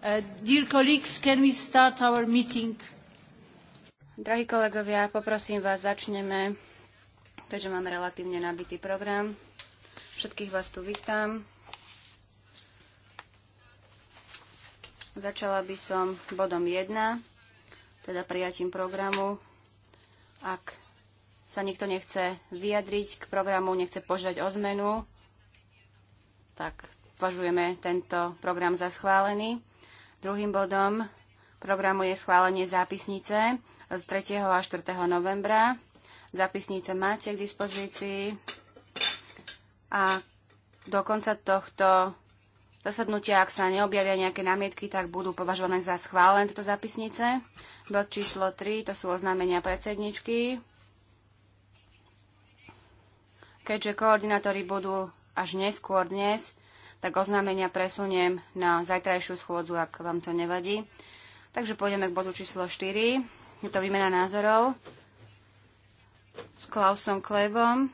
Uh, dear colleagues, can we start our meeting? Drahí kolegovia, poprosím vás, začneme, keďže máme relatívne nabitý program. Všetkých vás tu vítam. Začala by som bodom 1, teda prijatím programu. Ak sa nikto nechce vyjadriť k programu, nechce požiadať o zmenu, tak považujeme tento program za schválený. Druhým bodom programu je schválenie zápisnice z 3. a 4. novembra. Zápisnice máte k dispozícii a do konca tohto zasadnutia, ak sa neobjavia nejaké námietky, tak budú považované za schválené tieto zápisnice. Bod číslo 3, to sú oznámenia predsedničky. Keďže koordinátori budú až neskôr dnes, tak oznámenia presuniem na zajtrajšiu schôdzu, ak vám to nevadí. Takže pôjdeme k bodu číslo 4. Je to výmena názorov s Klausom Klebom.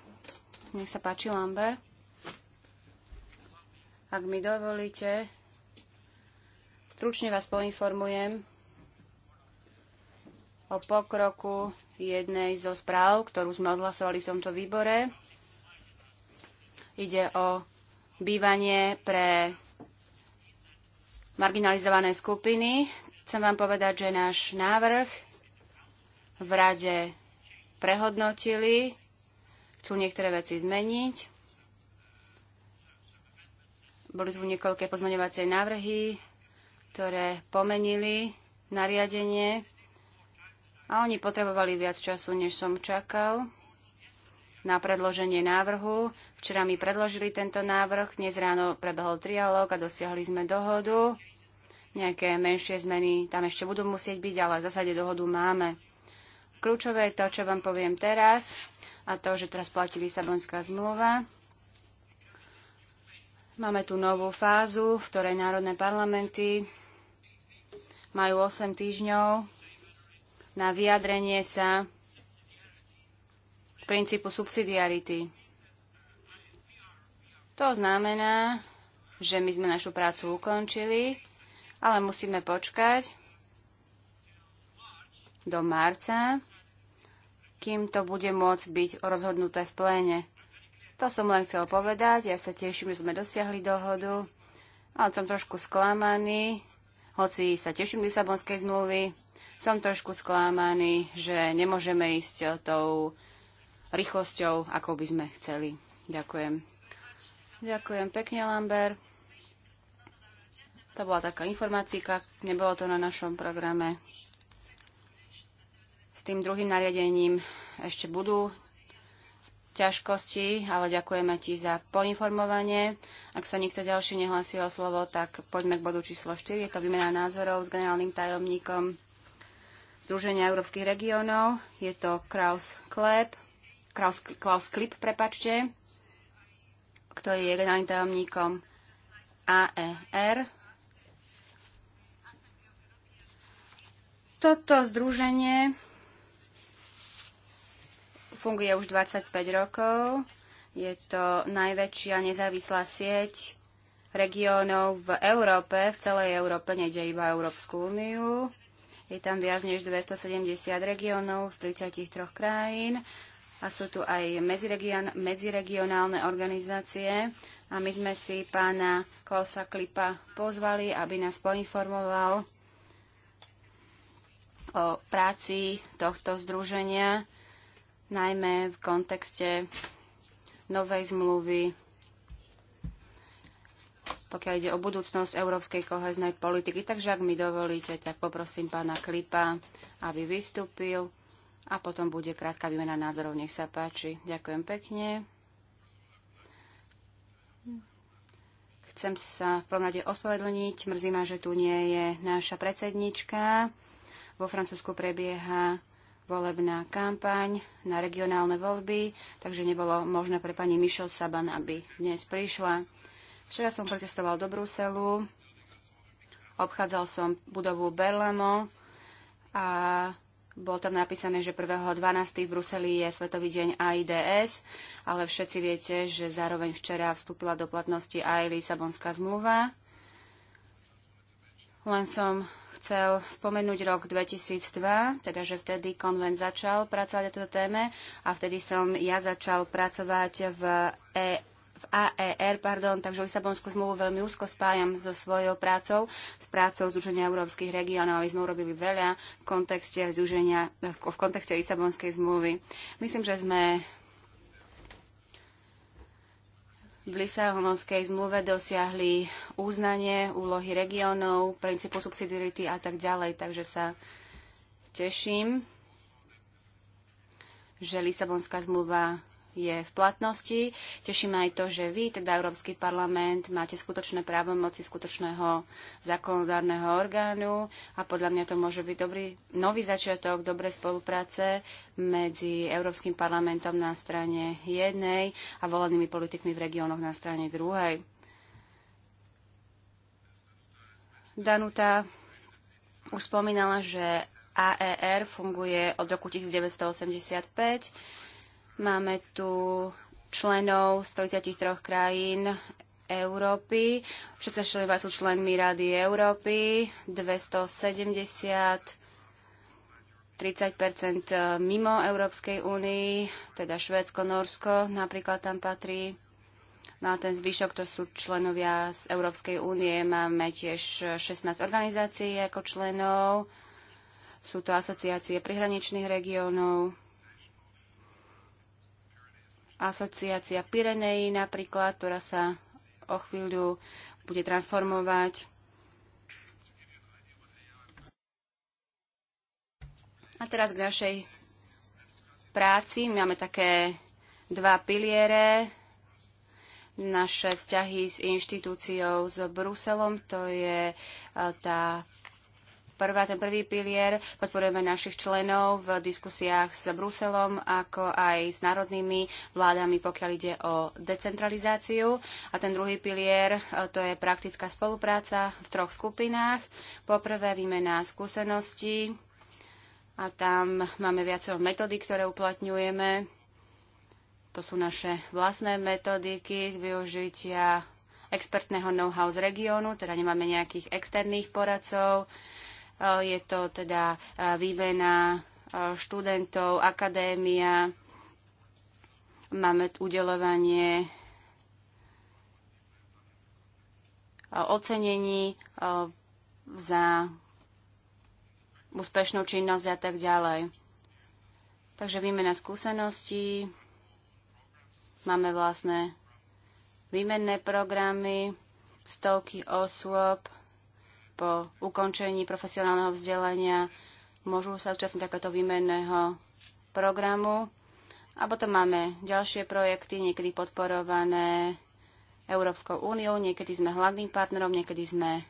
Nech sa páči, Lambert. Ak mi dovolíte, stručne vás poinformujem o pokroku jednej zo správ, ktorú sme odhlasovali v tomto výbore. Ide o bývanie pre marginalizované skupiny. Chcem vám povedať, že náš návrh v rade prehodnotili, chcú niektoré veci zmeniť. Boli tu niekoľké pozmeňovacie návrhy, ktoré pomenili nariadenie a oni potrebovali viac času, než som čakal na predloženie návrhu. Včera mi predložili tento návrh, dnes ráno prebehol trialóg a dosiahli sme dohodu. Nejaké menšie zmeny tam ešte budú musieť byť, ale v zásade dohodu máme. Kľúčové je to, čo vám poviem teraz a to, že teraz platí Lisabonská zmluva. Máme tu novú fázu, v ktorej národné parlamenty majú 8 týždňov na vyjadrenie sa princípu subsidiarity. To znamená, že my sme našu prácu ukončili, ale musíme počkať do marca, kým to bude môcť byť rozhodnuté v pléne. To som len chcel povedať. Ja sa teším, že sme dosiahli dohodu, ale som trošku sklamaný, hoci sa teším Lisabonskej zmluvy, som trošku sklamaný, že nemôžeme ísť tou rýchlosťou, ako by sme chceli. Ďakujem. Ďakujem pekne, Lambert. To bola taká informácia, nebolo to na našom programe. S tým druhým nariadením ešte budú ťažkosti, ale ďakujeme ti za poinformovanie. Ak sa nikto ďalší nehlasí o slovo, tak poďme k bodu číslo 4. Je to výmena názorov s generálnym tajomníkom Združenia európskych regiónov. Je to Kraus Kleb. Klaus, Klaus Klip, prepačte, ktorý je generálnym tajomníkom AER. Toto združenie funguje už 25 rokov. Je to najväčšia nezávislá sieť regiónov v Európe, v celej Európe, nejde iba Európsku úniu. Je tam viac než 270 regiónov z 33 krajín a sú tu aj medziregionálne organizácie. A my sme si pána Klausa Klipa pozvali, aby nás poinformoval o práci tohto združenia, najmä v kontekste novej zmluvy, pokiaľ ide o budúcnosť európskej koheznej politiky. Takže ak mi dovolíte, tak poprosím pána Klipa, aby vystúpil a potom bude krátka výmena názorov. Nech sa páči. Ďakujem pekne. Chcem sa v prvom rade ospovedlniť. Mrzí ma, že tu nie je naša predsednička. Vo Francúzsku prebieha volebná kampaň na regionálne voľby, takže nebolo možné pre pani Michel Saban, aby dnes prišla. Včera som protestoval do Bruselu, obchádzal som budovu Berlamo a bolo tam napísané, že 1.12. v Bruseli je Svetový deň AIDS, ale všetci viete, že zároveň včera vstúpila do platnosti aj Lisabonská zmluva. Len som chcel spomenúť rok 2002, teda že vtedy konvent začal pracovať na tejto téme a vtedy som ja začal pracovať v EU v AER, pardon, takže Lisabonskú zmluvu veľmi úzko spájam so svojou prácou, s prácou Združenia európskych regiónov. aby sme urobili veľa v kontexte združenia, v kontexte Lisabonskej zmluvy. Myslím, že sme v Lisabonskej zmluve dosiahli uznanie úlohy regiónov, princípu subsidiarity a tak ďalej. Takže sa teším, že Lisabonská zmluva je v platnosti. Teší ma aj to, že vy, teda Európsky parlament, máte skutočné právomoci skutočného zákonodárneho orgánu a podľa mňa to môže byť dobrý nový začiatok dobrej spolupráce medzi Európskym parlamentom na strane jednej a volenými politikmi v regiónoch na strane druhej. Danuta už spomínala, že AER funguje od roku 1985 Máme tu členov z 33 krajín Európy. Všetci členovia sú členmi Rady Európy. 270 30 e, mimo Európskej únii, teda Švédsko, Norsko napríklad tam patrí. No a ten zvyšok to sú členovia z Európskej únie. Máme tiež 16 organizácií ako členov. Sú to asociácie prihraničných regiónov asociácia Pirenei napríklad, ktorá sa o chvíľu bude transformovať. A teraz k našej práci. My máme také dva piliere. Naše vzťahy s inštitúciou s Bruselom, to je e, tá prvá, ten prvý pilier. Podporujeme našich členov v diskusiách s Bruselom, ako aj s národnými vládami, pokiaľ ide o decentralizáciu. A ten druhý pilier, e, to je praktická spolupráca v troch skupinách. Poprvé výmena skúseností a tam máme viacero metódy, ktoré uplatňujeme. To sú naše vlastné metodiky z využitia expertného know-how z regiónu, teda nemáme nejakých externých poradcov, Eh, je to teda eh, vývena eh, študentov, akadémia, máme udelovanie ocenení za úspešnú činnosť a tak ďalej. Takže výmena skúseností, máme vlastné výmenné programy, stovky osôb, po ukončení profesionálneho vzdelania môžu sa zúčastniť takéto výmenného programu. A potom máme ďalšie projekty, niekedy podporované Európskou úniou, niekedy sme hlavným partnerom, niekedy sme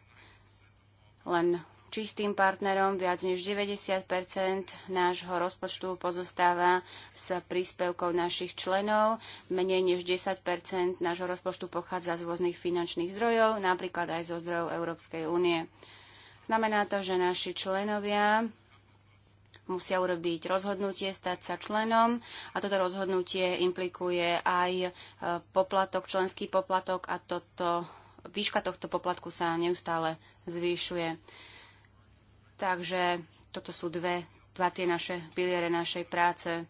len čistým partnerom. Viac než 90 nášho rozpočtu pozostáva z príspevkov našich členov. Menej než 10 nášho rozpočtu pochádza z rôznych finančných zdrojov, napríklad aj zo zdrojov Európskej únie. Znamená to, že naši členovia musia urobiť rozhodnutie stať sa členom a toto rozhodnutie implikuje aj e, poplatok, členský poplatok a toto, výška tohto poplatku sa neustále zvýšuje. Takže toto sú dve, dva tie naše piliere našej práce.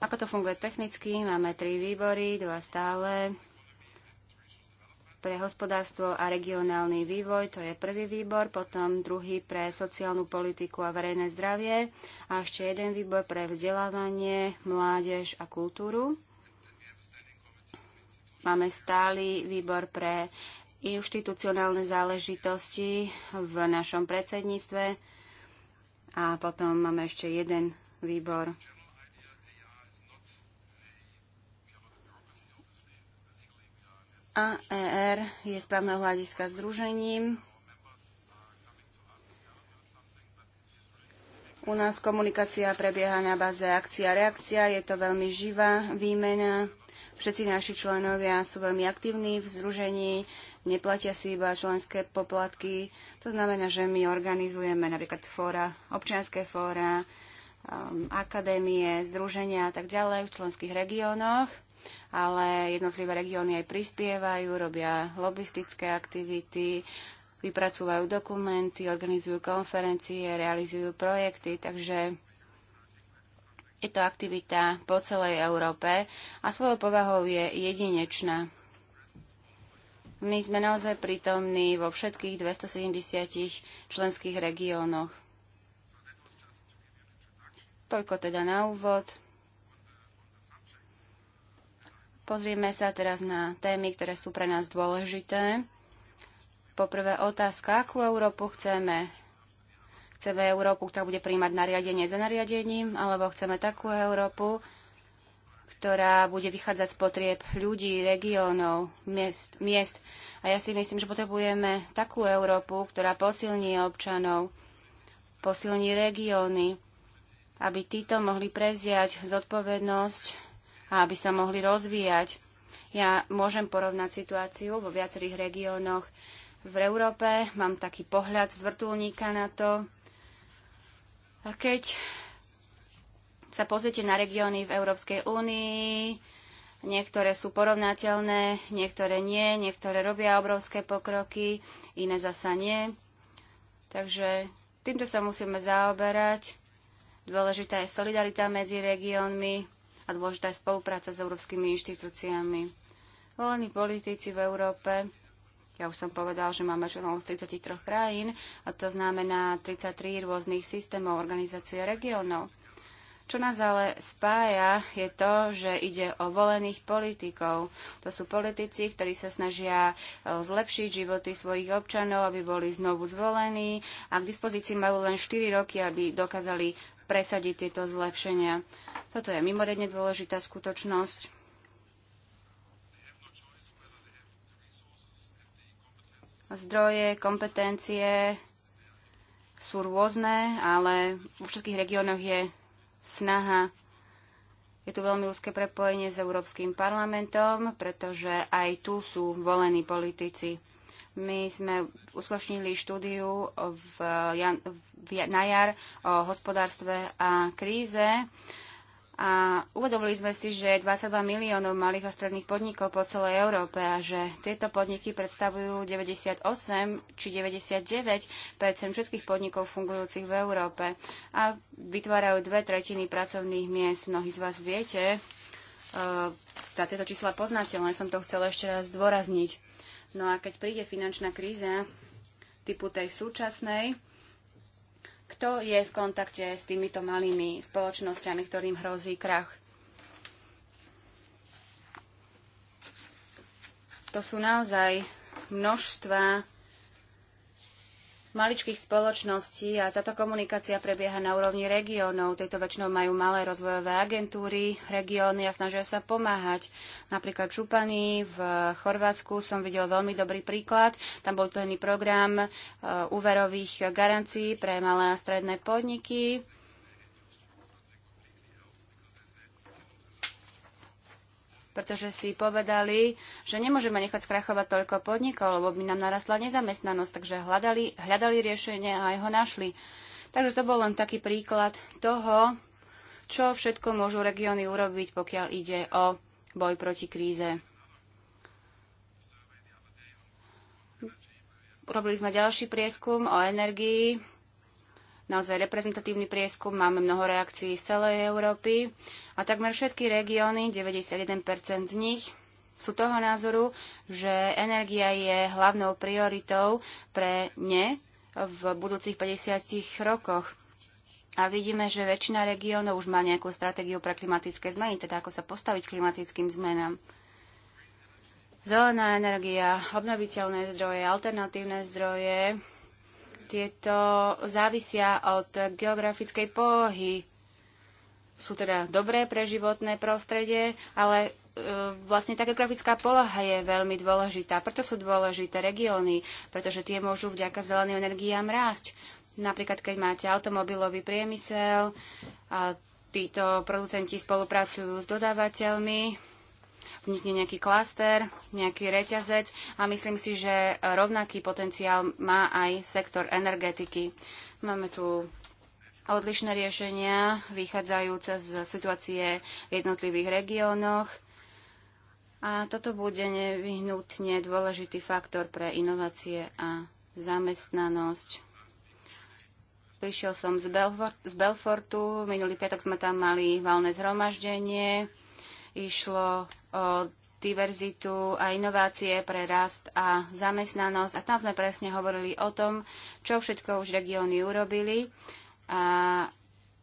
Ako to funguje technicky? Máme tri výbory, dva stále. Pre hospodárstvo a regionálny vývoj, to je prvý výbor, potom druhý pre sociálnu politiku a verejné zdravie a ešte jeden výbor pre vzdelávanie, mládež a kultúru. Máme stály výbor pre inštitucionálne záležitosti v našom predsedníctve a potom máme ešte jeden výbor AER je správneho hľadiska združením. U nás komunikácia prebieha na báze akcia-reakcia, je to veľmi živá výmena. Všetci naši členovia sú veľmi aktívni v združení, neplatia si iba členské poplatky. To znamená, že my organizujeme napríklad fóra, občianské fóra, um, akadémie, združenia a tak ďalej v členských regiónoch, ale jednotlivé regióny aj prispievajú, robia lobistické aktivity, vypracúvajú dokumenty, organizujú konferencie, realizujú projekty, takže je to aktivita po celej Európe a svojou povahou je jedinečná. My sme naozaj prítomní vo všetkých 270 členských regiónoch. Toľko teda na úvod. Pozrieme sa teraz na témy, ktoré sú pre nás dôležité. Poprvé otázka, akú Európu chceme? Chceme Európu, ktorá bude príjmať nariadenie za nariadením, alebo chceme takú Európu, ktorá bude vychádzať z potrieb ľudí, regiónov, miest, miest. A ja si myslím, že potrebujeme takú Európu, ktorá posilní občanov, posilní regióny, aby títo mohli prevziať zodpovednosť a aby sa mohli rozvíjať. Ja môžem porovnať situáciu vo viacerých regiónoch v Európe, mám taký pohľad z vrtulníka na to. A keď sa pozrite na regióny v Európskej únii, niektoré sú porovnateľné, niektoré nie, niektoré robia obrovské pokroky, iné zasa nie. Takže týmto sa musíme zaoberať. Dôležitá je solidarita medzi regiónmi a dôležitá je spolupráca s európskymi inštitúciami. Volení politici v Európe ja už som povedal, že máme členov z 33 krajín a to znamená 33 rôznych systémov organizácie regiónov. Čo nás ale spája, je to, že ide o volených politikov. To sú politici, ktorí sa snažia e, zlepšiť životy svojich občanov, aby boli znovu zvolení a k dispozícii majú len 4 roky, aby dokázali presadiť tieto zlepšenia. Toto je mimoriadne dôležitá skutočnosť. Zdroje, kompetencie sú rôzne, ale vo všetkých regiónoch je snaha. Je tu veľmi úzke prepojenie s Európskym parlamentom, pretože aj tu sú volení politici. My sme uskočnili štúdiu v, v, na jar o hospodárstve a kríze a uvedomili sme si, že 22 miliónov malých a stredných podnikov po celej Európe a že tieto podniky predstavujú 98 či 99 všetkých podnikov fungujúcich v Európe a vytvárajú dve tretiny pracovných miest. Mnohí z vás viete, na e, tieto čísla poznáte, len som to chcela ešte raz zdôrazniť. No a keď príde finančná kríza typu tej súčasnej, kto je v kontakte s týmito malými spoločnosťami, ktorým hrozí krach. To sú naozaj množstva maličkých spoločností a táto komunikácia prebieha na úrovni regiónov. Tieto väčšinou majú malé rozvojové agentúry, regióny a snažia sa pomáhať. Napríklad v Čupani v Chorvátsku som videl veľmi dobrý príklad. Tam bol plný program eh, úverových garancií pre malé a stredné podniky pretože si povedali, že nemôžeme nechať skrachovať toľko podnikov, lebo by nám narastla nezamestnanosť, takže hľadali, hľadali riešenie a aj ho našli. Takže to bol len taký príklad toho, čo všetko môžu regióny urobiť, pokiaľ ide o boj proti kríze. Robili sme ďalší prieskum o energii naozaj reprezentatívny prieskum, máme mnoho reakcií z celej Európy a takmer všetky regióny, 91% z nich, sú toho názoru, že energia je hlavnou prioritou pre ne v budúcich 50 rokoch. A vidíme, že väčšina regiónov už má nejakú stratégiu pre klimatické zmeny, teda ako sa postaviť klimatickým zmenám. Zelená energia, obnoviteľné zdroje, alternatívne zdroje, tieto závisia od geografickej polohy. Sú teda dobré pre životné prostredie, ale e, vlastne tá geografická poloha je veľmi dôležitá. Preto sú dôležité regióny, pretože tie môžu vďaka zeleným energiám rásť. Napríklad, keď máte automobilový priemysel, a títo producenti spolupracujú s dodávateľmi vznikne nejaký klaster, nejaký reťazec a myslím si, že rovnaký potenciál má aj sektor energetiky. Máme tu odlišné riešenia, vychádzajúce z situácie v jednotlivých regiónoch. A toto bude nevyhnutne dôležitý faktor pre inovácie a zamestnanosť. Prišiel som z, Belfor- z Belfortu, minulý piatok sme tam mali valné zhromaždenie Išlo o diverzitu a inovácie pre rast a zamestnanosť. A tam sme presne hovorili o tom, čo všetko už regióny urobili. A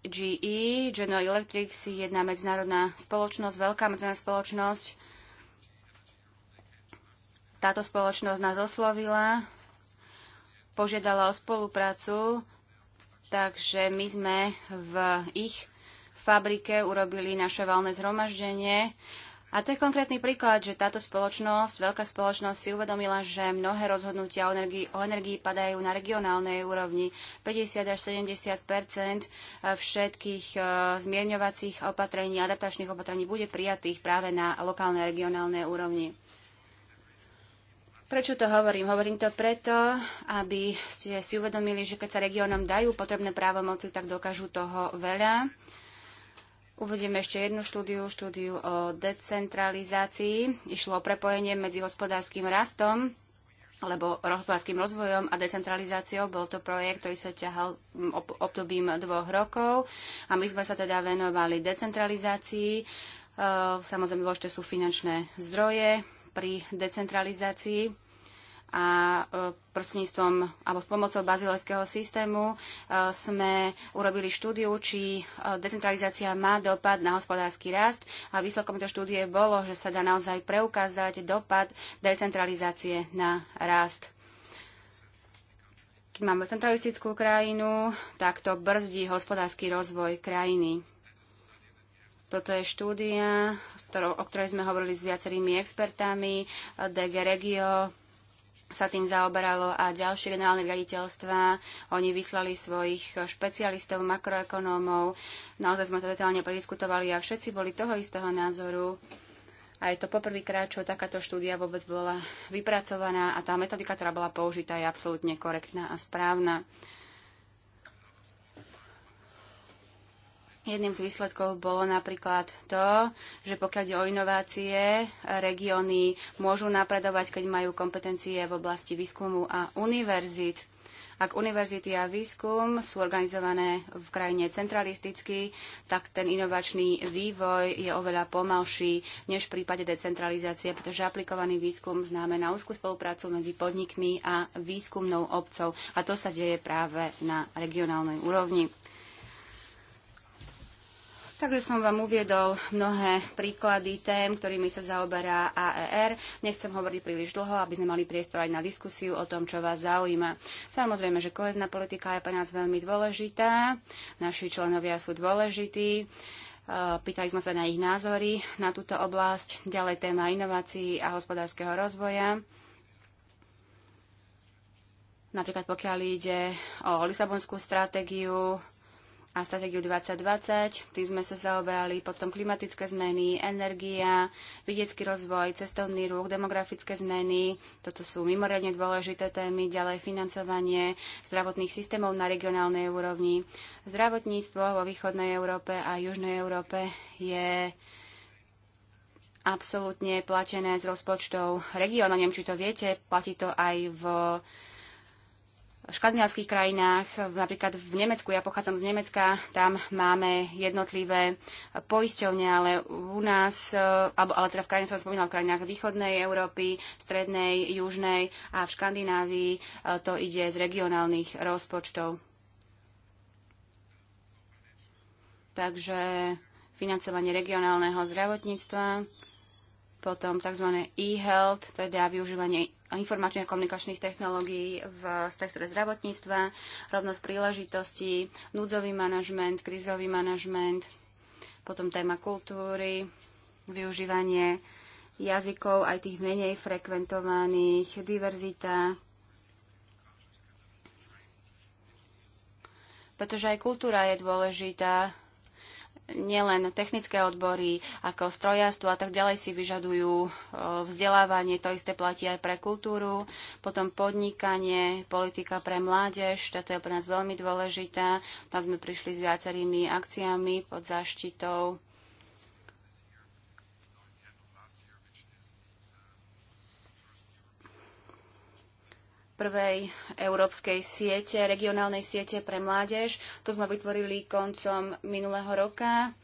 GE, General Electric, si jedna medzinárodná spoločnosť, veľká medzinárodná spoločnosť. Táto spoločnosť nás oslovila, požiadala o spoluprácu, takže my sme v ich fabrike urobili naše valné zhromaždenie. A to je konkrétny príklad, že táto spoločnosť, veľká spoločnosť si uvedomila, že mnohé rozhodnutia o energii, o energii padajú na regionálnej úrovni. 50 až 70 eh, všetkých eh, zmierňovacích opatrení, adaptačných opatrení bude prijatých práve na lokálnej regionálnej úrovni. Prečo to hovorím? Hovorím to preto, aby ste si uvedomili, že keď sa regiónom dajú potrebné právomoci, tak dokážu toho veľa. Uvedieme ešte jednu štúdiu, štúdiu o decentralizácii. Išlo o prepojenie medzi hospodárskym rastom alebo hospodárským rozvojom a decentralizáciou. Bol to projekt, ktorý sa ťahal obdobím dvoch rokov a my sme sa teda venovali decentralizácii. E, samozrejme, dôležité sú finančné zdroje pri decentralizácii a e, prostredníctvom alebo s pomocou bazilejského systému e, sme urobili štúdiu, či e, decentralizácia má dopad na hospodársky rast a výsledkom tejto štúdie bolo, že sa dá naozaj preukázať dopad decentralizácie na rast keď máme centralistickú krajinu, tak to brzdí hospodársky rozvoj krajiny. Toto je štúdia, o ktorej sme hovorili s viacerými expertami, DG Regio, sa tým zaoberalo a ďalšie generálne riaditeľstva. Oni vyslali svojich špecialistov, makroekonómov. Naozaj sme to detálne prediskutovali a všetci boli toho istého názoru. A je to poprvýkrát, čo takáto štúdia vôbec bola vypracovaná a tá metodika, ktorá bola použitá, je absolútne korektná a správna. Jedným z výsledkov bolo napríklad to, že pokiaľ ide o inovácie, regióny môžu napredovať, keď majú kompetencie v oblasti výskumu a univerzit. Ak univerzity a výskum sú organizované v krajine centralisticky, tak ten inovačný vývoj je oveľa pomalší než v prípade decentralizácie, pretože aplikovaný výskum znamená úzkú spoluprácu medzi podnikmi a výskumnou obcov. A to sa deje práve na regionálnej úrovni. Takže som vám uviedol mnohé príklady tém, ktorými sa zaoberá AER. Nechcem hovoriť príliš dlho, aby sme mali priestor aj na diskusiu o tom, čo vás zaujíma. Samozrejme, že kohezná politika je pre nás veľmi dôležitá. Naši členovia sú dôležití. E, pýtali sme sa na ich názory na túto oblasť, ďalej téma inovácií a hospodárskeho rozvoja. Napríklad pokiaľ ide o Lisabonskú stratégiu, a stratégiu 2020. Tým sme sa zaoberali potom klimatické zmeny, energia, vidiecký rozvoj, cestovný ruch, demografické zmeny. Toto sú mimoriadne dôležité témy. Ďalej financovanie zdravotných systémov na regionálnej úrovni. Zdravotníctvo vo východnej Európe a južnej Európe je absolútne platené z rozpočtov regiónu. Neviem, či to viete, platí to aj v škandinávských krajinách, napríklad v Nemecku, ja pochádzam z Nemecka, tam máme jednotlivé poisťovne, ale u nás, e, alebo, ale teda v krajinách, som spomínala, v krajinách východnej Európy, strednej, južnej a v Škandinávii e, to ide z regionálnych rozpočtov. Takže financovanie regionálneho zdravotníctva, potom tzv. e-health, teda využívanie informačných a komunikačných technológií v sektore zdravotníctva, rovnosť príležitostí, núdzový manažment, krízový manažment, potom téma kultúry, využívanie jazykov, aj tých menej frekventovaných, diverzita, pretože aj kultúra je dôležitá nielen technické odbory, ako strojárstvo a tak ďalej si vyžadujú e, vzdelávanie, to isté platí aj pre kultúru, potom podnikanie, politika pre mládež, toto je pre nás veľmi dôležitá. Tam sme prišli s viacerými akciami pod záštitou prvej európskej siete, regionálnej siete pre mládež. To sme vytvorili koncom minulého roka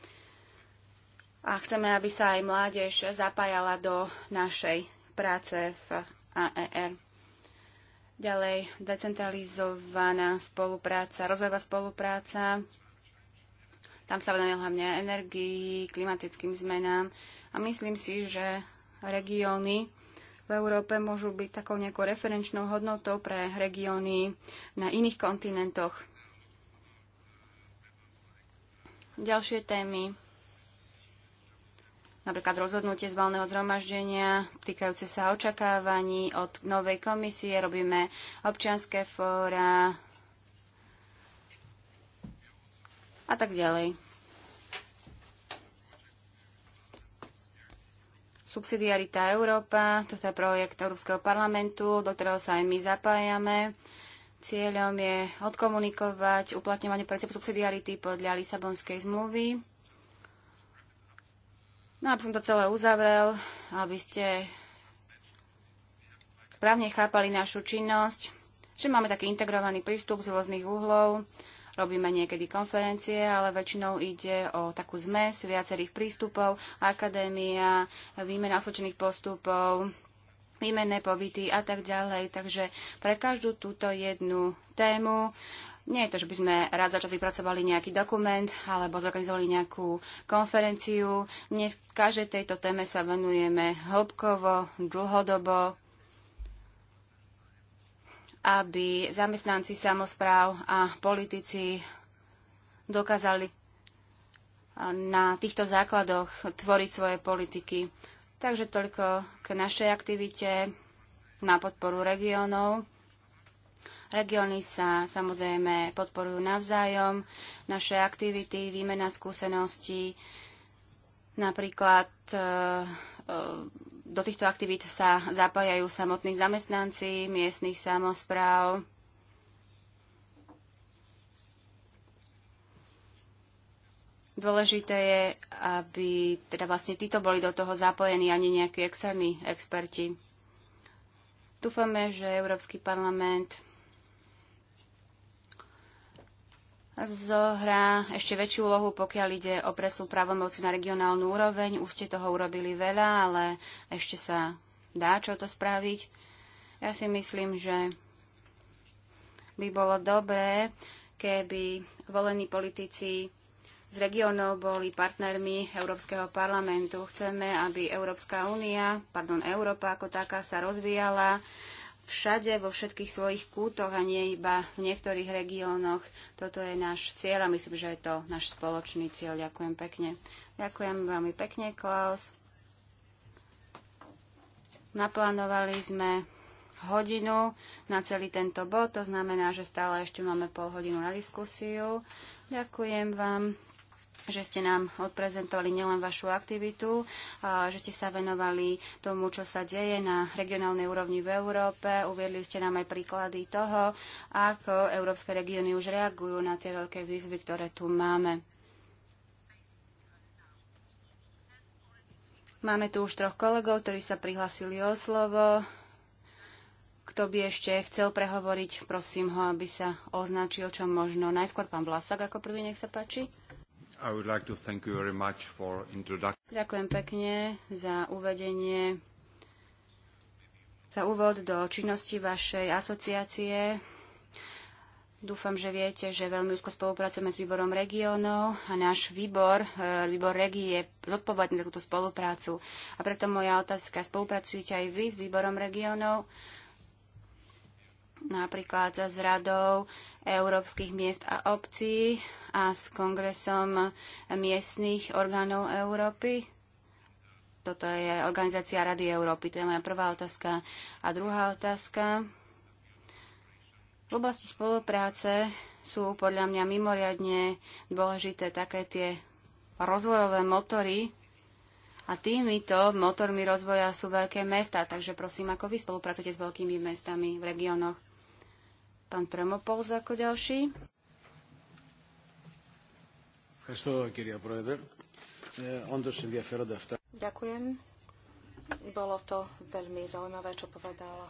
a chceme, aby sa aj mládež zapájala do našej práce v AER. Ďalej, decentralizovaná spolupráca, rozvojová spolupráca. Tam sa venuje hlavne energii, klimatickým zmenám a myslím si, že regióny v Európe môžu byť takou nejakou referenčnou hodnotou pre regióny na iných kontinentoch. Ďalšie témy napríklad rozhodnutie z valného zhromaždenia týkajúce sa očakávaní od novej komisie, robíme občianské fóra a tak ďalej. Subsidiarita Európa, to je projekt Európskeho parlamentu, do ktorého sa aj my zapájame. Cieľom je odkomunikovať uplatňovanie princípu subsidiarity podľa Lisabonskej zmluvy. No a som to celé uzavrel, aby ste správne chápali našu činnosť, že máme taký integrovaný prístup z rôznych uhlov, Robíme niekedy konferencie, ale väčšinou ide o takú zmes viacerých prístupov, akadémia, výmena osvedčených postupov, výmenné pobyty a tak ďalej. Takže pre každú túto jednu tému nie je to, že by sme raz za čas vypracovali nejaký dokument alebo zorganizovali nejakú konferenciu. Nie v každej tejto téme sa venujeme hĺbkovo, dlhodobo, aby zamestnanci samozpráv a politici dokázali na týchto základoch tvoriť svoje politiky. Takže toľko k našej aktivite na podporu regiónov. Regióny sa samozrejme podporujú navzájom, naše aktivity, výmena skúseností, napríklad e, e, do týchto aktivít sa zapájajú samotní zamestnanci miestnych samozpráv, Dôležité je, aby teda vlastne títo boli do toho zapojení, ani nejakí externí experti. Dúfame, že Európsky parlament zohrá ešte väčšiu úlohu, pokiaľ ide o presun právomoci na regionálnu úroveň. Už ste toho urobili veľa, ale ešte sa dá čo to spraviť. Ja si myslím, že by bolo dobré, keby volení politici z regiónov boli partnermi Európskeho parlamentu. Chceme, aby Európska únia, pardon, Európa ako taká sa rozvíjala všade, vo všetkých svojich kútoch a nie iba v niektorých regiónoch. Toto je náš cieľ a myslím, že je to náš spoločný cieľ. Ďakujem pekne. Ďakujem veľmi pekne, Klaus. Naplánovali sme hodinu na celý tento bod, to znamená, že stále ešte máme pol hodinu na diskusiu. Ďakujem vám že ste nám odprezentovali nielen vašu aktivitu, že ste sa venovali tomu, čo sa deje na regionálnej úrovni v Európe. Uviedli ste nám aj príklady toho, ako európske regióny už reagujú na tie veľké výzvy, ktoré tu máme. Máme tu už troch kolegov, ktorí sa prihlasili o slovo. Kto by ešte chcel prehovoriť, prosím ho, aby sa označil, čo možno. Najskôr pán Vlasak ako prvý, nech sa páči. Ďakujem pekne za uvedenie, za úvod do činnosti vašej asociácie. Dúfam, že viete, že veľmi úzko spolupracujeme s výborom regiónov a náš výbor, e, výbor regí, je zodpovedný za túto spoluprácu. A preto moja otázka, spolupracujete aj vy s výborom regiónov? napríklad s radou európskych miest a obcí a s kongresom miestnych orgánov Európy? Toto je organizácia Rady Európy. To je moja prvá otázka. A druhá otázka. V oblasti spolupráce sú podľa mňa mimoriadne dôležité také tie rozvojové motory, a týmito motormi rozvoja sú veľké mesta, takže prosím, ako vy spolupracujete s veľkými mestami v regiónoch? Pán Tremopoulos ako ďalší. Ďakujem. Bolo to veľmi zaujímavé, čo povedala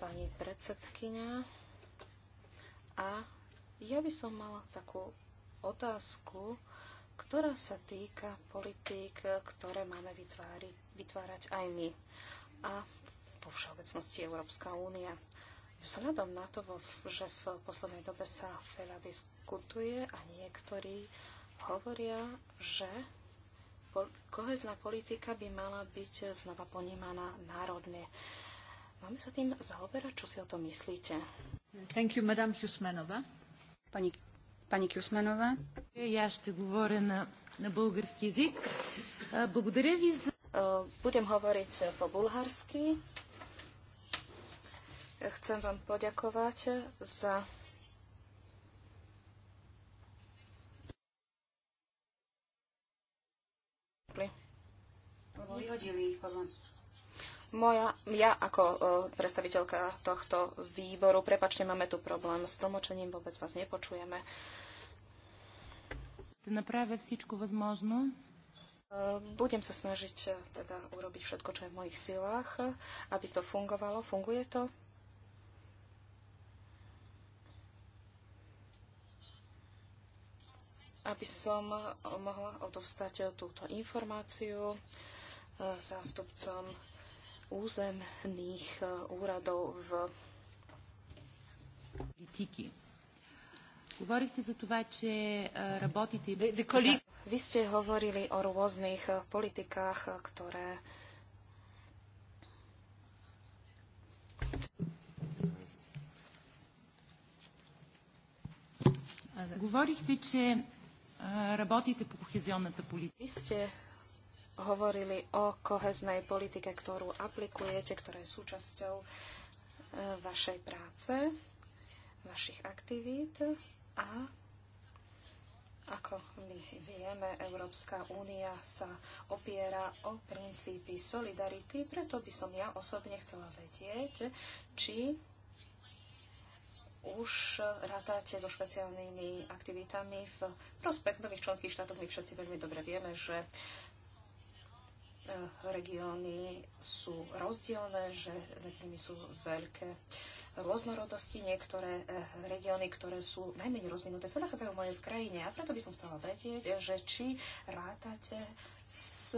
pani predsedkynia. A ja by som mala takú otázku, ktorá sa týka politík, ktoré máme vytvári, vytvárať aj my. A vo všeobecnosti Európska únia. Vzhľadom na to, že v poslednej dobe sa veľa diskutuje a niektorí hovoria, že kohezná politika by mala byť znova ponímaná národne. Máme sa tým zaoberať? Čo si o tom myslíte? Thank you, Madame Kusmanova. Pani, pani Kusmanova. Ja ešte говоря na, na bulgarský jazyk. Budem hovoriť po bulharsky. Chcem vám poďakovať za moja, ja ako o, e, predstaviteľka tohto výboru, prepačte, máme tu problém s tlmočením, vôbec vás nepočujeme. E, budem sa snažiť e, teda urobiť všetko, čo je v mojich silách, aby to fungovalo. Funguje to? aby som eh, mohla odovstať eh, túto informáciu eh, zástupcom územných úradov v politiky. Hovoríte za to, že работите... Vy ste hovorili o rôznych politikách, ktoré Говорихте, че работите по кохезионната политика. Vy ste hovorili o koheznej politike, ktorú aplikujete, ktorá je súčasťou vašej práce, vašich aktivít a ako my vieme, Európska únia sa opiera o princípy solidarity, preto by som ja osobne chcela vedieť, či už rátate so špeciálnymi aktivitami v prospech nových členských štátoch. My všetci veľmi dobre vieme, že eh, regióny sú rozdielne, že medzi nimi sú veľké rôznorodosti. Niektoré eh, regióny, ktoré sú najmenej rozvinuté, sa nachádzajú v mojej krajine. A preto by som chcela vedieť, eh, že či rátate s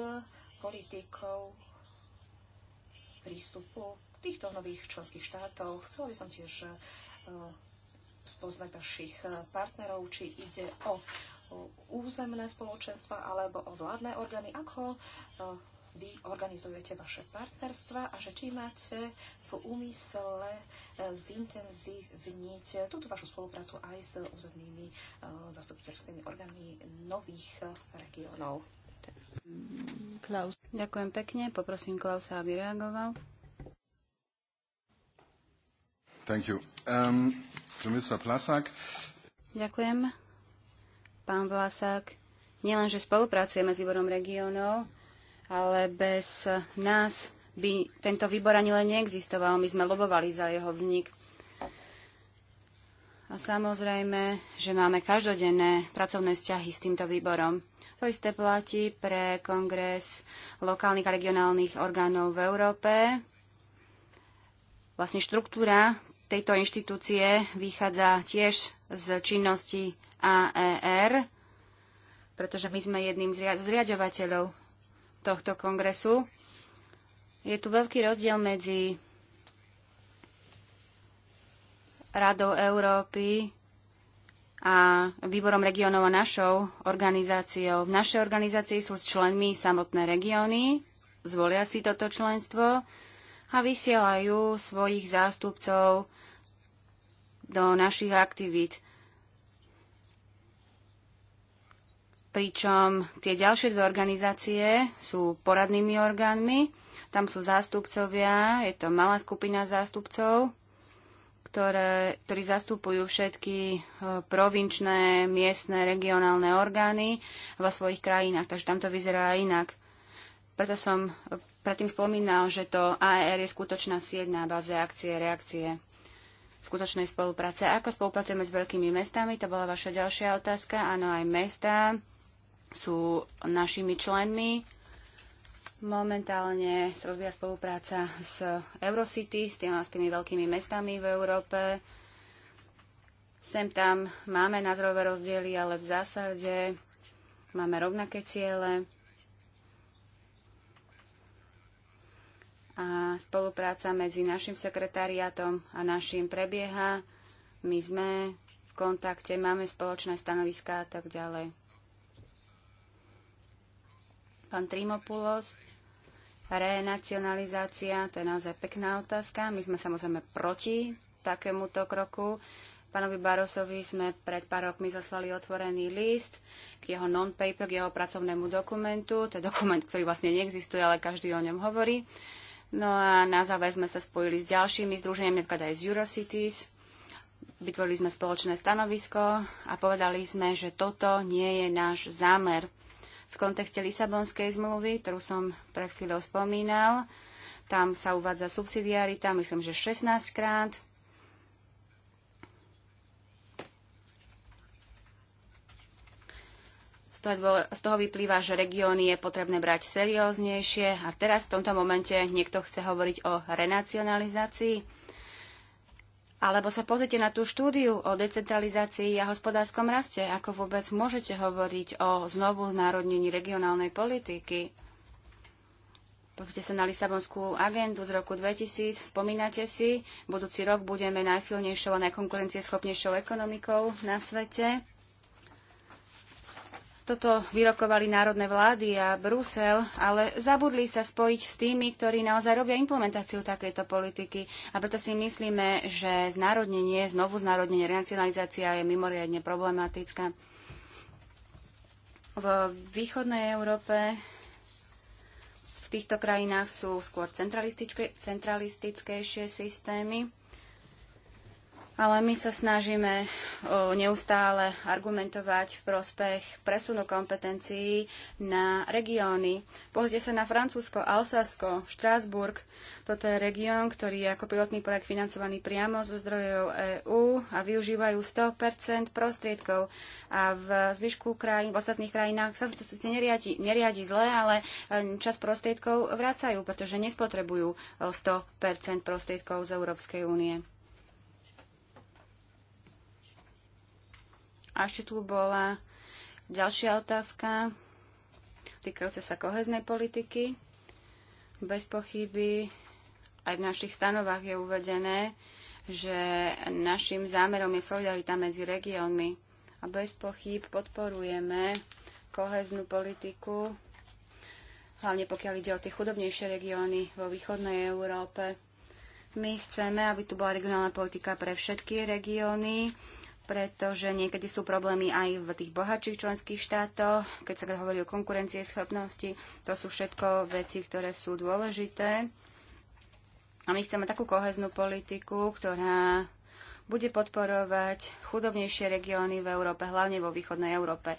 politikou prístupu týchto nových členských štátov. Chcela by som tiež spoznať e, našich e, partnerov, či ide o územné spoločenstva alebo o vládne orgány, ako e, vy organizujete vaše partnerstva a že či máte v úmysle zintenzívniť túto vašu spoluprácu aj s územnými zastupiteľskými orgánmi nových regiónov. Klaus. Ďakujem pekne. Poprosím Klausa, aby reagoval. Um, Ďakujem. Pán Vlasák, nielenže spolupracujeme s výborom regiónov, ale bez nás by tento výbor ani len neexistoval. My sme lobovali za jeho vznik. A samozrejme, že máme každodenné pracovné vzťahy s týmto výborom. To isté platí pre kongres lokálnych a regionálnych orgánov v Európe. Vlastne štruktúra tejto inštitúcie vychádza tiež z činnosti AER, pretože my sme jedným z zriadovateľov tohto kongresu. Je tu veľký rozdiel medzi Radou Európy a Výborom regionov a našou organizáciou. V našej organizácii sú členmi samotné regióny, zvolia si toto členstvo a vysielajú svojich zástupcov do našich aktivít. Pričom tie ďalšie dve organizácie sú poradnými orgánmi, tam sú zástupcovia, je to malá skupina zástupcov, ktoré, ktorí zastupujú všetky e, provinčné, miestne, regionálne orgány vo svojich krajinách, takže tam to vyzerá inak. Preto som predtým spomínal, že to AER je skutočná sieť na báze akcie, reakcie skutočnej spolupráce. Ako spolupracujeme s veľkými mestami? To bola vaša ďalšia otázka. Áno, aj mesta sú našimi členmi. Momentálne sa rozvíja spolupráca s Eurocity, s tými, s tými veľkými mestami v Európe. Sem tam máme názorové rozdiely, ale v zásade máme rovnaké ciele. a spolupráca medzi našim sekretariátom a našim prebieha. My sme v kontakte, máme spoločné stanoviská a tak ďalej. Pán Trimopulos, renacionalizácia, to je naozaj pekná otázka. My sme samozrejme proti takémuto kroku. Pánovi Barosovi sme pred pár rokmi zaslali otvorený list k jeho non-paper, k jeho pracovnému dokumentu. To je dokument, ktorý vlastne neexistuje, ale každý o ňom hovorí. No a na záver sme sa spojili s ďalšími združeniami, napríklad aj z Eurocities. Vytvorili sme spoločné stanovisko a povedali sme, že toto nie je náš zámer. V kontexte Lisabonskej zmluvy, ktorú som pred chvíľou spomínal, tam sa uvádza subsidiarita, myslím, že 16 krát. Z toho vyplýva, že regióny je potrebné brať serióznejšie a teraz v tomto momente niekto chce hovoriť o renacionalizácii. Alebo sa pozrite na tú štúdiu o decentralizácii a hospodárskom raste. Ako vôbec môžete hovoriť o znovu znárodnení regionálnej politiky? Pozrite sa na Lisabonskú agendu z roku 2000, spomínate si, budúci rok budeme najsilnejšou a najkonkurencieschopnejšou ekonomikou na svete. Toto vyrokovali národné vlády a Brusel, ale zabudli sa spojiť s tými, ktorí naozaj robia implementáciu takejto politiky. A preto si myslíme, že znárodnenie, znovu znárodnenie, renacionalizácia je mimoriadne problematická. V východnej Európe v týchto krajinách sú skôr centralistickejšie systémy ale my sa snažíme neustále argumentovať v prospech presunu kompetencií na regióny. Pozrite sa na Francúzsko, Alsasko, Štrásburg. Toto je región, ktorý je ako pilotný projekt financovaný priamo zo zdrojov EÚ a využívajú 100% prostriedkov. A v zvyšku krajín, v ostatných krajinách sa sice neriadi, neriadi zle, ale čas prostriedkov vracajú, pretože nespotrebujú 100% prostriedkov z Európskej únie. A ešte tu bola ďalšia otázka týkajúca sa koheznej politiky. Bez pochyby aj v našich stanovách je uvedené, že našim zámerom je solidarita medzi regiónmi. A bez pochyb podporujeme koheznú politiku, hlavne pokiaľ ide o tie chudobnejšie regióny vo východnej Európe. My chceme, aby tu bola regionálna politika pre všetky regióny, pretože niekedy sú problémy aj v tých bohatších členských štátoch, keď sa hovorí o konkurencie schopnosti. To sú všetko veci, ktoré sú dôležité. A my chceme takú koheznú politiku, ktorá bude podporovať chudobnejšie regióny v Európe, hlavne vo východnej Európe. E,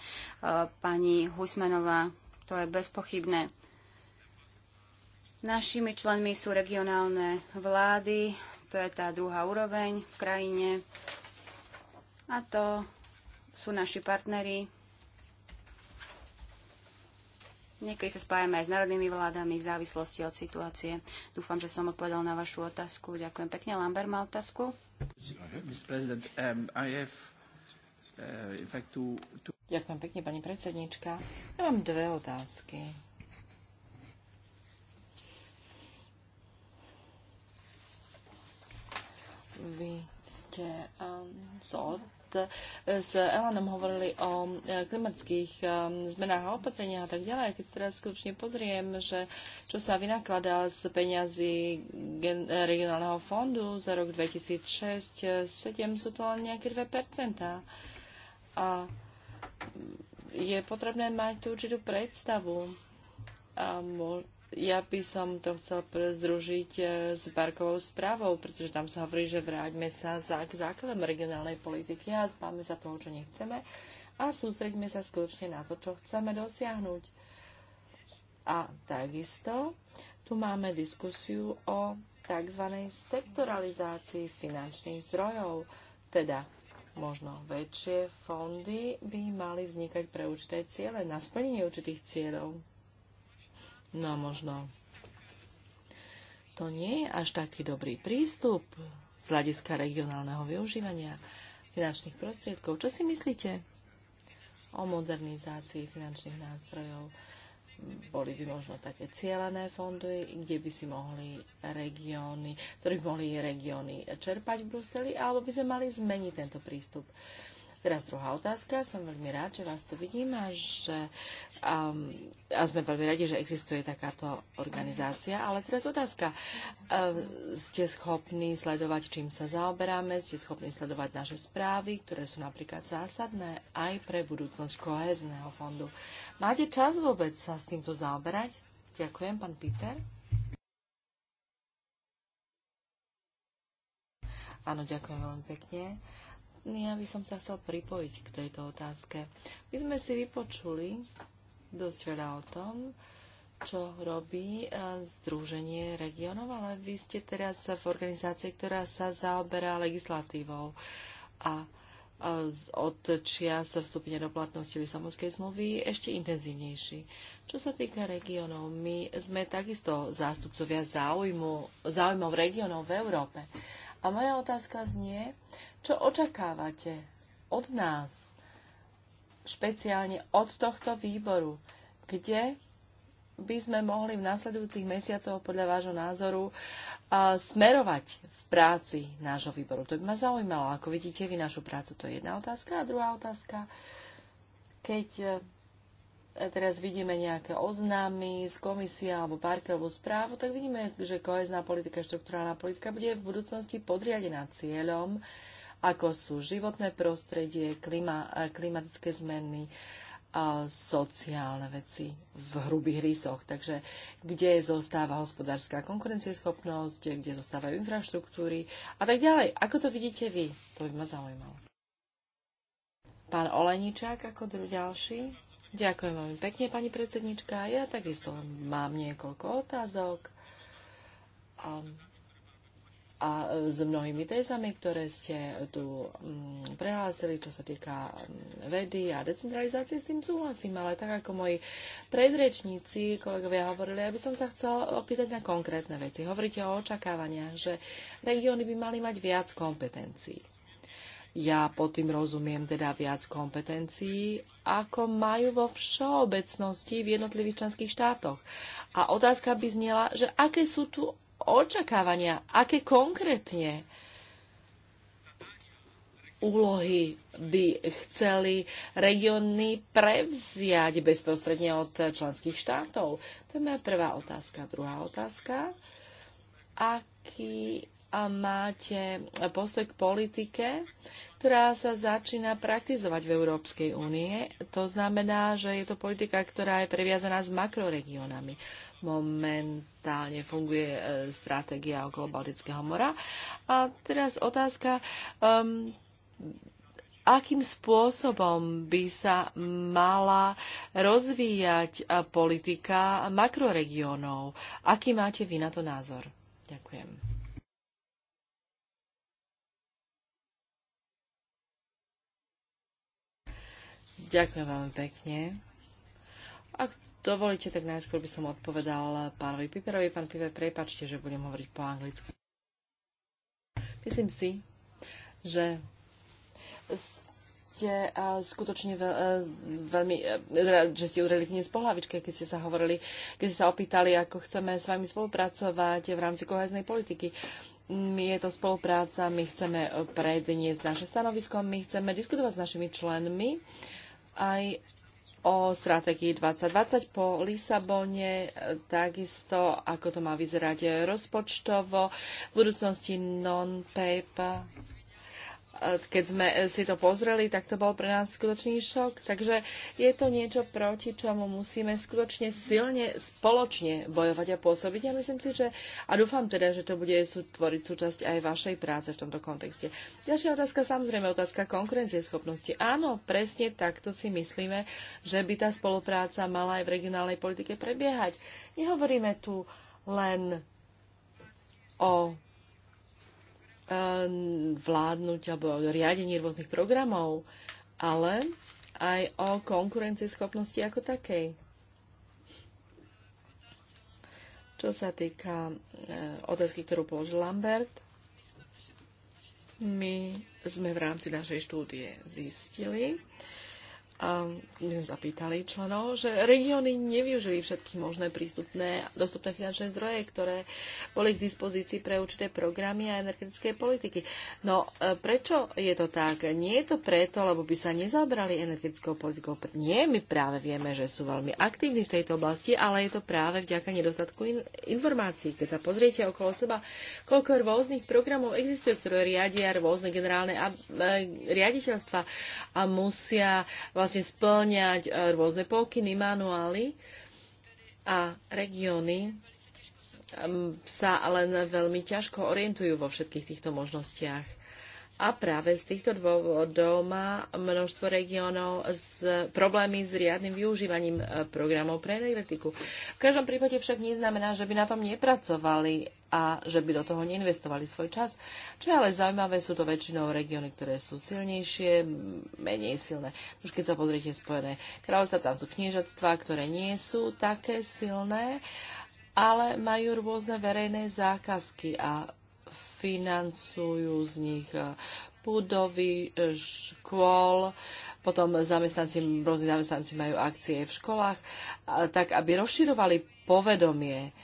pani Husmanová, to je bezpochybné. Našimi členmi sú regionálne vlády, to je tá druhá úroveň v krajine. A to sú naši partnery. Niekedy sa spájame aj s národnými vládami v závislosti od situácie. Dúfam, že som odpovedal na vašu otázku. Ďakujem pekne. Lamber má otázku. Ďakujem pekne, pani predsednička. Ja mám dve otázky. Vy ste um, ehm, so s Elanom hovorili o e, klimatických e, zmenách a opatreniach a tak ďalej. Keď sa teraz skutočne pozriem, že čo sa vynakladá z peňazí e, regionálneho fondu za rok 2006-2007, sú to len nejaké 2%. A je potrebné mať tú určitú predstavu. A ja by som to chcel združiť e, s Barkovou správou, pretože tam sa hovorí, že vráťme sa za, k základom regionálnej politiky a zbáme sa toho, čo nechceme a sústreďme sa skutočne na to, čo chceme dosiahnuť. A takisto tu máme diskusiu o tzv. sektoralizácii finančných zdrojov, teda možno väčšie fondy by mali vznikať pre určité ciele, na splnenie určitých cieľov. No možno to nie je až taký dobrý prístup z hľadiska regionálneho využívania finančných prostriedkov. Čo si myslíte o modernizácii finančných nástrojov? boli by možno také cieľané fondy, kde by si mohli regióny, ktorých mohli regióny čerpať v Bruseli, alebo by sme mali zmeniť tento prístup. Teraz druhá otázka. Som veľmi rád, že vás tu vidím a, že, um, a sme veľmi radi, že existuje takáto organizácia. Ale teraz otázka. Um, ste schopní sledovať, čím sa zaoberáme? Ste schopní sledovať naše správy, ktoré sú napríklad zásadné aj pre budúcnosť kohezného fondu? Máte čas vôbec sa s týmto zaoberať? Ďakujem, pán Peter. Áno, ďakujem veľmi pekne ja by som sa chcel pripojiť k tejto otázke. My sme si vypočuli dosť veľa o tom, čo robí e, Združenie regionov, ale vy ste teraz v organizácii, ktorá sa zaoberá legislatívou a e, od čias vstúpenia do platnosti Lisabonskej zmluvy ešte intenzívnejší. Čo sa týka regionov, my sme takisto zástupcovia záujmu, záujmov regionov v Európe. A moja otázka znie, čo očakávate od nás, špeciálne od tohto výboru, kde by sme mohli v nasledujúcich mesiacoch podľa vášho názoru smerovať v práci nášho výboru. To by ma zaujímalo, ako vidíte vy našu prácu. To je jedna otázka. A druhá otázka, keď e, teraz vidíme nejaké oznámy z komisie alebo Parkerovú správu, tak vidíme, že kohezná politika, štruktúrálna politika bude v budúcnosti podriadená cieľom ako sú životné prostredie, klima, klimatické zmeny, a sociálne veci v hrubých rysoch. Takže kde zostáva hospodárska konkurencieschopnosť, kde zostávajú infraštruktúry a tak ďalej. Ako to vidíte vy? To by ma zaujímalo. Pán Oleničák ako ďalší. Ďakujem veľmi pekne, pani predsednička. Ja takisto mám niekoľko otázok. Um, a e, s mnohými tézami, ktoré ste tu mm, prehlásili, čo sa týka mm, vedy a decentralizácie, s tým súhlasím, ale tak ako moji predrečníci, kolegovia hovorili, ja by som sa chcel opýtať na konkrétne veci. Hovoríte o očakávaniach, že regióny by mali mať viac kompetencií. Ja pod tým rozumiem teda viac kompetencií, ako majú vo všeobecnosti v jednotlivých členských štátoch. A otázka by zniela, že aké sú tu očakávania, aké konkrétne úlohy by chceli regióny prevziať bezprostredne od členských štátov? To je moja prvá otázka. Druhá otázka. Aký máte postoj k politike, ktorá sa začína praktizovať v Európskej únie. To znamená, že je to politika, ktorá je previazaná s makroregiónami momentálne funguje e, stratégia okolo Baltického mora. A teraz otázka, um, akým spôsobom by sa mala rozvíjať e, politika makroregiónov. Aký máte vy na to názor? Ďakujem. Ďakujem veľmi pekne. Ak dovolíte, tak najskôr by som odpovedal pánovi Piperovi. Pán Piper, prepačte, že budem hovoriť po anglicky. Myslím si, že ste skutočne veľmi, e, teda, že ste udreli kniz po hlavičke, keď ste sa hovorili, keď ste sa opýtali, ako chceme s vami spolupracovať v rámci koheznej politiky. My je to spolupráca, my chceme predniesť naše stanovisko, my chceme diskutovať s našimi členmi aj o stratégii 2020 po Lisabone, e, takisto ako to má vyzerať rozpočtovo, v budúcnosti non-paper keď sme e, si to pozreli, tak to bol pre nás skutočný šok. Takže je to niečo, proti čomu musíme skutočne silne spoločne bojovať a pôsobiť. Ja myslím si, že a dúfam teda, že to bude tvoriť súčasť aj vašej práce v tomto kontexte. Ďalšia otázka, samozrejme, otázka konkurencieschopnosti. Áno, presne takto si myslíme, že by tá spolupráca mala aj v regionálnej politike prebiehať. Nehovoríme tu len o Eh, vládnuť alebo riadenie rôznych programov, ale aj o konkurencieschopnosti ako takej. Čo sa týka eh, otázky, ktorú položil Lambert, my sme v rámci našej štúdie zistili, a, my sme zapýtali členov, že regióny nevyužili všetky možné prístupné dostupné finančné zdroje, ktoré boli k dispozícii pre určité programy a energetické politiky. No e, prečo je to tak? Nie je to preto, lebo by sa nezabrali energetickou politikou. Nie, my práve vieme, že sú veľmi aktívni v tejto oblasti, ale je to práve vďaka nedostatku in- informácií. Keď sa pozriete okolo seba, koľko rôznych programov existuje, ktoré riadia rôzne generálne a, e, riaditeľstva a musia vás vlastne vlastne splňať e, rôzne pokyny, manuály a regióny sa ale veľmi ťažko orientujú vo všetkých týchto možnostiach a práve z týchto dôvodov má množstvo regiónov s problémy s riadnym využívaním e, programov pre energetiku. V každom prípade však neznamená, že by na tom nepracovali a že by do toho neinvestovali svoj čas. Čo je ale zaujímavé, sú to väčšinou regióny, ktoré sú silnejšie, menej silné. Už keď sa pozriete Spojené kráľovstva, tam sú kniežatstva, ktoré nie sú také silné ale majú rôzne verejné zákazky a financujú z nich eh, budovy, eh, škôl, potom zamestnanci, rôzni zamestnanci majú akcie v školách, tak aby rozširovali povedomie.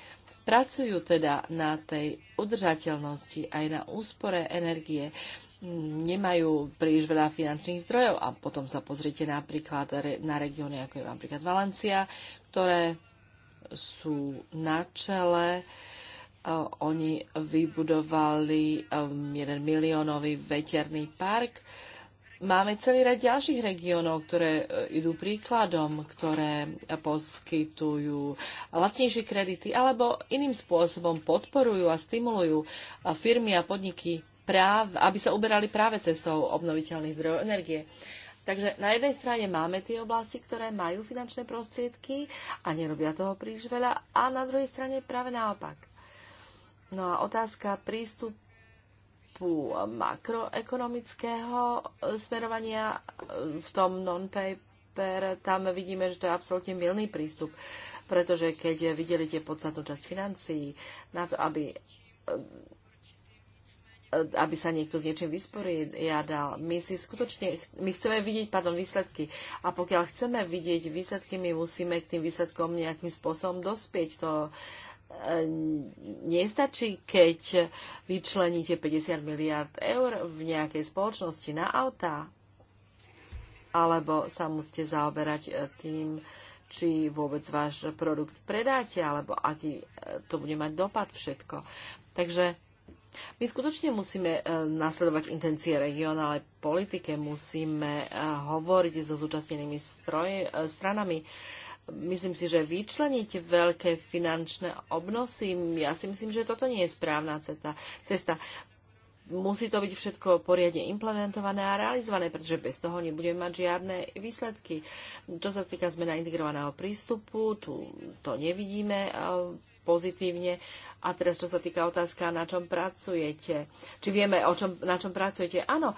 Pracujú teda na tej udržateľnosti aj na úspore energie nemajú príliš veľa finančných zdrojov a potom sa pozrite napríklad na regióny, ako je napríklad Valencia, ktoré sú na čele uh, E, oni vybudovali e, jeden miliónový veterný park. Máme celý rad ďalších regiónov, ktoré e, idú príkladom, ktoré poskytujú lacnejšie kredity alebo iným spôsobom podporujú a stimulujú firmy a podniky, práv, aby sa uberali práve cestou obnoviteľných zdrojov energie. Takže na jednej strane máme tie oblasti, ktoré majú finančné prostriedky a nerobia toho príliš veľa a na druhej strane práve naopak No a otázka prístupu makroekonomického e, smerovania e, v tom non-paper, tam vidíme, že to je absolútne milný prístup, pretože keď videlíte podstatnú časť financií na to, aby e, aby sa niekto s niečím vysporiadal. My si skutočne, my chceme vidieť, pardon, výsledky. A pokiaľ chceme vidieť výsledky, my musíme k tým výsledkom nejakým spôsobom dospieť. To nestačí, keď vyčleníte 50 miliard eur v nejakej spoločnosti na autá? Alebo sa musíte zaoberať eh, tým, či vôbec váš produkt predáte, alebo aký eh, to bude mať dopad všetko. Takže my skutočne musíme eh, nasledovať intencie regionálnej politike, musíme hovoriť so zúčastnenými stroj, stranami, Myslím si, že vyčleniť veľké finančné obnosy, ja si myslím, že toto nie je správna cesta. Musí to byť všetko poriadne implementované a realizované, pretože bez toho nebudeme mať žiadne výsledky. Čo sa týka zmena integrovaného prístupu, tu to nevidíme pozitívne. A teraz, čo sa týka otázka, na čom pracujete. Či vieme, o čom, na čom pracujete? Áno, e,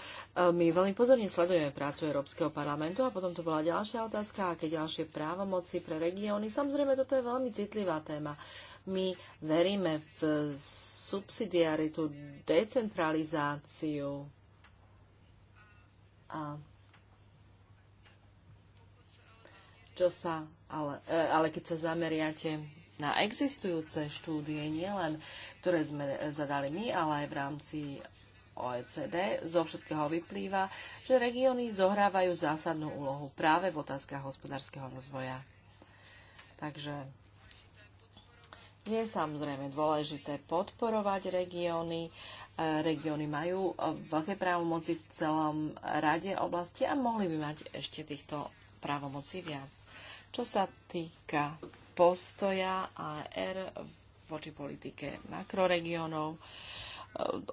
my veľmi pozorne sledujeme prácu Európskeho parlamentu a potom to bola ďalšia otázka, aké ďalšie právomoci pre regióny. Samozrejme, toto je veľmi citlivá téma. My veríme v subsidiaritu, decentralizáciu a čo sa, ale, e, ale keď sa zameriate na existujúce štúdie, nielen ktoré sme e, zadali my, ale aj v rámci OECD. Zo všetkého vyplýva, že regióny zohrávajú zásadnú úlohu práve v otázkach hospodárskeho rozvoja. Takže je samozrejme dôležité podporovať regióny. E, regióny majú e, veľké právomoci v celom rade oblasti a mohli by mať ešte týchto právomocí viac. Čo sa týka postoja AR voči politike makroregiónov.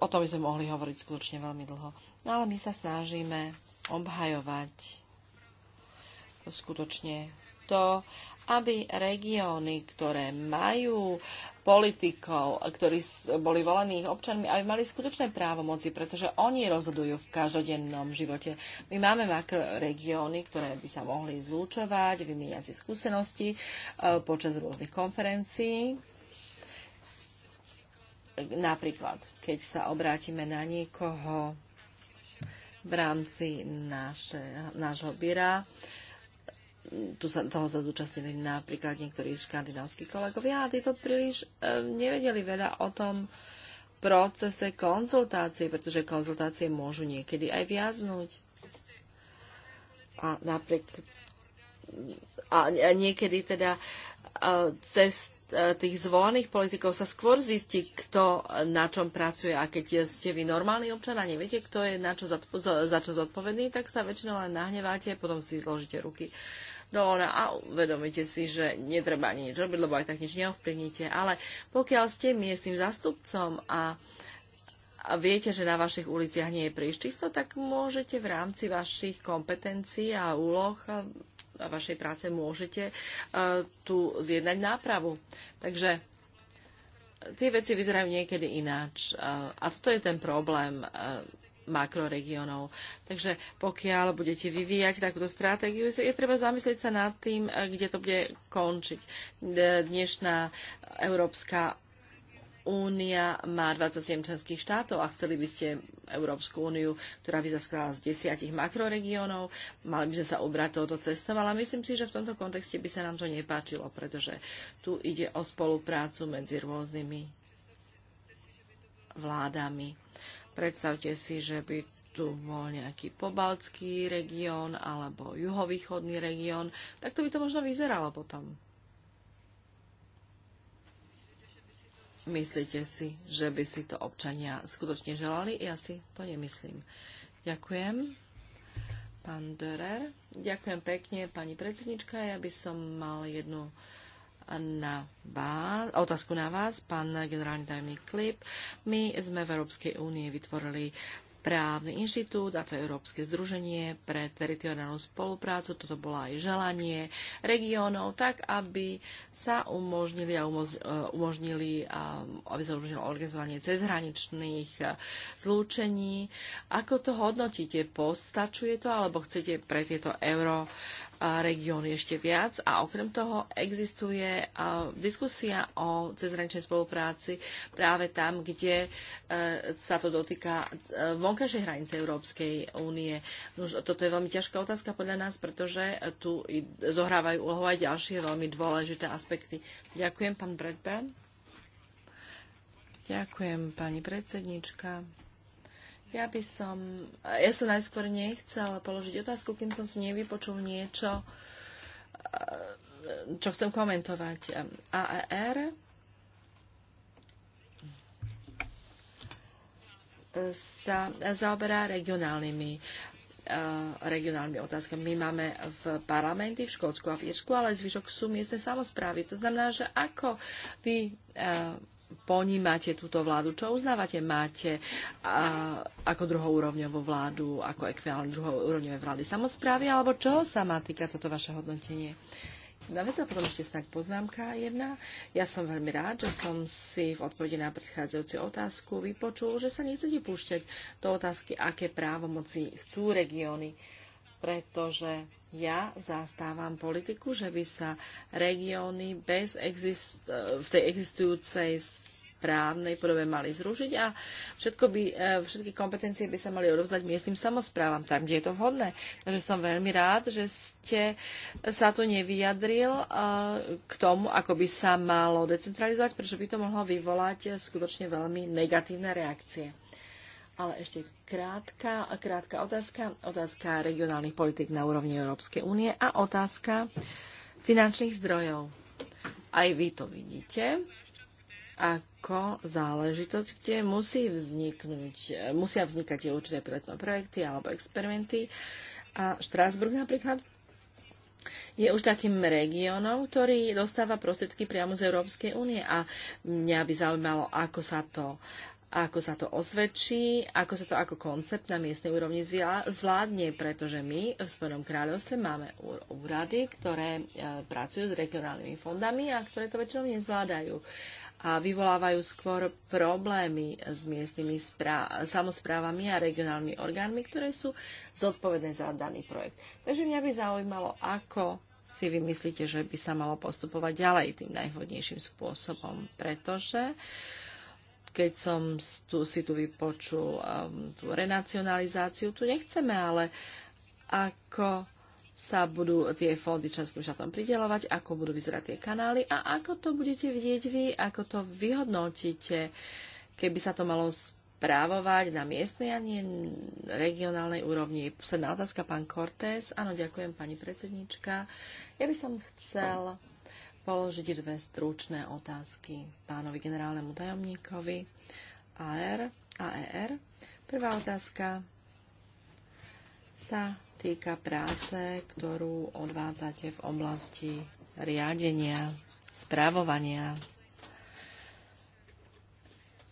O tom by sme mohli hovoriť skutočne veľmi dlho. No ale my sa snažíme obhajovať skutočne to, aby regióny, ktoré majú politikov, ktorí boli volení občanmi, aby mali skutočné právomoci, pretože oni rozhodujú v každodennom živote. My máme makroregióny, ktoré by sa mohli zlúčovať, vymieňať si skúsenosti e, počas rôznych konferencií. Napríklad, keď sa obrátime na niekoho v rámci nášho byra, tu sa, toho sa zúčastnili napríklad niektorí škandinávskí kolegovia a títo príliš e, nevedeli veľa o tom procese konzultácie, pretože konzultácie môžu niekedy aj viaznúť. A napriek a, niekedy teda e, cez e, tých zvolených politikov sa skôr zistí, kto na čom pracuje a keď ste vy normálny občan a neviete, kto je na čo za, za čo zodpovedný, tak sa väčšinou len nahneváte, potom si zložíte ruky. Uh, do no, ona a uvedomíte si, že netreba ani nič robiť, lebo aj tak nič neovplyvníte. Ale pokiaľ ste miestnym zastupcom a a viete, že na vašich uliciach nie je príliš čisto, tak môžete v rámci vašich kompetencií a úloh a vašej práce môžete uh, tu zjednať nápravu. Takže e, tie veci vyzerajú niekedy ináč. Uh, a toto je ten problém. Uh, makroregiónov. Takže pokiaľ budete vyvíjať takúto stratégiu, je treba zamyslieť sa nad tým, eh, kde to bude končiť. Dnešná Európska únia má 27 členských štátov a chceli by ste Európsku úniu, ktorá by sa skladala z desiatich makroregiónov, mali by sme sa obrať touto cestou, ale myslím si, že v tomto kontexte by sa nám to nepáčilo, pretože tu ide o spoluprácu medzi rôznymi vládami. Predstavte si, že by tu bol nejaký pobaltský región alebo juhovýchodný región, tak to by to možno vyzeralo potom. Myslíte si, že by si to občania skutočne želali? Ja si to nemyslím. Ďakujem. Pán Dörer. Ďakujem pekne, pani predsednička. Ja by som mal jednu na vás, otázku na vás, pán generálny tajomník Klip. My sme v Európskej únie vytvorili právny inštitút, a to je Európske združenie pre teritoriálnu spoluprácu. Toto bolo aj želanie regiónov, tak aby sa umožnili, a e, umožnili aby sa umožnilo organizovanie cezhraničných e, zlúčení. Ako to hodnotíte? Postačuje to, alebo chcete pre tieto euro regióny ešte viac a okrem toho existuje diskusia o cezhraničnej spolupráci práve tam, kde e, sa to dotýka e, vonkajšej hranice Európskej únie. Toto je veľmi ťažká otázka podľa nás, pretože tu zohrávajú úlohu aj ďalšie veľmi dôležité aspekty. Ďakujem, pán Bradburn. Ďakujem, pani predsednička. Ja by som, ja som najskôr nechcela položiť otázku, kým som si nevypočul niečo, čo chcem komentovať. AER sa zaoberá regionálnymi regionálnymi otázkami. My máme v parlamenty v Škótsku a v Írsku, ale zvyšok sú miestne samozprávy. To znamená, že ako vy ponímate túto vládu? Čo uznávate máte a, ako druhourovňovú vládu, ako ekvivalent druhourovňovej vlády samozprávy, alebo čo sa má týka toto vaše hodnotenie? Na vec a potom ešte snáď poznámka jedna. Ja som veľmi rád, že som si v odpovede na predchádzajúcu otázku vypočul, že sa nechcete púšťať do otázky, aké právomoci chcú regióny pretože ja zastávam politiku, že by sa regióny bez exist- v tej existujúcej právnej podobe mali zrušiť a všetko by, e, všetky kompetencie by sa mali odovzdať miestnym samozprávam, tam, kde je to vhodné. Takže som veľmi rád, že ste sa tu nevyjadril e, k tomu, ako by sa malo decentralizovať, pretože by to mohlo vyvolať skutočne veľmi negatívne reakcie. Ale ešte krátka, krátka otázka. Otázka regionálnych politik na úrovni Európskej únie a otázka finančných zdrojov. Aj vy to vidíte. A ako záležitosť, kde musí vzniknúť, musia vznikať určité pilotné projekty alebo experimenty. A Štrásburg napríklad je už takým regiónom, ktorý dostáva prostriedky priamo z Európskej únie a mňa by zaujímalo, ako sa to ako sa to osvedčí, ako sa to ako koncept na miestnej úrovni zvládne, pretože my v Spojenom kráľovstve máme úrady, ktoré e, pracujú s regionálnymi fondami a ktoré to väčšinou nezvládajú a vyvolávajú skôr problémy s miestnymi samozprávami a regionálnymi orgánmi, ktoré sú zodpovedné za daný projekt. Takže mňa by zaujímalo, ako si vymyslíte, že by sa malo postupovať ďalej tým najvhodnejším spôsobom, pretože keď som tu, si tu vypočul um, tú renacionalizáciu, tu nechceme, ale ako sa budú tie fondy členským štátom pridelovať, ako budú vyzerať tie kanály a ako to budete vidieť vy, ako to vyhodnotíte, keby sa to malo správovať na miestnej a nie regionálnej úrovni. Posledná otázka, pán Cortés. Áno, ďakujem, pani predsednička. Ja by som chcel položiť dve stručné otázky pánovi generálnemu tajomníkovi AR a ER. Prvá otázka sa týka práce, ktorú odvádzate v oblasti riadenia, správovania.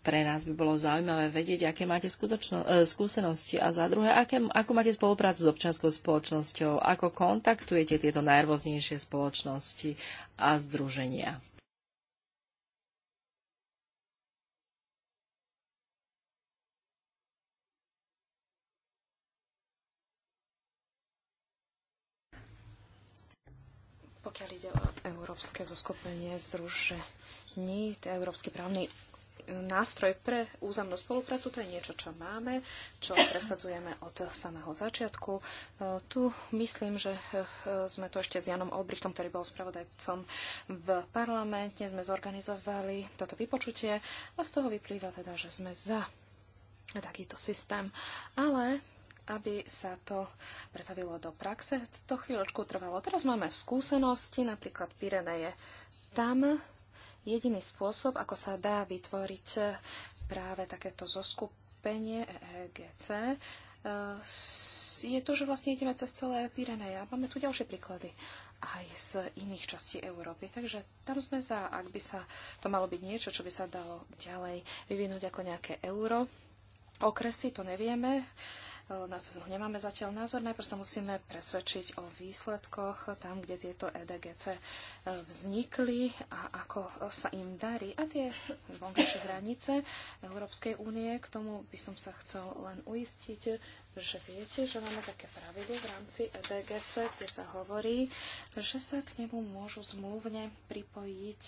Pre nás by bolo zaujímavé vedieť, aké máte skutočno, e, skúsenosti a za druhé, aké, ako máte spoluprácu s občianskou spoločnosťou, ako kontaktujete tieto najrôznejšie spoločnosti a združenia. pokiaľ ide o európske zoskupenie zružení, to je európsky právny nástroj pre územnú spoluprácu, to je niečo, čo máme, čo presadzujeme od samého začiatku. E, tu myslím, že e, sme to ešte s Janom Olbrichtom, ktorý bol spravodajcom v parlamente, sme zorganizovali toto vypočutie a z toho vyplýva teda, že sme za takýto systém. Ale aby sa to pretavilo do praxe. To chvíľočku trvalo. Teraz máme v skúsenosti, napríklad Pireneje. Tam jediný spôsob, ako sa dá vytvoriť eh, práve takéto zoskupenie EEGC, eh, je to, že vlastne ideme cez celé Pireneje. A máme tu ďalšie príklady aj z iných častí Európy. Takže tam sme za, ak by sa to malo byť niečo, čo by sa dalo ďalej vyvinúť ako nejaké euro. Okresy to nevieme Eh, na to nemáme zatiaľ názor. Najprv sa musíme presvedčiť o výsledkoch tam, kde tieto EDGC eh, vznikli a ako sa im darí. A tie vonkajšie hranice Európskej únie, k tomu by som sa chcel len uistiť, že viete, že máme také pravidlo v rámci EDGC, kde sa hovorí, že sa k nemu môžu zmluvne pripojiť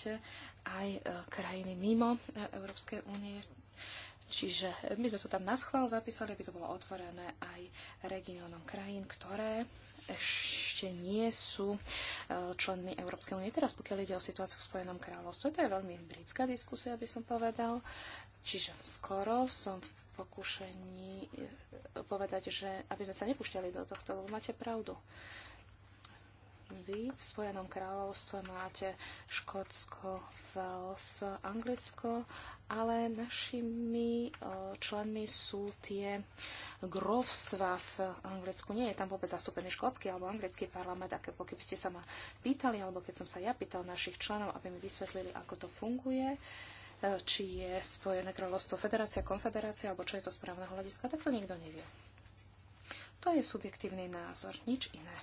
aj eh, krajiny mimo Európskej únie Čiže my sme to tam na schvál zapísali, aby to bolo otvorené aj regiónom krajín, ktoré ešte nie sú e, členmi Európskej únie. Teraz pokiaľ ide o situáciu v Spojenom kráľovstve, to je veľmi britská diskusia, by som povedal. Čiže skoro som v pokušení e, povedať, že aby sme sa nepúšťali do tohto, lebo máte pravdu. Uh, vy v Spojenom kráľovstve máte Škótsko, Wales, Anglicko, ale našimi e, členmi sú tie grovstva v Anglicku. Nie je tam vôbec zastúpený škótsky alebo anglický parlament, aké pokiaľ ste sa ma pýtali, alebo keď som sa ja pýtal našich členov, aby mi vysvetlili, ako to funguje, e, či je Spojené kráľovstvo federácia, konfederácia, alebo čo je to správne hľadiska, tak to nikto nevie. To je subjektívny názor, nič iné.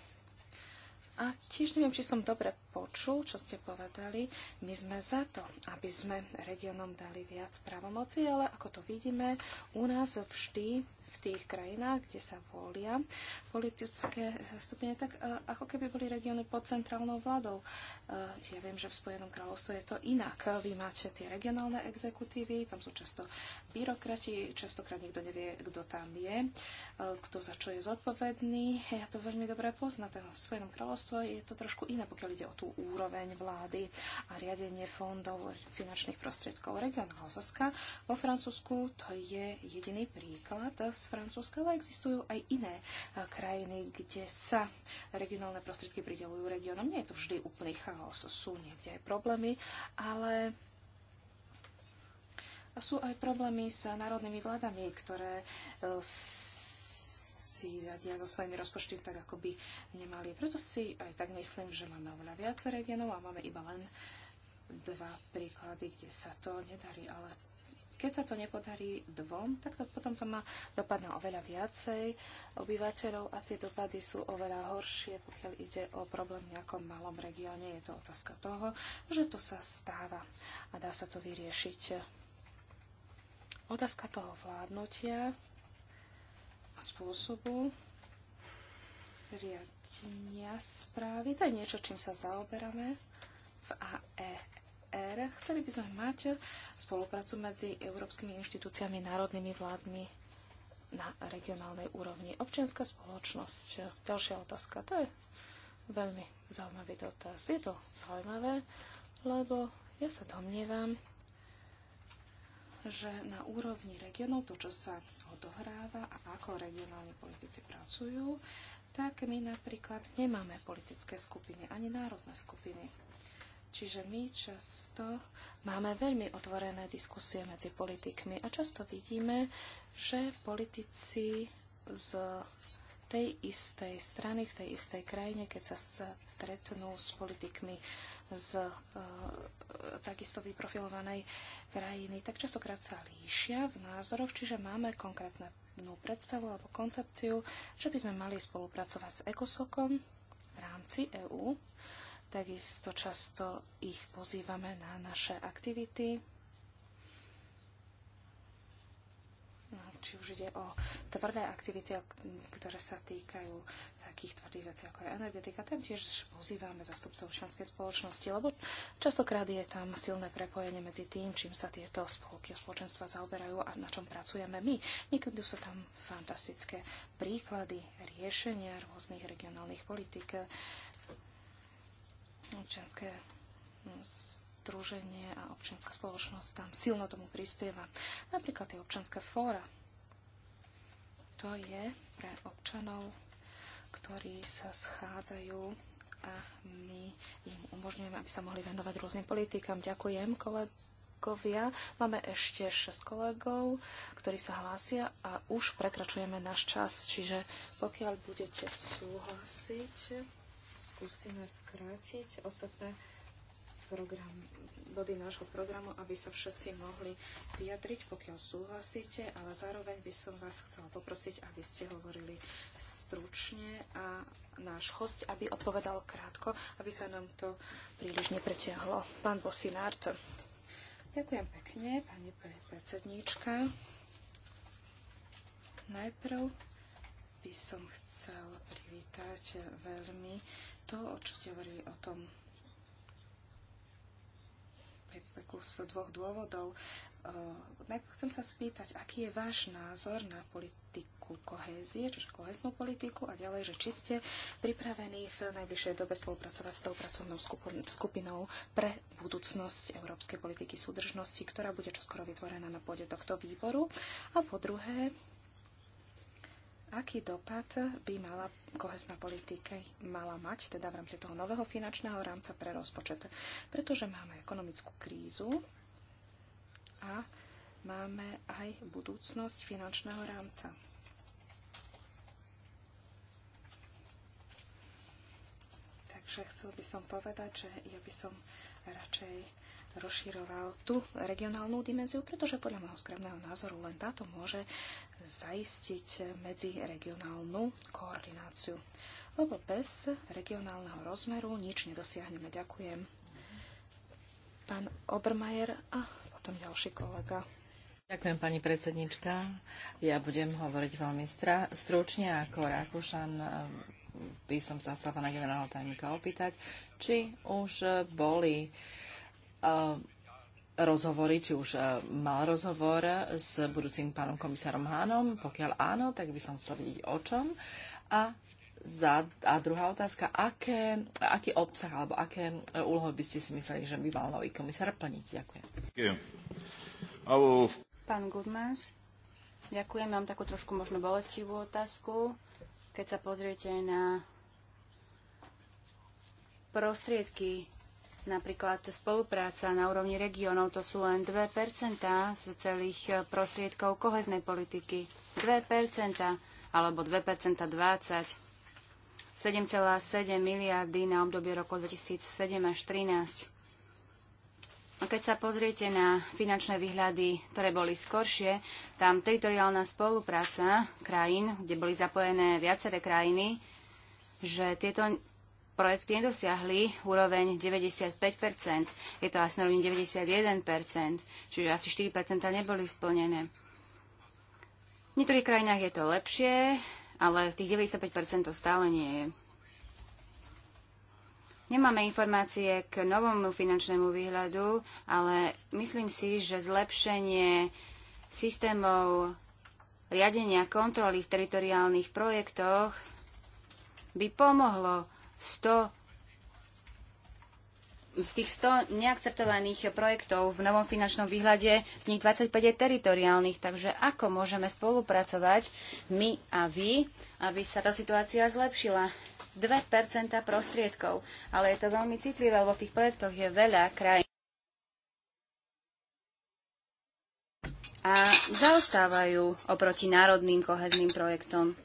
A tiež neviem, či som dobre počul, čo ste povedali. My sme za to, aby sme regionom dali viac právomoci, ale ako to vidíme, u nás vždy v tých krajinách, kde sa volia politické zastupenie, tak e, ako keby boli regióny pod centrálnou vládou. E, ja viem, že v Spojenom kráľovstve je to inak. Vy máte tie regionálne exekutívy, tam sú často byrokrati, častokrát nikto nevie, kto tam je, e, kto za čo je zodpovedný. Ja to veľmi dobre poznám. V Spojenom kráľovstve je to trošku iné, pokiaľ ide o tú úroveň vlády a riadenie fondov finančných prostriedkov. Region Alsaska vo Francúzsku to je jediný príklad z Francúzska, ale existujú aj iné eh, krajiny, kde sa regionálne prostriedky pridelujú regionom. Nie je to vždy úplný chaos, sú niekde aj problémy, ale sú aj problémy s národnými vládami, ktoré eh, si radia so svojimi rozpočty tak, ako by nemali. Preto si aj tak myslím, že máme oveľa viac regionov a máme iba len dva príklady, kde sa to nedarí, ale keď sa to nepodarí dvom, tak to potom to má dopad na oveľa viacej obyvateľov a tie dopady sú oveľa horšie, pokiaľ ide o problém v nejakom malom regióne. Je to otázka toho, že to sa stáva a dá sa to vyriešiť. Otázka toho vládnutia spôsobu riadenia správy. To je niečo, čím sa zaoberáme v AER. Chceli by sme mať spoluprácu medzi európskymi inštitúciami, národnými vládmi na regionálnej úrovni. Občianská spoločnosť. Ďalšia otázka. To je veľmi zaujímavý dotaz. Je to zaujímavé, lebo ja sa domnievam, že na úrovni regionov to, čo sa odohráva a ako regionálni politici pracujú, tak my napríklad nemáme politické skupiny, ani národné skupiny. Čiže my často máme veľmi otvorené diskusie medzi politikmi a často vidíme, že politici z tej istej strany, v tej istej krajine, keď sa stretnú s politikmi z e, takisto vyprofilovanej krajiny, tak častokrát sa líšia v názoroch, čiže máme konkrétnu predstavu alebo koncepciu, že by sme mali spolupracovať s ECOSOCom v rámci EÚ. Takisto často ich pozývame na naše aktivity, či už ide o tvrdé aktivity, ktoré sa týkajú takých tvrdých vecí, ako je energetika, tam tiež pozývame zastupcov členskej spoločnosti, lebo častokrát je tam silné prepojenie medzi tým, čím sa tieto spolky a spoločenstva zaoberajú a na čom pracujeme my. Niekedy sú tam fantastické príklady riešenia rôznych regionálnych politik, občianské hm, združenie a občianská spoločnosť tam silno tomu prispieva. Napríklad tie občianské fóra, to je pre občanov, ktorí sa schádzajú a my im umožňujeme, aby sa mohli venovať rôznym politikám. Ďakujem, kolegovia. Máme ešte 6 kolegov, ktorí sa hlásia a už prekračujeme náš čas, čiže pokiaľ budete súhlasiť, skúsime skrátiť ostatné program, body nášho programu, aby sa všetci mohli vyjadriť, pokiaľ súhlasíte, ale zároveň by som vás chcela poprosiť, aby ste hovorili stručne a náš host, aby odpovedal krátko, aby sa nám to príliš nepretiahlo. Pán Bosinárt. Ďakujem pekne, pani predsedníčka. Najprv by som chcel privítať veľmi to, o čo ste hovorili o tom z dvoch dôvodov. Eh, najprv chcem sa spýtať, aký je váš názor na politiku kohézie, čiže koheznú politiku a ďalej, že či ste pripravení v najbližšej dobe spolupracovať s tou pracovnou skupinou pre budúcnosť európskej politiky súdržnosti, ktorá bude čoskoro vytvorená na pôde tohto výboru. A po druhé, aký dopad by mala kohezná politika mala mať, teda v rámci toho nového finančného rámca pre rozpočet. Pretože máme ekonomickú krízu a máme aj budúcnosť finančného rámca. Takže chcel by som povedať, že ja by som radšej rozširoval tú regionálnu dimenziu, pretože podľa môjho skromného názoru len táto môže zaistiť medziregionálnu koordináciu. Lebo bez regionálneho rozmeru nič nedosiahneme. Ďakujem. Pán Obermajer a potom ďalší kolega. Ďakujem, pani predsednička. Ja budem hovoriť veľmi stručne ako Rakúšan e, by som sa chcela pána generálna tajemníka opýtať, či už boli uh, rozhovory, či už e, mal rozhovor s budúcim pánom komisárom Hánom. Pokiaľ áno, tak by som chcel vidieť o čom. A, za, a druhá otázka, aké, aký obsah alebo aké e, úlohy by ste si mysleli, že by mal nový komisár plniť? Ďakujem. Pán Gudmáš, ďakujem. Mám takú trošku možno bolestivú otázku. Keď sa pozriete na prostriedky Napríklad spolupráca na úrovni regiónov to sú len 2 z celých e, prostriedkov koheznej politiky. 2 alebo 2 20 7,7 miliardy na obdobie roku 2007 až 2013. A keď sa pozriete na finančné výhľady, ktoré boli skoršie, tam teritoriálna spolupráca krajín, kde boli zapojené viaceré krajiny, že tieto Projekt nedosiahli úroveň 95%, je to asi na úrovni 91%, čiže asi 4% neboli splnené. V niektorých krajinách je to lepšie, ale tých 95% to stále nie je. Nemáme informácie k novomu finančnému výhľadu, ale myslím si, že zlepšenie systémov riadenia kontroly v teritoriálnych projektoch by pomohlo 100 z tých 100 neakceptovaných projektov v novom finančnom výhľade, z nich 25 je teritoriálnych, takže ako môžeme spolupracovať my a vy, aby sa tá situácia zlepšila? 2% prostriedkov, ale je to veľmi citlivé, lebo v tých projektoch je veľa krajín. A zaostávajú oproti národným kohezným projektom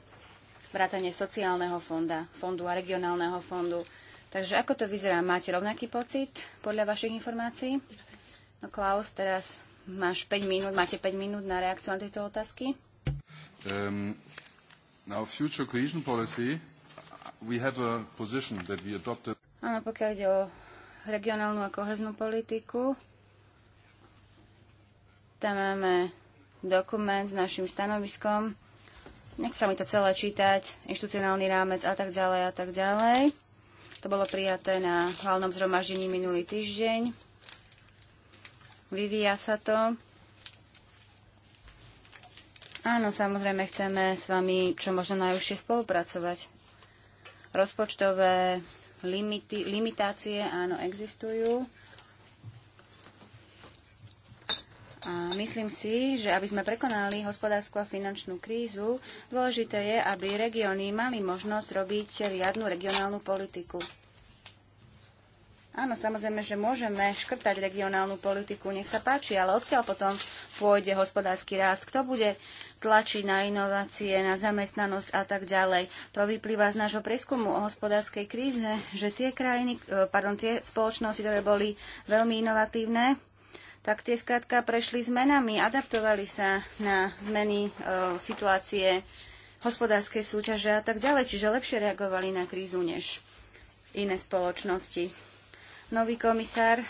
vrátanie sociálneho fonda, fondu a regionálneho fondu. Takže ako to vyzerá? Máte rovnaký pocit podľa vašich informácií? No Klaus, teraz máš 5 minút, máte 5 minút na reakciu na tieto otázky. Um, now future cohesion policy, we have a position that we adopted. Áno, pokiaľ ide o regionálnu a koheznú politiku, tam máme dokument s našim stanoviskom, nech sa mi to celé čítať, inštitucionálny rámec a tak ďalej a tak ďalej. To bolo prijaté na hlavnom zhromaždení minulý týždeň. Vyvíja sa to. Áno, samozrejme chceme s vami čo možno najúžšie spolupracovať. Rozpočtové limity, limitácie, áno, existujú. A myslím si, že aby sme prekonali hospodárskú a finančnú krízu, dôležité je, aby regióny mali možnosť robiť riadnu regionálnu politiku. Áno, samozrejme, že môžeme škrtať regionálnu politiku, nech sa páči, ale odkiaľ potom pôjde hospodársky rast, kto bude tlačiť na inovácie, na zamestnanosť a tak ďalej. To vyplýva z nášho prieskumu o hospodárskej kríze, že tie krajiny, eh, pardon, tie spoločnosti, ktoré boli veľmi inovatívne, tak tie skrátka prešli zmenami, adaptovali sa na zmeny e, situácie hospodárskej súťaže a tak ďalej, čiže lepšie reagovali na krízu než iné spoločnosti. Nový komisár,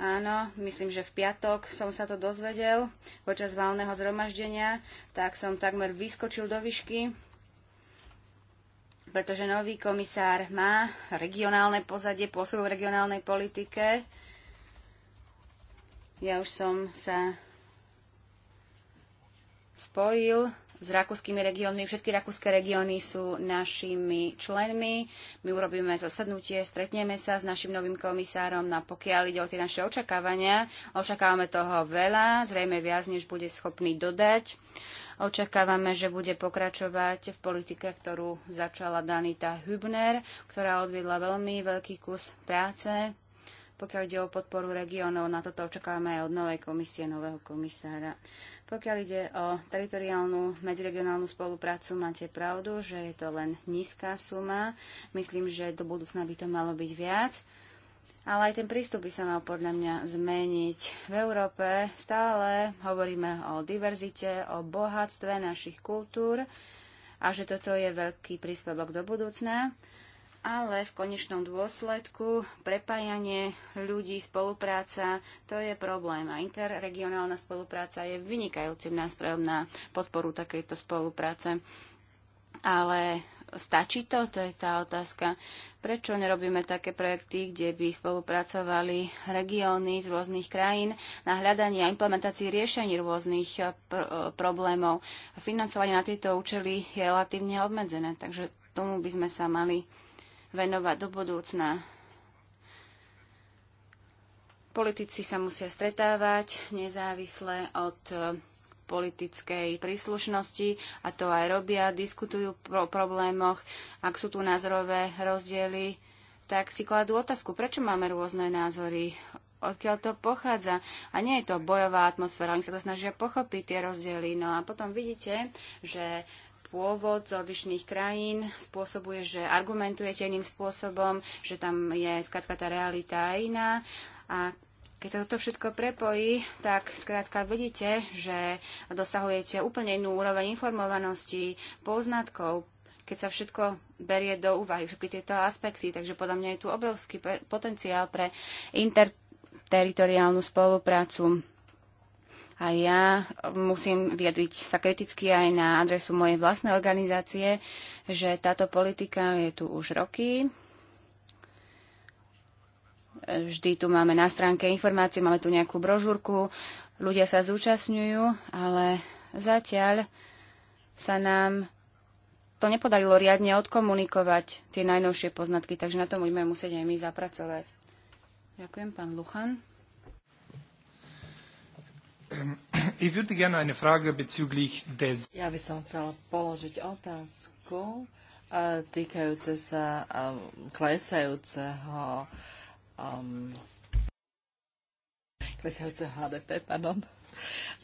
áno, myslím, že v piatok som sa to dozvedel počas valného zhromaždenia, tak som takmer vyskočil do výšky, pretože nový komisár má regionálne pozadie, pôsobu v regionálnej politike ja už som sa spojil s rakúskými regiónmi. Všetky rakúske regióny sú našimi členmi. My urobíme zasadnutie, stretneme sa s našim novým komisárom no a pokiaľ ide o tie naše očakávania, očakávame toho veľa, zrejme viac, než bude schopný dodať. Očakávame, že bude pokračovať v politike, ktorú začala Danita Hübner, ktorá odviedla veľmi veľký kus práce pokiaľ ide o podporu regiónov, na toto očakávame aj od novej komisie, nového komisára. Pokiaľ ide o teritoriálnu medziregionálnu spoluprácu, máte pravdu, že je to len nízka suma. Myslím, že do budúcna by to malo byť viac. Ale aj ten prístup by sa mal podľa mňa zmeniť. V Európe stále hovoríme o diverzite, o bohatstve našich kultúr a že toto je veľký príspevok do budúcna ale v konečnom dôsledku prepájanie ľudí, spolupráca, to je problém. A interregionálna spolupráca je vynikajúcim nástrojom na podporu takejto spolupráce. Ale stačí to? To je tá otázka. Prečo nerobíme také projekty, kde by spolupracovali regióny z rôznych krajín na hľadanie a implementácii riešení rôznych eh, pr- eh, problémov? Financovanie na tieto účely je relatívne obmedzené, takže tomu by sme sa mali venovať do budúcna. Politici sa musia stretávať nezávisle od e, politickej príslušnosti a to aj robia, diskutujú o pro problémoch. Ak sú tu názorové rozdiely, tak si kladú otázku, prečo máme rôzne názory, odkiaľ to pochádza. A nie je to bojová atmosféra, oni sa to snažia pochopiť tie rozdiely. No a potom vidíte, že pôvod z odlišných krajín spôsobuje, že argumentujete iným spôsobom, že tam je skrátka tá realita iná a keď sa toto všetko prepojí, tak skrátka vidíte, že dosahujete úplne inú úroveň informovanosti, poznatkov, keď sa všetko berie do úvahy, všetky tieto aspekty. Takže podľa mňa je tu obrovský potenciál pre interteritoriálnu spoluprácu. A ja musím vyjadriť sa kriticky aj na adresu mojej vlastnej organizácie, že táto politika je tu už roky. Vždy tu máme na stránke informácie, máme tu nejakú brožúrku, ľudia sa zúčastňujú, ale zatiaľ sa nám to nepodarilo riadne odkomunikovať tie najnovšie poznatky, takže na tom budeme musieť aj my zapracovať. Ďakujem, pán Luchan. Ja by som chcela položiť otázku eh, týkajúce sa eh, klesajúceho um, klesajúceho HDP, pardon.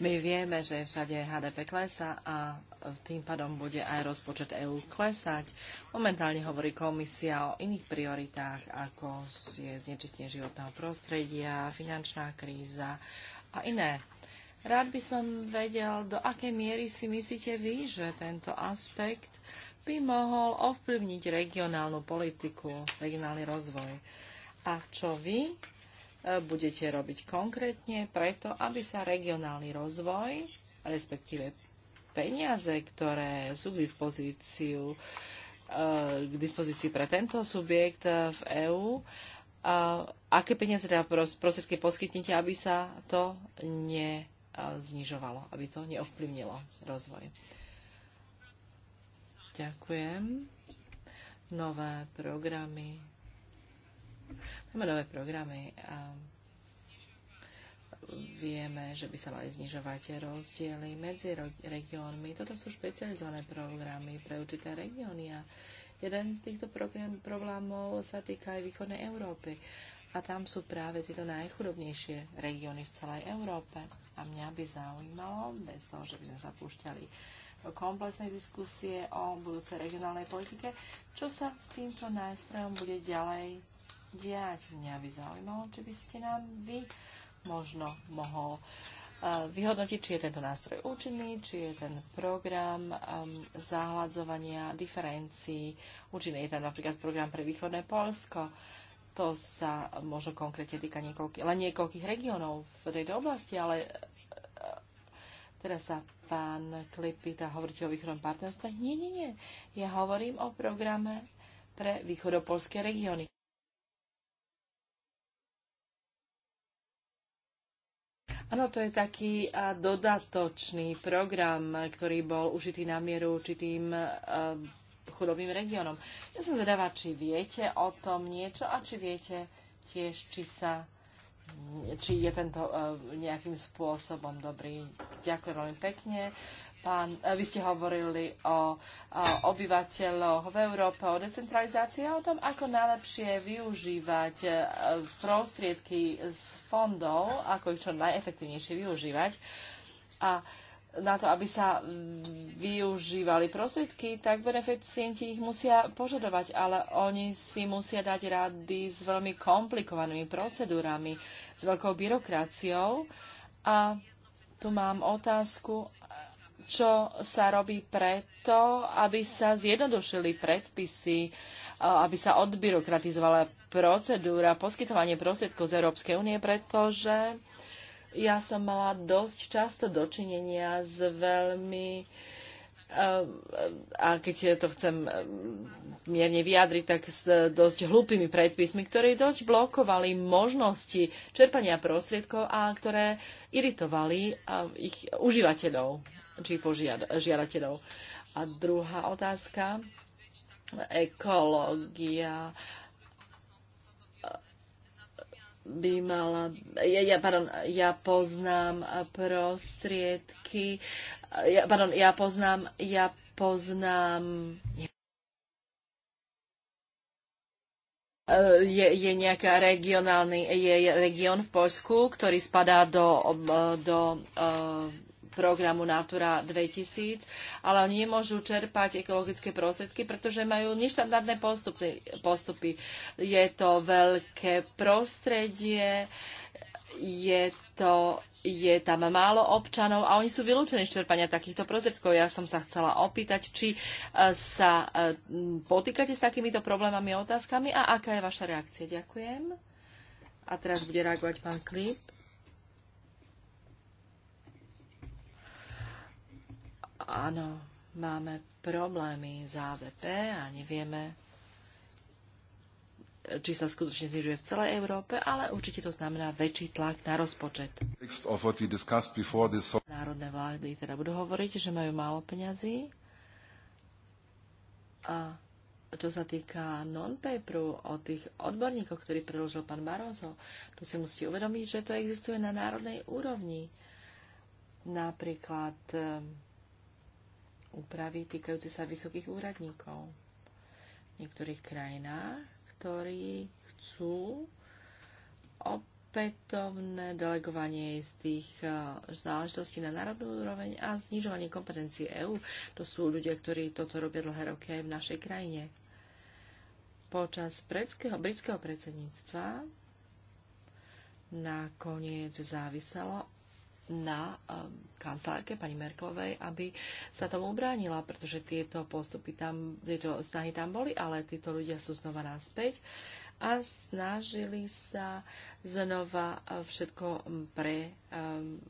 My vieme, že všade HDP klesa a tým pádom bude aj rozpočet EÚ klesať. Momentálne hovorí komisia o iných prioritách, ako je znečistenie životného prostredia, finančná kríza a iné Rád by som vedel, do akej miery si myslíte vy, že tento aspekt by mohol ovplyvniť regionálnu politiku, regionálny rozvoj. A čo vy e, budete robiť konkrétne preto, aby sa regionálny rozvoj, respektíve peniaze, ktoré sú k dispozíciu, e, k dispozícii pre tento subjekt e, v EÚ, aké peniaze teda prostriedky poskytnite, aby sa to ne znižovalo, aby to neovplyvnilo rozvoj. Ďakujem. Nové programy. Máme nové programy a vieme, že by sa mali znižovať rozdiely medzi regiónmi. Toto sú špecializované programy pre určité regióny a jeden z týchto problémov sa týka aj východnej Európy a tam sú práve tieto najchudobnejšie regióny v celej Európe. A mňa by zaujímalo, bez toho, že by sme zapúšťali komplexnej diskusie o budúcej regionálnej politike, čo sa s týmto nástrojom bude ďalej diať. Mňa by zaujímalo, či by ste nám vy možno mohol eh, vyhodnotiť, či je tento nástroj účinný, či je ten program um, ehm, zahľadzovania diferencií účinný. Je tam napríklad program pre východné Polsko to sa možno konkrétne týka niekoľkých, len niekoľkých regiónov v tejto oblasti, ale e, teraz sa pán Klip pýta, hovoríte o východnom partnerstve? Nie, nie, nie. Ja hovorím o programe pre východopolské regióny. Áno, to je taký dodatočný program, ktorý bol užitý na mieru určitým chudobným regiónom. Ja som zvedavá, či viete o tom niečo a či viete tiež, či sa či je tento e, nejakým spôsobom dobrý. Ďakujem veľmi pekne. Pán, e, vy ste hovorili o, o obyvateľoch v Európe, o decentralizácii a o tom, ako najlepšie využívať e, prostriedky z fondov, ako ich čo najefektívnejšie využívať. A na to, aby sa využívali prostriedky, tak beneficienti ich musia požadovať, ale oni si musia dať rady s veľmi komplikovanými procedúrami, s veľkou byrokraciou. A tu mám otázku, čo sa robí preto, aby sa zjednodušili predpisy, aby sa odbyrokratizovala procedúra poskytovanie prostriedkov z Európskej únie, pretože ja som mala dosť často dočinenia s veľmi eh, a keď to chcem eh, mierne vyjadriť, tak s dosť hlúpými predpismi, ktoré dosť blokovali možnosti čerpania prostriedkov a ktoré iritovali eh, ich užívateľov či požiadateľov. A druhá otázka, ekológia by mala, ja, ja, pardon, ja poznám prostriedky, ja, pardon, ja poznám, ja poznám, je, je nejaká regionálny, je region v Poľsku, ktorý spadá do, do, do programu Natura 2000, ale oni nemôžu čerpať ekologické prostriedky, pretože majú neštandardné postupy. postupy. Je to veľké prostredie, je to, je tam málo občanov a oni sú vylúčení z čerpania takýchto prostriedkov. Ja som sa chcela opýtať, či e, sa e, potýkate s takýmito problémami a otázkami a aká je vaša reakcia. Ďakujem. A teraz bude reagovať pán Klip. Áno, máme problémy s AVP a nevieme, či sa skutočne znižuje v celej Európe, ale určite to znamená väčší tlak na rozpočet. Národné vlády teda budú hovoriť, že majú málo peňazí a čo sa týka non-paperu o tých odborníkoch, ktorý predložil pán Barozo, tu si musíte uvedomiť, že to existuje na národnej úrovni. Napríklad úpravy týkajúce sa vysokých úradníkov v niektorých krajinách, ktorí chcú opätovné delegovanie z tých eh, záležitostí na národnú úroveň a znižovanie kompetencií EÚ. To sú ľudia, ktorí toto robia dlhé roky aj v našej krajine. Počas britského, britského predsedníctva nakoniec záviselo na ehm, kancelárke pani Merklovej, aby sa tomu ubránila, pretože tieto postupy tam, tieto snahy tam boli, ale títo ľudia sú znova naspäť a snažili sa znova eh, všetko pre, ehm,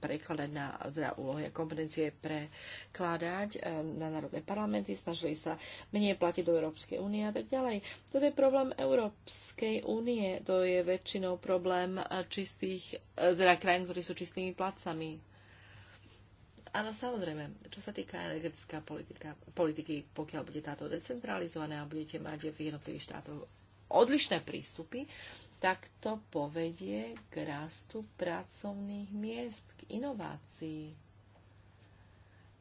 prekladať na teda úlohy a kompetencie prekladať eh, na národné parlamenty, snažili sa menej platiť do Európskej únie a tak ďalej. Toto je problém Európskej únie, to je väčšinou problém eh, čistých, eh, teda krajín, ktorí sú čistými placami. Áno, samozrejme. Čo sa týka energetická politika, politiky, pokiaľ bude táto decentralizovaná a budete mať v jednotlivých štátoch odlišné prístupy, tak to povedie k rastu pracovných miest, k inovácii.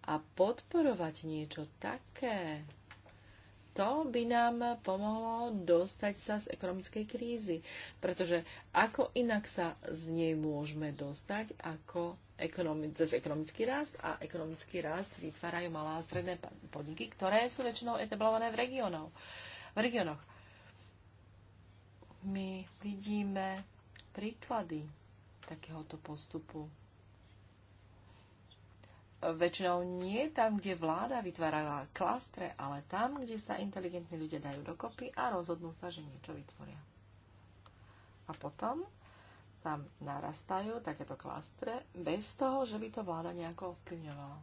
A podporovať niečo také, to by nám pomohlo dostať sa z ekonomickej krízy. Pretože ako inak sa z nej môžeme dostať, ako ekonomi- cez ekonomický rast a ekonomický rast vytvárajú malá a stredné podniky, ktoré sú väčšinou etablované v, regionov, v regionoch. V regiónoch my vidíme príklady takéhoto postupu. Väčšinou nie tam, kde vláda vytvárala klastre, ale tam, kde sa inteligentní ľudia dajú dokopy a rozhodnú sa, že niečo vytvoria. A potom tam narastajú takéto klastre bez toho, že by to vláda nejako ovplyvňovala.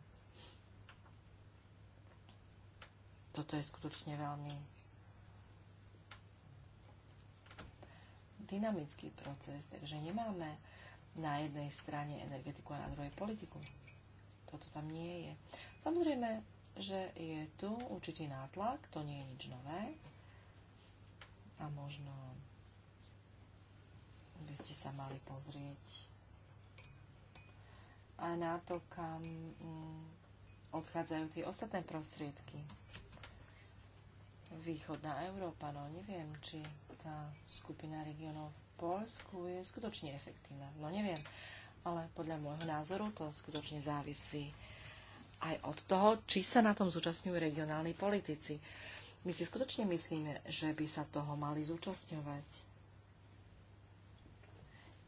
Toto je skutočne veľmi dynamický proces, takže nemáme na jednej strane energetiku a na druhej politiku. Toto tam nie je. Samozrejme, že je tu určitý nátlak, to nie je nič nové. A možno by ste sa mali pozrieť a na to, kam mm, odchádzajú tie ostatné prostriedky. Východná Európa, no neviem, či tá skupina regionov v Polsku je skutočne efektívna. No neviem, ale podľa môjho názoru to skutočne závisí aj od toho, či sa na tom zúčastňujú regionálni politici. My si skutočne myslíme, že by sa toho mali zúčastňovať.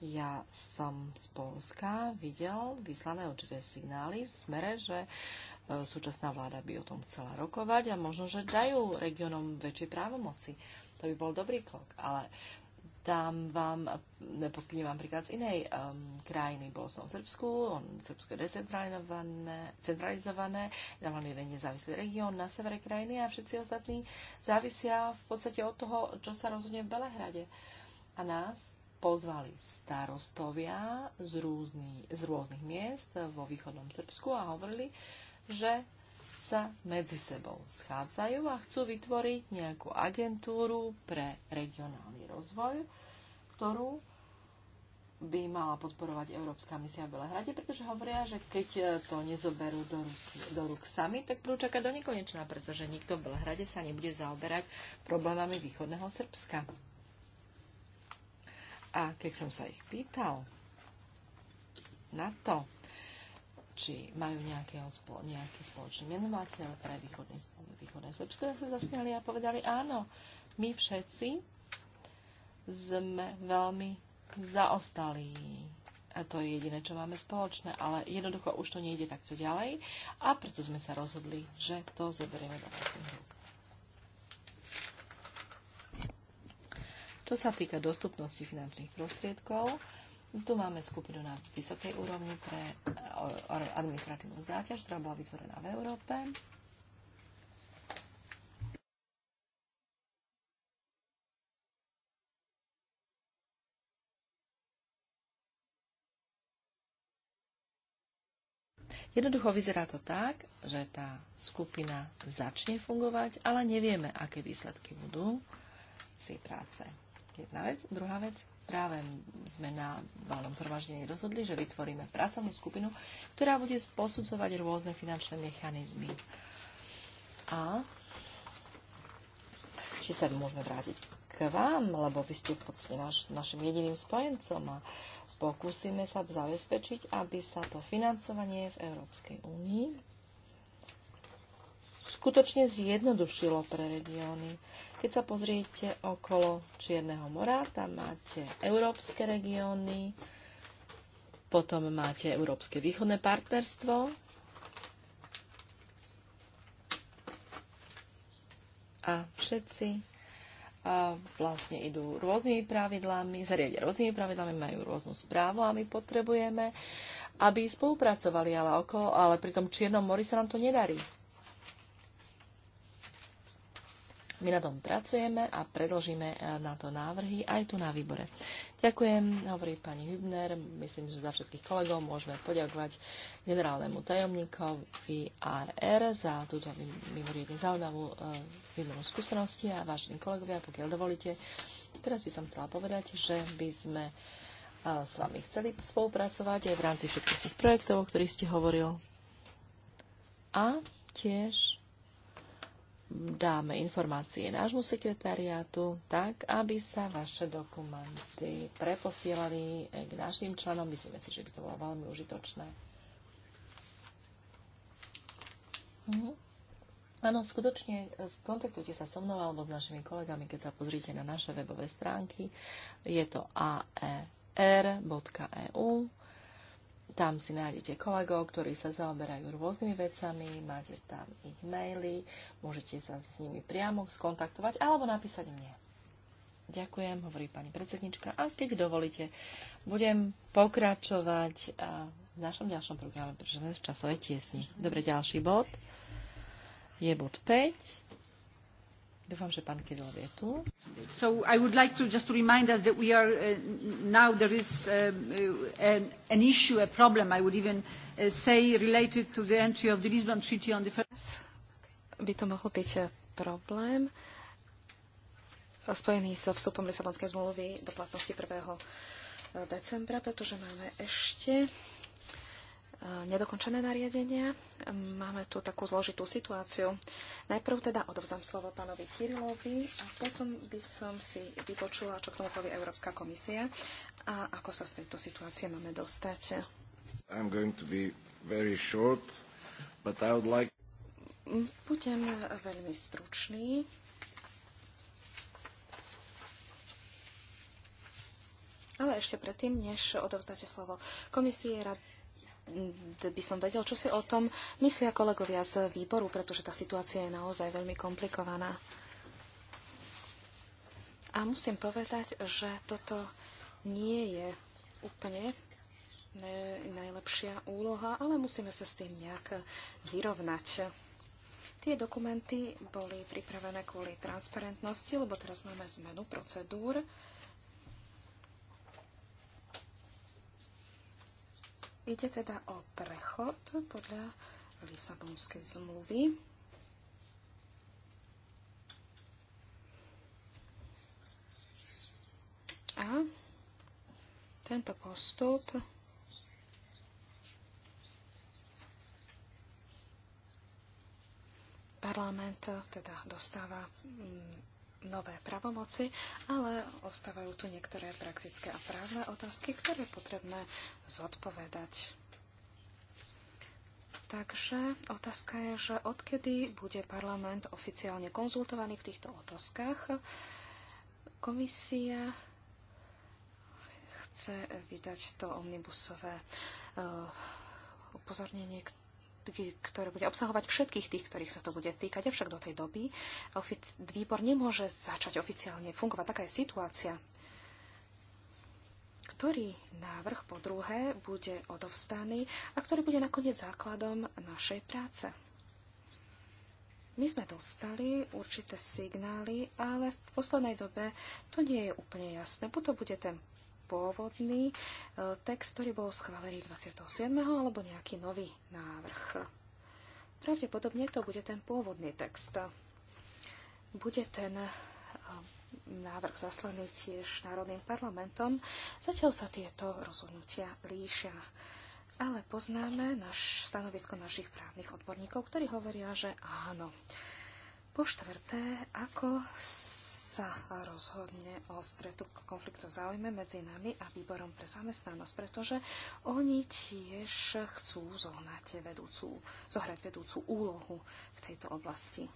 Ja som z Polska videl vyslané určité signály v smere, že e, súčasná vláda by o tom chcela rokovať a možno, že dajú regionom väčšie právomoci. To by bol dobrý krok, ale tam vám, poskytnem vám príklad z inej um, krajiny. Bol som v Srbsku, on, Srbsko je decentralizované, tam len jeden nezávislý región na severe krajiny a všetci ostatní závisia v podstate od toho, čo sa rozhodne v Belehrade. A nás pozvali starostovia z, rúzny, z rôznych miest vo východnom Srbsku a hovorili, že sa medzi sebou schádzajú a chcú vytvoriť nejakú agentúru pre regionálny rozvoj, ktorú by mala podporovať Európska misia v Belehrade, pretože hovoria, že keď e, to nezoberú do rúk, do rúk sami, tak budú čakať do nekonečná, pretože nikto v Belehrade sa nebude zaoberať problémami východného Srbska. A keď som sa ich pýtal na to, či majú nejaký, nejaký spoločný menovateľ pre východné, východné Srbsko, tak sa zasmiali a povedali áno, my všetci sme veľmi zaostalí. A to je jediné, čo máme spoločné, ale jednoducho už to nejde takto ďalej a preto sme sa rozhodli, že to zoberieme do vlastných rúk. Čo sa týka dostupnosti finančných prostriedkov, tu máme skupinu na vysokej úrovni pre administratívnu záťaž, ktorá bola vytvorená v Európe. Jednoducho vyzerá to tak, že tá skupina začne fungovať, ale nevieme, aké výsledky budú z jej práce. Jedna vec. Druhá vec práve sme na valnom zhromaždení rozhodli, že vytvoríme pracovnú skupinu, ktorá bude posudzovať rôzne finančné mechanizmy. A či sa môžeme vrátiť k vám, lebo vy ste v podstate naš, našim jediným spojencom a pokúsime sa zabezpečiť, aby sa to financovanie v Európskej únii skutočne zjednodušilo pre regióny. Keď sa pozriete okolo Čierneho mora, tam máte európske regióny, potom máte Európske východné partnerstvo a všetci a vlastne idú rôznymi pravidlami, zariadia rôznymi pravidlami, majú rôznu správu a my potrebujeme, aby spolupracovali, ale, okolo, ale pri tom Čiernom mori sa nám to nedarí. My na tom pracujeme a predložíme e, na to návrhy aj tu na výbore. Ďakujem, hovorí pani Hübner. Myslím, že za všetkých kolegov môžeme poďakovať generálnemu tajomníkovi AR za túto mimoriadne zaujímavú e, výmenu skúsenosti a vážení kolegovia, pokiaľ dovolíte, teraz by som chcela povedať, že by sme e, s vami chceli spolupracovať aj v rámci všetkých tých projektov, o ktorých ste hovoril. A tiež dáme informácie nášmu sekretariátu, tak aby sa vaše dokumenty preposielali eh, k našim členom. Myslíme si, že by to bolo veľmi užitočné. Mhm. Áno, skutočne eh, skontaktujte sa so mnou alebo s našimi kolegami, keď sa pozrite na naše webové stránky. Je to aer.eu tam si nájdete kolegov, ktorí sa zaoberajú rôznymi vecami, máte tam ich maily, môžete sa s nimi priamo skontaktovať alebo napísať mne. Ďakujem, hovorí pani predsednička. A keď dovolíte, budem pokračovať v našom ďalšom programe, pretože sme v časovej tiesni. Dobre, ďalší bod je bod 5. Dúfam, že pán Kedlov je tu. So I would like to just remind us that we are uh, now there is um, uh, an, an issue, a problem, I would even uh, say, related to the entry of the Lisbon Treaty on the first. By to mohol byť uh, problém uh, spojený so vstupom Lisabonskej zmluvy do platnosti 1. Uh, decembra, pretože máme ešte nedokončené nariadenia. Máme tu takú zložitú situáciu. Najprv teda odovzdám slovo pánovi Kirilovi a potom by som si vypočula, čo k tomu povie Európska komisia a ako sa z tejto situácie máme dostať. I'm going to be very short, but I would like... Budem veľmi stručný. Ale ešte predtým, než odovzdáte slovo komisie, rád Mm, by som vedel, čo si o tom myslia kolegovia z výboru, pretože tá situácia je naozaj veľmi komplikovaná. A musím povedať, že toto nie je úplne najlepšia úloha, ale musíme sa s tým nejak vyrovnať. Tie dokumenty boli pripravené kvôli transparentnosti, lebo teraz máme zmenu procedúr Ide teda o prechod podľa Lisabonskej zmluvy. A tento postup parlament teda dostáva mm, nové pravomoci, ale ostávajú tu niektoré praktické a právne otázky, ktoré je potrebné zodpovedať. Takže otázka je, že odkedy bude parlament oficiálne konzultovaný v týchto otázkach. Komisia chce vydať to omnibusové eh, upozornenie, ktoré bude obsahovať všetkých tých, ktorých sa to bude týkať. Avšak do tej doby výbor nemôže začať oficiálne fungovať. Taká je situácia. Ktorý návrh po druhé bude odovstaný a ktorý bude nakoniec základom našej práce? My sme dostali určité signály, ale v poslednej dobe to nie je úplne jasné. Buď to bude ten pôvodný e, text, ktorý bol schválený 27. alebo nejaký nový návrh. Pravdepodobne to bude ten pôvodný text. Bude ten e, návrh zaslaný tiež Národným parlamentom. Zatiaľ sa tieto rozhodnutia líšia. Ale poznáme naš, stanovisko našich právnych odborníkov, ktorí hovoria, že áno. Po štvrté, ako sa rozhodne o stretu konfliktov záujme medzi nami a výborom pre zamestnanosť, pretože oni tiež chcú zohnať vedúcu, zohrať vedúcu úlohu v tejto oblasti.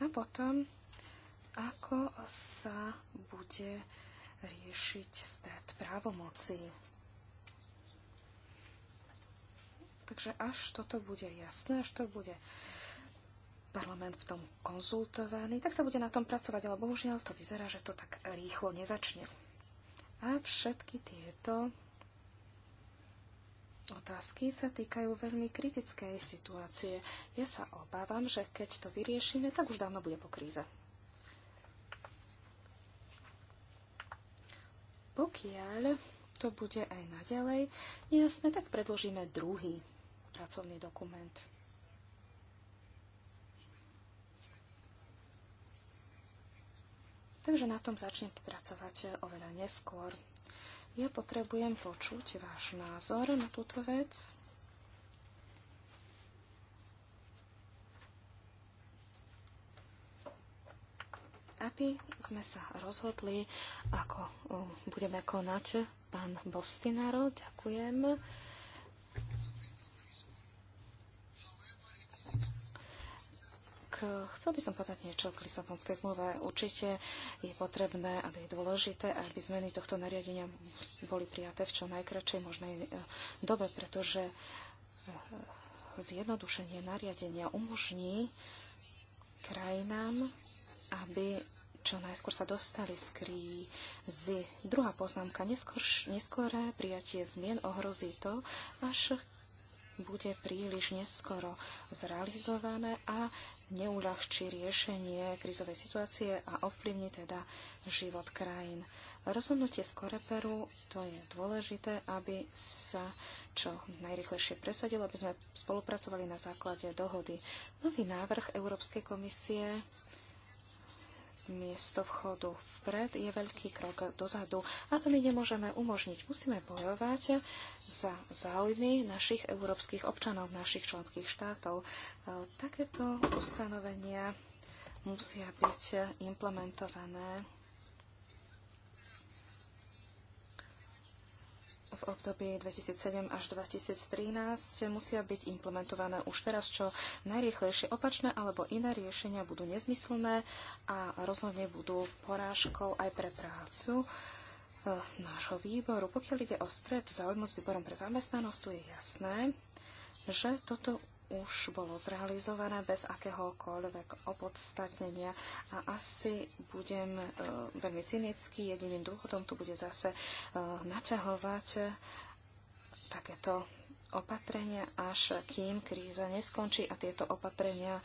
A potom, ako sa bude riešiť stred právomocí Takže až toto bude jasné, až to bude parlament v tom konzultovaný, tak sa bude na tom pracovať, ale bohužiaľ to vyzerá, že to tak rýchlo nezačne. A všetky tieto otázky sa týkajú veľmi kritickej situácie. Ja sa obávam, že keď to vyriešime, tak už dávno bude po kríze. Pokiaľ to bude aj naďalej jasne, tak predložíme druhý pracovný dokument. Takže na tom začnem pracovať oveľa neskôr. Ja potrebujem počuť váš názor na túto vec. aby sme sa rozhodli, ako um, budeme konať. Pán Bostinaro, ďakujem. chcel by som povedať niečo k Lisabonskej zmluve. Určite je potrebné aby je dôležité, aby zmeny tohto nariadenia boli prijaté v čo najkračej možnej e, dobe, pretože e, zjednodušenie nariadenia umožní krajinám, aby čo najskôr sa dostali z krízy. Druhá poznámka, neskôr, neskôr prijatie zmien ohrozí to, až bude príliš neskoro zrealizované a neuľahčí riešenie krizovej situácie a ovplyvní teda život krajín. Rozhodnutie z Koreperu, to je dôležité, aby sa čo najrychlejšie presadilo, aby sme spolupracovali na základe dohody. Nový návrh Európskej komisie miesto vchodu vpred je veľký krok dozadu a to my nemôžeme umožniť. Musíme bojovať za záujmy našich európskych občanov, našich členských štátov. E, takéto ustanovenia musia byť implementované v období 2007 až 2013 musia byť implementované už teraz čo najrýchlejšie opačné alebo iné riešenia budú nezmyslné a rozhodne budú porážkou aj pre prácu eh, nášho výboru. Pokiaľ ide o stred záujmu s výborom pre zamestnanosť, tu je jasné, že toto už bolo zrealizované bez akéhokoľvek opodstatnenia. A asi budem e, veľmi cynický, jediným dôvodom tu bude zase e, naťahovať takéto opatrenia, až kým kríza neskončí a tieto opatrenia e,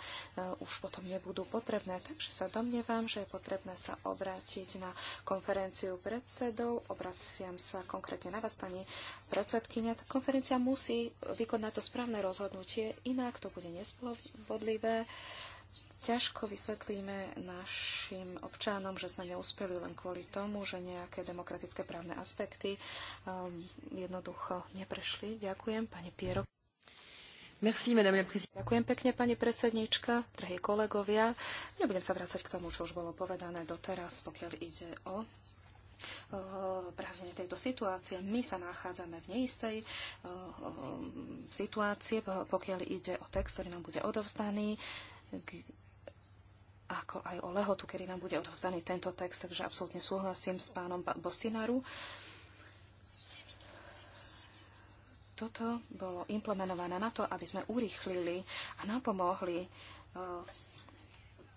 už potom nebudú potrebné. Takže sa domnievam, že je potrebné sa obrátiť na konferenciu predsedov. Obraciam sa konkrétne na vás, pani predsedkynia. Tá konferencia musí vykonať to správne rozhodnutie, inak to bude nespodlivé ťažko vysvetlíme našim občanom, že sme neúspeli len kvôli tomu, že nejaké demokratické právne aspekty um, jednoducho neprešli. Ďakujem, pani Piero. Merci, madame la Ďakujem pekne, pani predsednička, drahí kolegovia. Nebudem sa vrácať k tomu, čo už bolo povedané doteraz, pokiaľ ide o právne tejto situácie. My sa nachádzame v neistej situácii, pokiaľ ide o text, ktorý nám bude odovzdaný ako aj o lehotu, kedy nám bude odovzdaný tento text, takže absolútne súhlasím s pánom Bostinaru. Toto bolo implementované na to, aby sme urýchlili a napomohli eh,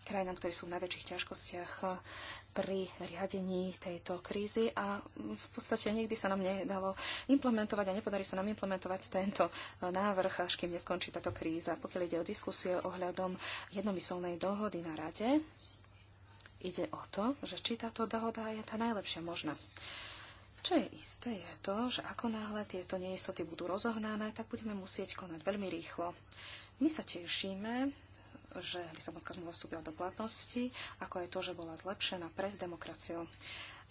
krajinám, ktorí sú v najväčších ťažkostiach pri riadení tejto krízy a v podstate nikdy sa nám nedalo implementovať a nepodarí sa nám implementovať tento eh, návrh, až kým neskončí táto kríza. Pokiaľ ide o diskusie ohľadom jednomyselnej dohody na rade, ide o to, že či táto dohoda je tá najlepšia možná. Čo je isté, je to, že ako náhle tieto neistoty budú rozohnané, tak budeme musieť konať veľmi rýchlo. My sa tešíme že Lisabonská zmluva vstúpila do platnosti, ako aj to, že bola zlepšená pred demokraciou.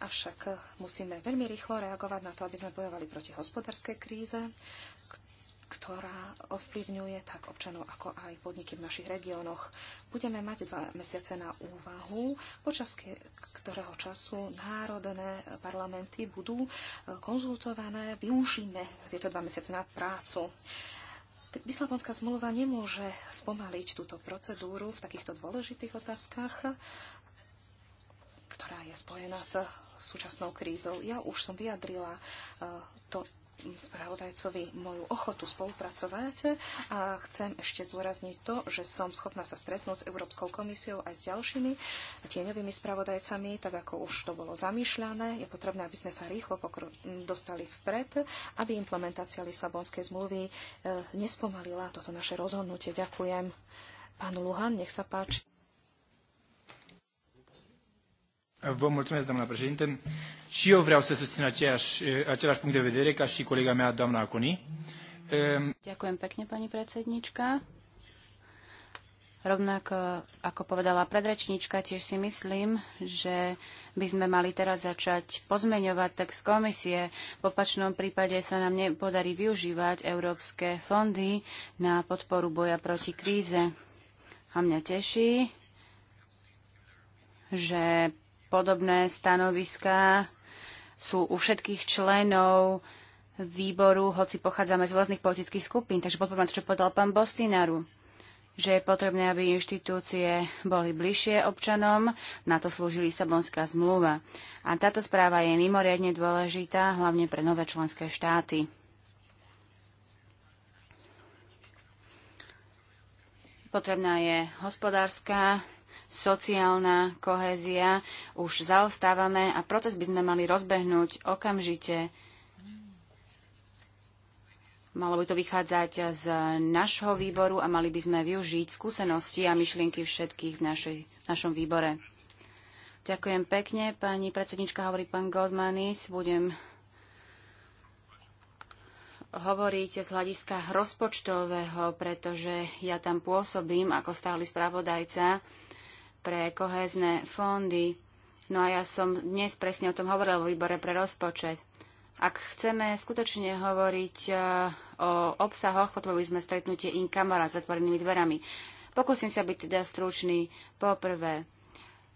Avšak musíme veľmi rýchlo reagovať na to, aby sme bojovali proti hospodárskej kríze, ktorá ovplyvňuje tak občanov, ako aj podniky v našich regiónoch. Budeme mať dva mesiace na úvahu, počas ktorého času národné parlamenty budú konzultované. Využíme tieto dva mesiace na prácu. Lisabonská zmluva nemôže spomaliť túto procedúru v takýchto dôležitých otázkach, ktorá je spojená s súčasnou krízou. Ja už som vyjadrila eh, to, spravodajcovi moju ochotu spolupracovať a chcem ešte zdôrazniť to, že som schopná sa stretnúť s Európskou komisiou aj s ďalšími tieňovými spravodajcami, tak ako už to bolo zamýšľané. Je potrebné, aby sme sa rýchlo dostali vpred, aby implementácia Lisabonskej zmluvy eh, nespomalila toto naše rozhodnutie. Ďakujem. Pán Luhan, nech sa páči. Vă mulțumesc, doamna președinte. Și eu vreau să susțin aceeași, același punct de vedere ca și colega mea, doamna Acuni. Ehm, Ďakujem pekne, pani predsednička. Rovnako ako povedala predrečnička, tiež si myslím, že by sme mali teraz začať pozmeňovať text komisie. V opačnom prípade sa nám nepodarí využívať európske fondy na podporu boja proti kríze. A mňa teší, že Podobné stanoviská sú u všetkých členov výboru, hoci pochádzame z rôznych politických skupín. Takže podporujem to, čo povedal pán Bostinaru že je potrebné, aby inštitúcie boli bližšie občanom. Na to slúži Lisabonská zmluva. A táto správa je mimoriadne dôležitá, hlavne pre nové členské štáty. Potrebná je hospodárska sociálna kohézia. Už zaostávame a proces by sme mali rozbehnúť okamžite. Malo by to vychádzať z našho výboru a mali by sme využiť skúsenosti a myšlienky všetkých v našej, našom výbore. Ďakujem pekne. Pani predsednička hovorí pán Goldmanis. Budem hovoriť z hľadiska rozpočtového, pretože ja tam pôsobím ako stály spravodajca pre kohézne fondy. No a ja som dnes presne o tom hovorila vo výbore pre rozpočet. Ak chceme skutočne hovoriť e, o obsahoch, potrebovali sme stretnutie in kamera s zatvorenými dverami. Pokúsim sa byť teda stručný. Poprvé,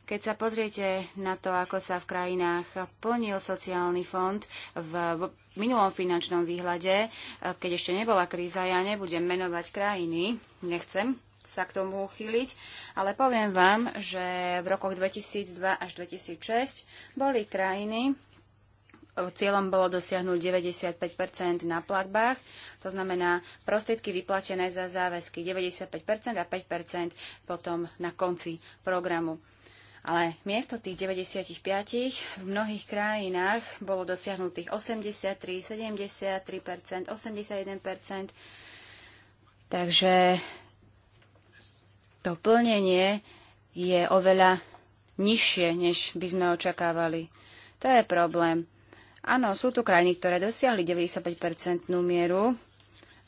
keď sa pozriete na to, ako sa v krajinách plnil sociálny fond v minulom finančnom výhľade, e, keď ešte nebola kríza, ja nebudem menovať krajiny, nechcem, sa k tomu chyliť, ale poviem vám, že v rokoch 2002 až 2006 boli krajiny, cieľom bolo dosiahnuť 95 na platbách, to znamená prostriedky vyplatené za záväzky 95 a 5 potom na konci programu. Ale miesto tých 95 v mnohých krajinách bolo dosiahnutých 83, 73 81 Takže to plnenie je oveľa nižšie, než by sme očakávali. To je problém. Áno, sú tu krajiny, ktoré dosiahli 95-percentnú mieru.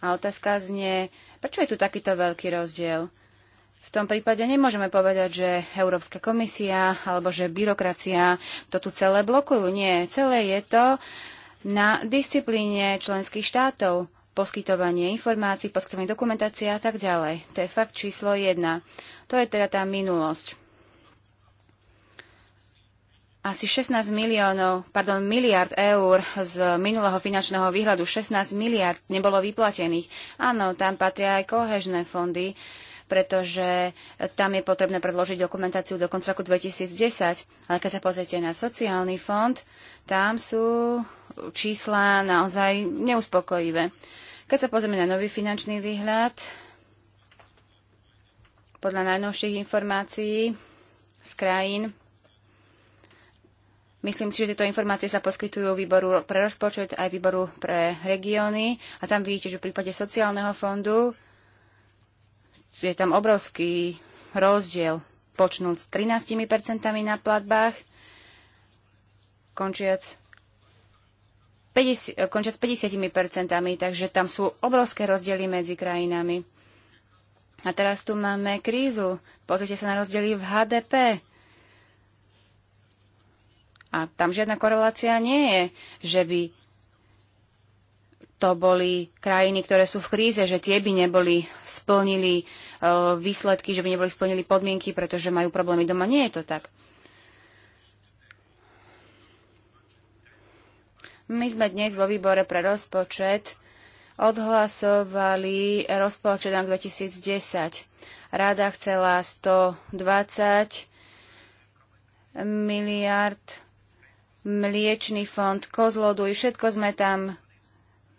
A otázka znie, prečo je tu takýto veľký rozdiel? V tom prípade nemôžeme povedať, že Európska komisia alebo že byrokracia to tu celé blokujú. Nie, celé je to na disciplíne členských štátov poskytovanie informácií, poskytovanie dokumentácie a tak ďalej. To je fakt číslo jedna. To je teda tá minulosť. Asi 16 miliónov, pardon, miliard eur z minulého finančného výhľadu, 16 miliard nebolo vyplatených. Áno, tam patria aj kohežné fondy, pretože tam je potrebné predložiť dokumentáciu do konca roku 2010. Ale keď sa pozriete na sociálny fond, tam sú čísla naozaj neuspokojivé. Keď sa pozrieme na nový finančný výhľad, podľa najnovších informácií z krajín, Myslím si, že tieto informácie sa poskytujú výboru pre rozpočet aj výboru pre regióny a tam vidíte, že v prípade sociálneho fondu je tam obrovský rozdiel počnúť s 13% na platbách, končiac 50, e, končia s 50%, takže tam sú obrovské rozdiely medzi krajinami. A teraz tu máme krízu. Pozrite sa na rozdiely v HDP. A tam žiadna korelácia nie je, že by to boli krajiny, ktoré sú v kríze, že tie by neboli splnili e, výsledky, že by neboli splnili podmienky, pretože majú problémy doma. Nie je to tak. My sme dnes vo výbore pre rozpočet odhlasovali rozpočet na 2010. Rada chcela 120 miliard, mliečný fond, kozlodu, i všetko sme tam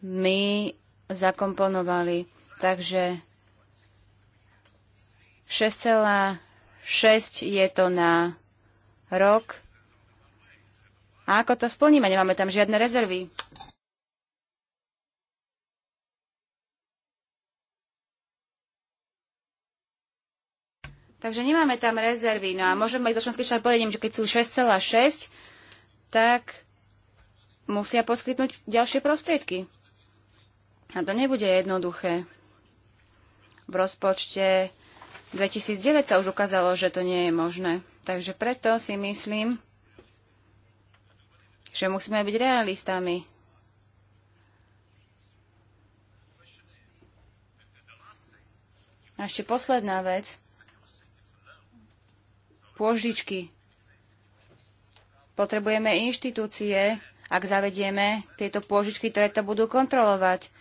my zakomponovali. Takže 6,6 je to na rok a ako to splníme? Nemáme tam žiadne rezervy. Takže nemáme tam rezervy. No a môžeme mať do členských štát povedením, že keď sú 6,6, tak musia poskytnúť ďalšie prostriedky. A to nebude jednoduché. V rozpočte 2009 sa už ukázalo, že to nie je možné. Takže preto si myslím, že musíme byť realistami. A ešte posledná vec. Pôžičky. Potrebujeme inštitúcie, ak zavedieme tieto pôžičky, ktoré to budú kontrolovať.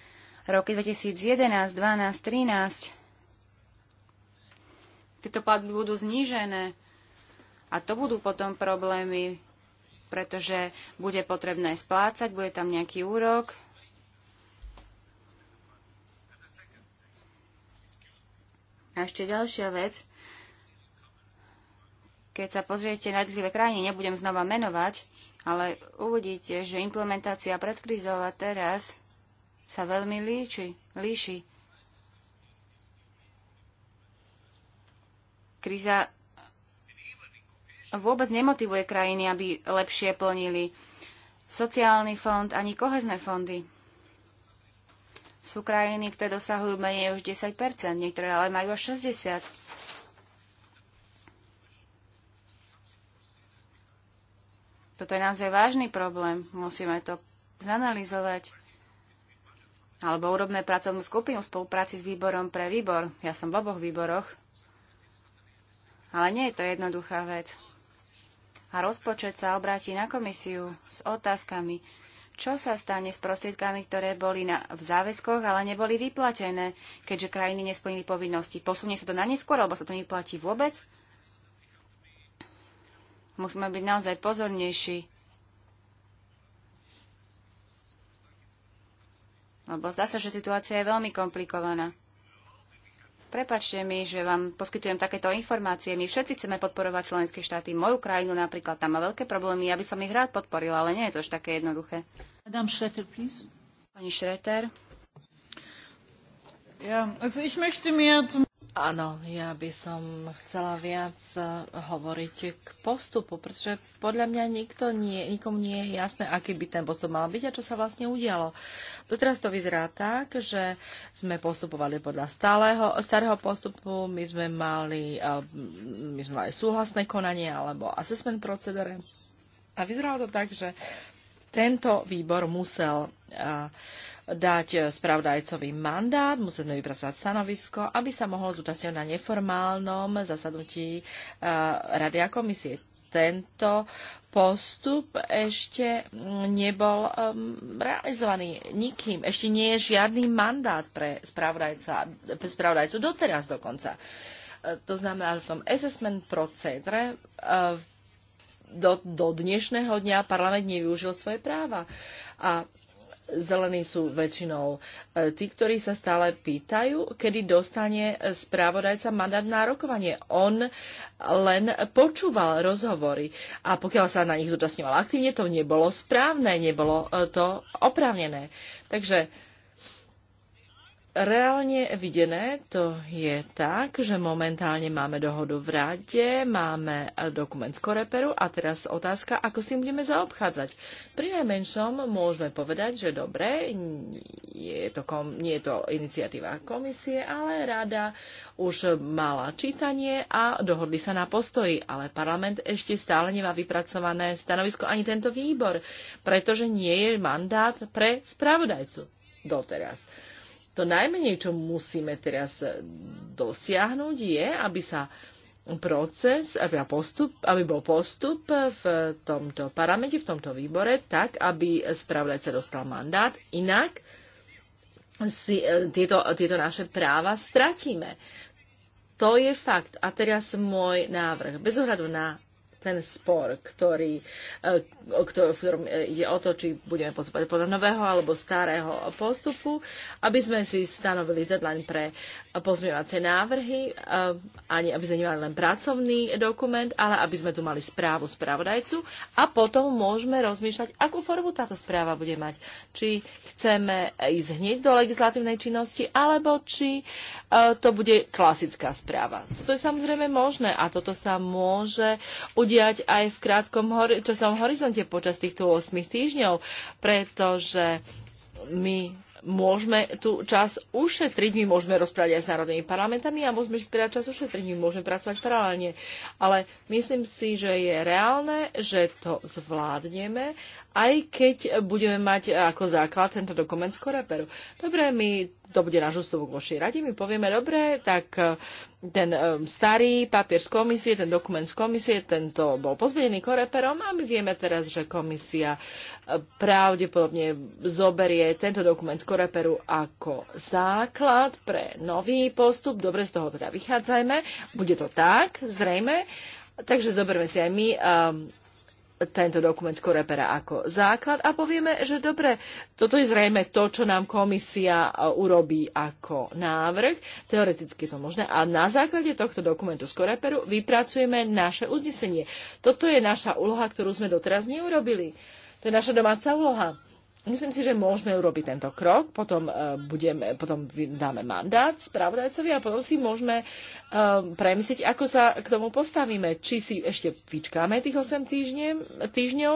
Roky 2011, 12, 13. Tieto platby budú znížené. A to budú potom problémy pretože bude potrebné splácať, bude tam nejaký úrok. A ešte ďalšia vec. Keď sa pozriete na jednotlivé krajiny, nebudem znova menovať, ale uvidíte, že implementácia predkrizová teraz sa veľmi líči, líši. Kríza vôbec nemotivuje krajiny, aby lepšie plnili sociálny fond ani kohezné fondy. Sú krajiny, ktoré dosahujú menej už 10 niektoré ale majú až 60 Toto je naozaj vážny problém. Musíme to zanalizovať. Alebo urobme pracovnú skupinu v spolupráci s výborom pre výbor. Ja som v oboch výboroch. Ale nie je to jednoduchá vec a rozpočet sa obráti na komisiu s otázkami, čo sa stane s prostriedkami, ktoré boli na, v záväzkoch, ale neboli vyplatené, keďže krajiny nesplnili povinnosti. Posunie sa to na neskôr, alebo sa to neplatí vôbec? Musíme byť naozaj pozornejší. Lebo zdá sa, že situácia je veľmi komplikovaná. Prepačte mi, že vám poskytujem takéto informácie. My všetci chceme podporovať členské štáty. Moju krajinu napríklad tam má veľké problémy. Ja by som ich rád podporila, ale nie je to už také jednoduché. Madame Schretter, please. Pani Schretter. Ja, also ich möchte mir zum Áno, ja by som chcela viac e, hovoriť k postupu, pretože podľa mňa nikto nie, nikomu nie je jasné, aký by ten postup mal byť a čo sa vlastne udialo. Doteraz to vyzerá tak, že sme postupovali podľa stáleho, starého postupu, my sme mali, e, my sme mali súhlasné konanie alebo assessment procedure a vyzeralo to tak, že tento výbor musel uh, dať spravodajcovi mandát, musíme vypracovať stanovisko, aby sa mohol zúčastniť na neformálnom zasadnutí e, Rady a komisie. Tento postup ešte nebol um, realizovaný nikým. Ešte nie je žiadny mandát pre, pre spravodajcu doteraz dokonca. E, to znamená, že v tom assessment procedre e, do, do dnešného dňa parlament nevyužil svoje práva. A zelení sú väčšinou e, tí, ktorí sa stále pýtajú, kedy dostane správodajca mandát na rokovanie. On len počúval rozhovory a pokiaľ sa na nich zúčastňoval aktívne, to nebolo správne, nebolo e, to oprávnené. Takže Reálne videné to je tak, že momentálne máme dohodu v rade, máme dokument z Koreperu a teraz otázka, ako s tým budeme zaobchádzať. Pri najmenšom môžeme povedať, že dobre, nie je to, kom, nie je to iniciatíva komisie, ale rada už mala čítanie a dohodli sa na postoji, ale parlament ešte stále nemá vypracované stanovisko ani tento výbor, pretože nie je mandát pre spravodajcu doteraz. To najmenej, čo musíme teraz e, dosiahnuť, je, aby sa proces, teda postup, aby bol postup v tomto parlamente, v tomto výbore, tak, aby spravodajca dostal mandát. Inak si e, tieto, tieto naše práva stratíme. To je fakt. A teraz môj návrh. Bez ohľadu na ten spor, ktorý, e, v ktorom e, ide o to, či budeme postupovať podľa nového alebo starého postupu, aby sme si stanovili deadline pre pozmievacie návrhy, e, ani aby sme nemali len pracovný dokument, ale aby sme tu mali správu spravodajcu a potom môžeme rozmýšľať, akú formu táto správa bude mať. Či chceme ísť hneď do legislatívnej činnosti, alebo či e, to bude klasická správa. To je samozrejme možné a toto sa môže udiať aj v krátkom časom horizonte počas týchto 8 týždňov, pretože my môžeme tu čas ušetriť, my môžeme rozprávať aj s národnými parlamentami a môžeme si teda čas ušetriť, my môžeme pracovať paralelne. Ale myslím si, že je reálne, že to zvládneme, aj keď budeme mať ako základ tento dokument z Koreperu. Dobre, my to bude náš ústovok voči radi. my povieme, dobre, tak e, ten e, starý papier z komisie, ten dokument z komisie, tento bol pozvedený koreperom a my vieme teraz, že komisia e, pravdepodobne zoberie tento dokument z koreperu ako základ pre nový postup. Dobre, z toho teda vychádzajme. Bude to tak, zrejme. Takže zoberme si aj my um, tento dokument z ako základ a povieme, že dobre, toto je zrejme to, čo nám komisia e, urobí ako návrh. Teoreticky je to možné. A na základe tohto dokumentu z Koreperu vypracujeme naše uznesenie. Toto je naša úloha, ktorú sme doteraz neurobili. To je naša domáca úloha. Myslím si, že môžeme urobiť tento krok, potom, e, budeme, potom dáme mandát spravodajcovi a potom si môžeme e, premyslieť, ako sa k tomu postavíme. Či si ešte vyčkáme tých 8 týždňov, týždňov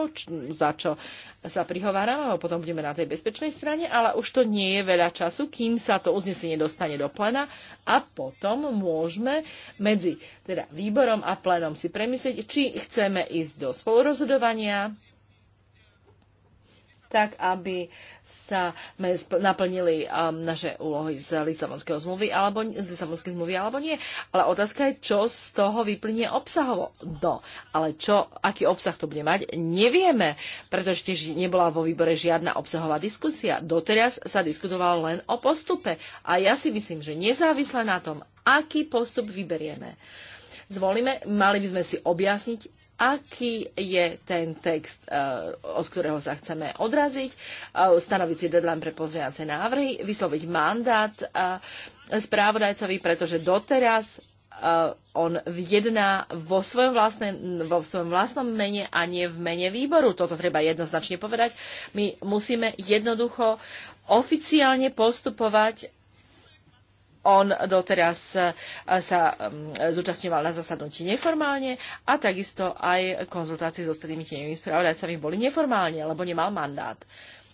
za čo sa prihovárame, alebo potom budeme na tej bezpečnej strane, ale už to nie je veľa času, kým sa to uznesenie dostane do plena a potom môžeme medzi teda výborom a plenom si premyslieť, či chceme ísť do spolurozhodovania, tak aby sa naplnili um, naše úlohy z Lisabonského zmluvy alebo z Lisabonskej zmluvy alebo nie. Ale otázka je, čo z toho vyplnie obsahovo. No, ale čo, aký obsah to bude mať, nevieme, pretože tiež nebola vo výbore žiadna obsahová diskusia. Doteraz sa diskutovalo len o postupe. A ja si myslím, že nezávisle na tom, aký postup vyberieme, zvolíme, mali by sme si objasniť, aký je ten text, eh, od ktorého sa chceme odraziť, eh, stanoviť si deadline pre pozriace návrhy, vysloviť mandát eh, správodajcovi, pretože doteraz on jedná vo svojom, vlastne, vo svojom vlastnom mene a nie v mene výboru. Toto treba jednoznačne povedať. My musíme jednoducho oficiálne postupovať on doteraz e, sa mm, zúčastňoval na zasadnutí neformálne a takisto aj konzultácie so ostatnými tieňovými spravodajcami boli neformálne, lebo nemal mandát.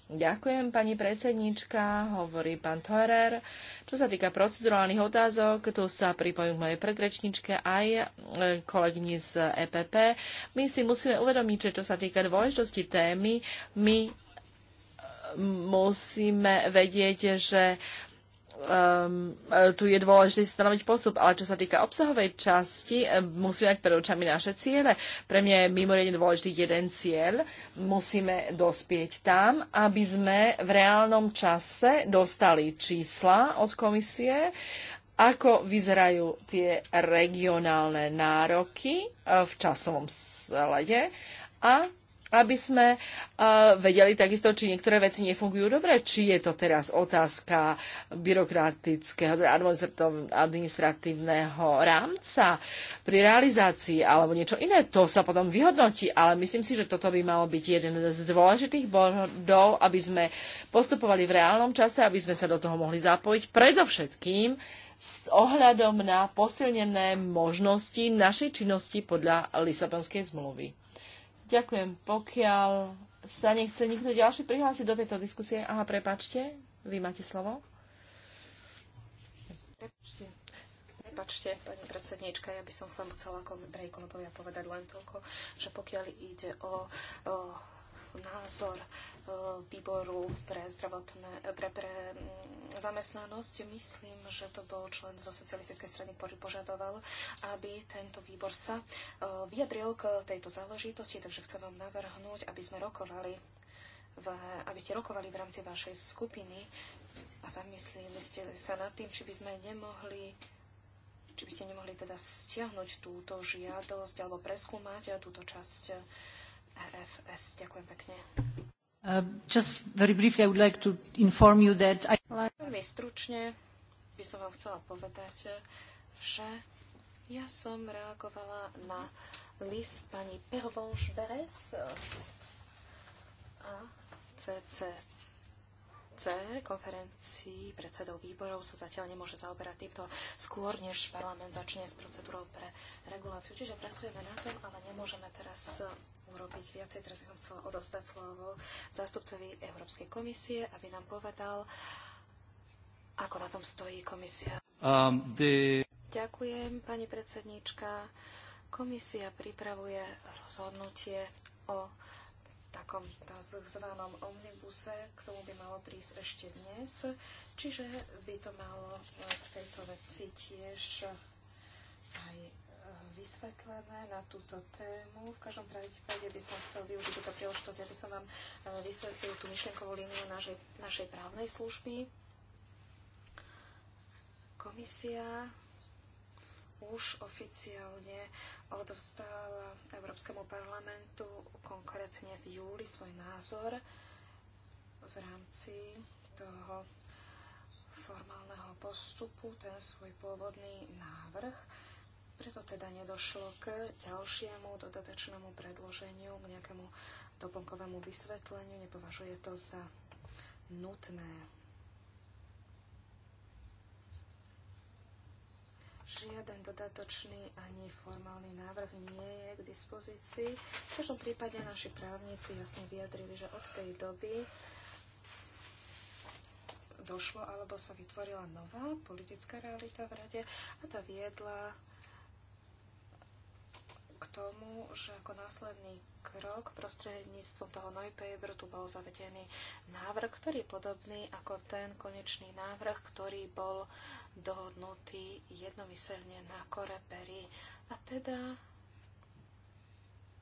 Ďakujem, pani predsednička, hovorí pán Thorer. Čo sa týka procedurálnych otázok, tu sa pripojím k mojej predrečničke aj e, kolegyni z EPP. My si musíme uvedomiť, že čo sa týka dôležitosti témy, my e, musíme vedieť, že um, tu je dôležité stanoviť postup, ale čo sa týka obsahovej časti, e, musíme mať pred očami naše ciele. Pre mňa je mimoriadne dôležitý jeden cieľ. Musíme dospieť tam, aby sme v reálnom čase dostali čísla od komisie, ako vyzerajú tie regionálne nároky e, v časovom slede a aby sme uh, vedeli takisto, či niektoré veci nefungujú dobre, či je to teraz otázka byrokratického, teda administratívneho rámca pri realizácii alebo niečo iné. To sa potom vyhodnotí, ale myslím si, že toto by malo byť jeden z dôležitých bodov, aby sme postupovali v reálnom čase, aby sme sa do toho mohli zapojiť predovšetkým s ohľadom na posilnené možnosti našej činnosti podľa Lisabonskej zmluvy. Ďakujem. Pokiaľ sa nechce nikto ďalší prihlásiť do tejto diskusie, aha, prepačte, vy máte slovo. Prepačte. Prepačte, pani predsedníčka, ja by som vám chcela, ako Brejko povedať len toľko, že pokiaľ ide o, o názor e, výboru pre, zdravotné, e, pre, pre mm, zamestnanosť. Myslím, že to bol člen zo socialistickej strany, ktorý požadoval, aby tento výbor sa e, vyjadril k tejto záležitosti, takže chcem vám navrhnúť, aby sme rokovali v, aby ste rokovali v rámci vašej skupiny a zamyslili ste sa nad tým, či by sme nemohli či by ste nemohli teda stiahnuť túto žiadosť alebo preskúmať túto časť RFS Ďakujem pekne. Uh, just very briefly, I would like to inform you that I... Veľmi stručne by som vám chcela povedať, že ja som reagovala na list pani Pervonš Beres uh, a CCC C konferencii predsedov výborov sa zatiaľ nemôže zaoberať týmto skôr, než parlament začne s procedúrou pre reguláciu. Čiže pracujeme na tom, ale nemôžeme teraz urobiť viacej. Teraz by som chcela odovzdať slovo zástupcovi Európskej komisie, aby nám povedal, ako na tom stojí komisia. Um, the... Ďakujem, pani predsednička. Komisia pripravuje rozhodnutie o takom zvanom omnibuse, k tomu by malo prísť ešte dnes, čiže by to malo e, v tejto veci tiež e, aj e, vysvetlené na túto tému. V každom prípade by som chcel využiť túto príležitosť, aby som vám vysvetlil tú myšlienkovú líniu našej, našej právnej služby. Komisia už oficiálne odovzdal Európskemu parlamentu konkrétne v júli svoj názor v rámci toho formálneho postupu, ten svoj pôvodný návrh. Preto teda nedošlo k ďalšiemu dodatečnému predloženiu, k nejakému doplnkovému vysvetleniu. Nepovažuje to za nutné. Žiaden dodatočný ani formálny návrh nie je k dispozícii. V každom prípade naši právnici jasne vyjadrili, že od tej doby došlo alebo sa vytvorila nová politická realita v rade a tá viedla k tomu, že ako následný krok prostredníctvom toho Neupaperu tu bol zavedený návrh, ktorý je podobný ako ten konečný návrh, ktorý bol dohodnutý jednomyselne na Koreperi. A teda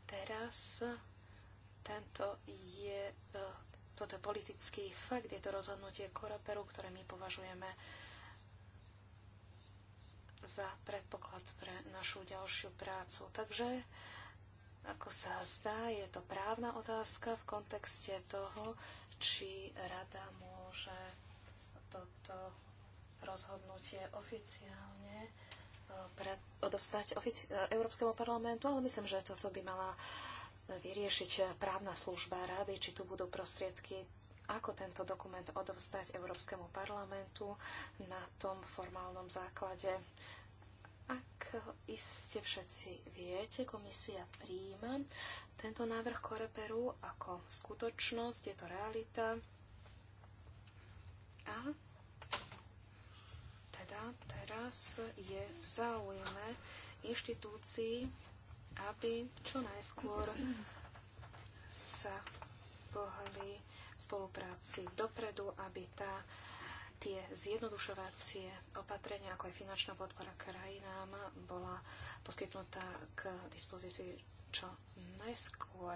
teraz tento je, e, toto je politický fakt, je to rozhodnutie Koreperu, ktoré my považujeme za predpoklad pre našu ďalšiu prácu. Takže, ako sa zdá, je to právna otázka v kontexte toho, či rada môže toto rozhodnutie oficiálne e, pred, odovstať ofici- e, Európskemu parlamentu, ale myslím, že toto by mala vyriešiť právna služba rady, či tu budú prostriedky ako tento dokument odovzdať Európskemu parlamentu na tom formálnom základe. Ak iste všetci viete, komisia príjma tento návrh Koreperu ako skutočnosť, je to realita. A teda teraz je v záujme inštitúcií, aby čo najskôr sa pohli spolupráci dopredu, aby tá, tie zjednodušovacie opatrenia, ako aj finančná podpora krajinám, bola poskytnutá k dispozícii čo najskôr.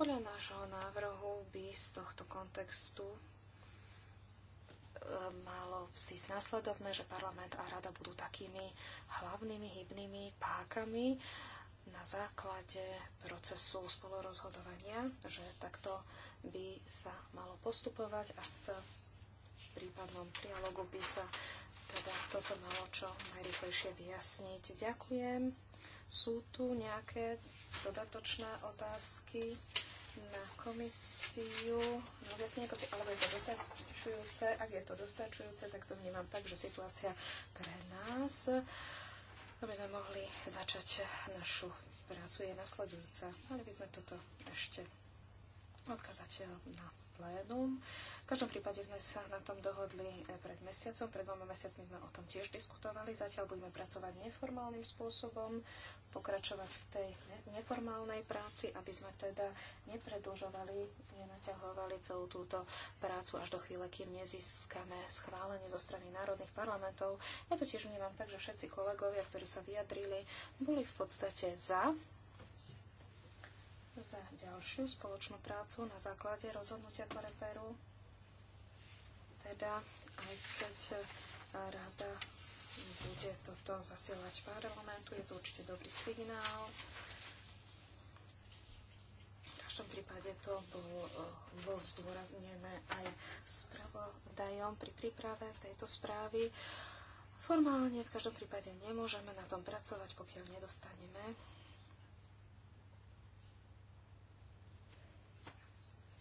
Podľa nášho návrhu by z tohto kontextu e, malo si následovné, že parlament a rada budú takými hlavnými hybnými pákami, na základe procesu spolorozhodovania, že takto by sa malo postupovať a v prípadnom trialogu by sa teda toto malo čo najrychlejšie vyjasniť. Ďakujem. Sú tu nejaké dodatočné otázky na komisiu? No, alebo je to dostačujúce? Ak je to dostačujúce, tak to vnímam tak, že situácia pre nás aby sme mohli začať našu prácu, je nasledujúca. Mali by sme toto ešte odkazať na plénum. V každom prípade sme sa na tom dohodli eh, pred mesiacom. Pred dvoma mesiacmi sme o tom tiež diskutovali. Zatiaľ budeme pracovať neformálnym spôsobom, pokračovať v tej neformálnej práci, aby sme teda nepredlžovali, nenaťahovali celú túto prácu až do chvíle, kým nezískame schválenie zo strany národných parlamentov. Ja to tiež vnímam tak, že všetci kolegovia, ktorí sa vyjadrili, boli v podstate za za ďalšiu spoločnú prácu na základe rozhodnutia Koreperu. Teda, aj keď e, rada bude toto zasielať parlamentu, je to určite dobrý signál. V každom prípade to bolo, e, bolo zdôraznené aj spravodajom pri príprave tejto správy. Formálne v každom prípade nemôžeme na tom pracovať, pokiaľ nedostaneme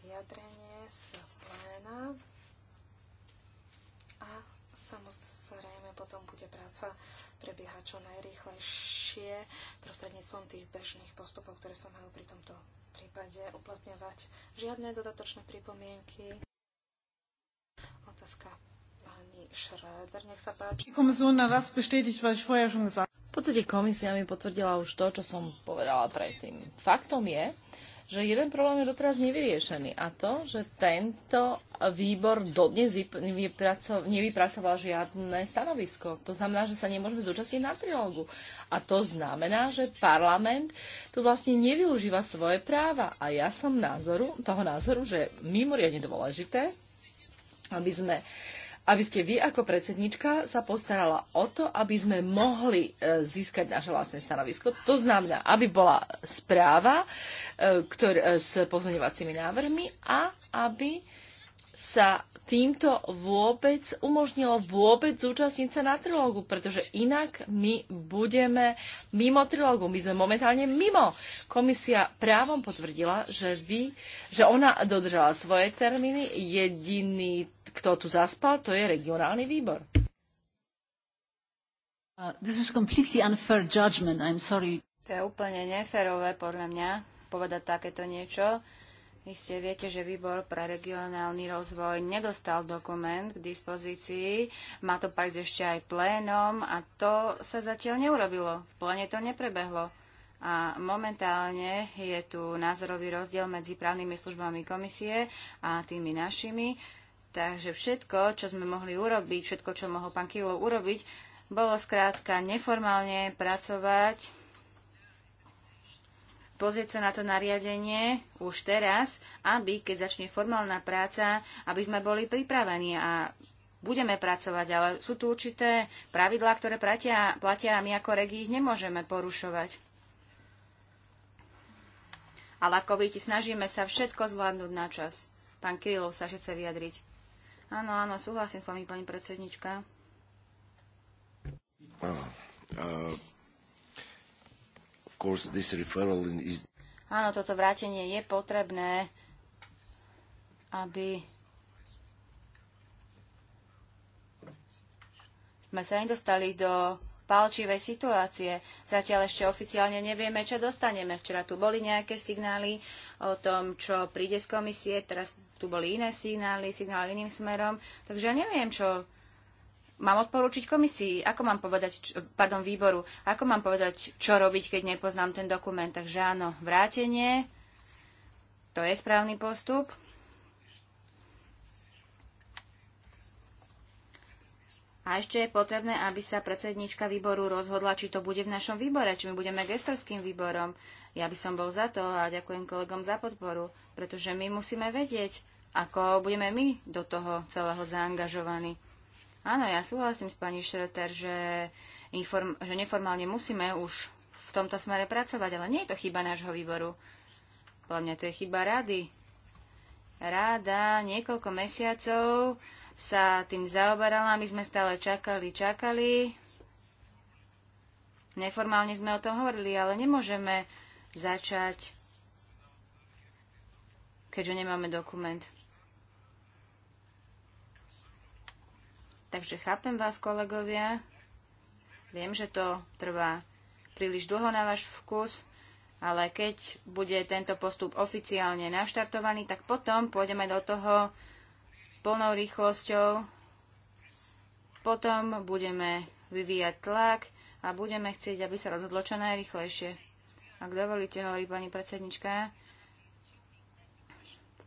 vyjadrenie z pléna a samozrejme potom bude práca prebiehať čo najrýchlejšie prostredníctvom tých bežných postupov, ktoré sa majú pri tomto prípade uplatňovať. Žiadne dodatočné pripomienky. Otázka pani Schröder, nech sa páči. V podstate komisia mi potvrdila už to, čo som povedala predtým. Faktom je, že jeden problém je doteraz nevyriešený a to, že tento výbor dodnes nevypracoval žiadne stanovisko. To znamená, že sa nemôžeme zúčastniť na trilógu. A to znamená, že parlament tu vlastne nevyužíva svoje práva. A ja som názoru, toho názoru, že mimoriadne dôležité, aby sme aby ste vy ako predsednička sa postarala o to, aby sme mohli e, získať naše vlastné stanovisko. To znamená, aby bola správa, ktor- s pozmeňovacími návrhmi a aby sa týmto vôbec umožnilo vôbec zúčastniť sa na trilógu, pretože inak my budeme mimo trilógu. My sme momentálne mimo. Komisia právom potvrdila, že, vy, že ona dodržala svoje termíny. Jediný, kto tu zaspal, to je regionálny výbor. Uh, this is completely unfair judgment. I'm sorry. To je úplne neférové podľa mňa povedať takéto niečo. Vy ste viete, že výbor pre regionálny rozvoj nedostal dokument k dispozícii. Má to prejsť ešte aj plénom a to sa zatiaľ neurobilo. V pléne to neprebehlo. A momentálne je tu názorový rozdiel medzi právnymi službami komisie a tými našimi. Takže všetko, čo sme mohli urobiť, všetko, čo mohol pán Kilo urobiť, bolo skrátka neformálne pracovať pozrieť sa na to nariadenie už teraz, aby keď začne formálna práca, aby sme boli pripravení a budeme pracovať, ale sú tu určité pravidlá, ktoré platia, platia a my ako regi ich nemôžeme porušovať. Ale ako vidíte, snažíme sa všetko zvládnuť na čas. Pán Kirilov sa chce vyjadriť. Áno, áno, súhlasím s vami, pani predsednička. Uh, uh course this referral is... Áno, toto vrátenie je potrebné, aby sme sa nedostali do palčivej situácie. Zatiaľ ešte oficiálne nevieme, čo dostaneme. Včera tu boli nejaké signály o tom, čo príde z komisie, teraz tu boli iné signály, signály iným smerom. Takže ja neviem, čo mám odporúčiť komisii? Ako mám povedať, čo, pardon, výboru? Ako mám povedať, čo robiť, keď nepoznám ten dokument? Takže áno, vrátenie, to je správny postup. A ešte je potrebné, aby sa predsednička výboru rozhodla, či to bude v našom výbore, či my budeme gestorským výborom. Ja by som bol za to a ďakujem kolegom za podporu, pretože my musíme vedieť, ako budeme my do toho celého zaangažovaní. Áno, ja súhlasím s pani Šreter, že, inform, že neformálne musíme už v tomto smere pracovať, ale nie je to chyba nášho výboru. Podľa mňa to je chyba rady. Ráda niekoľko mesiacov sa tým zaoberala, my sme stále čakali, čakali. Neformálne sme o tom hovorili, ale nemôžeme začať, keďže nemáme dokument. Takže chápem vás, kolegovia. Viem, že to trvá príliš dlho na váš vkus, ale keď bude tento postup oficiálne naštartovaný, tak potom pôjdeme do toho plnou rýchlosťou. Potom budeme vyvíjať tlak a budeme chcieť, aby sa rozhodlo čo najrychlejšie. Ak dovolíte, hovorí pani predsednička,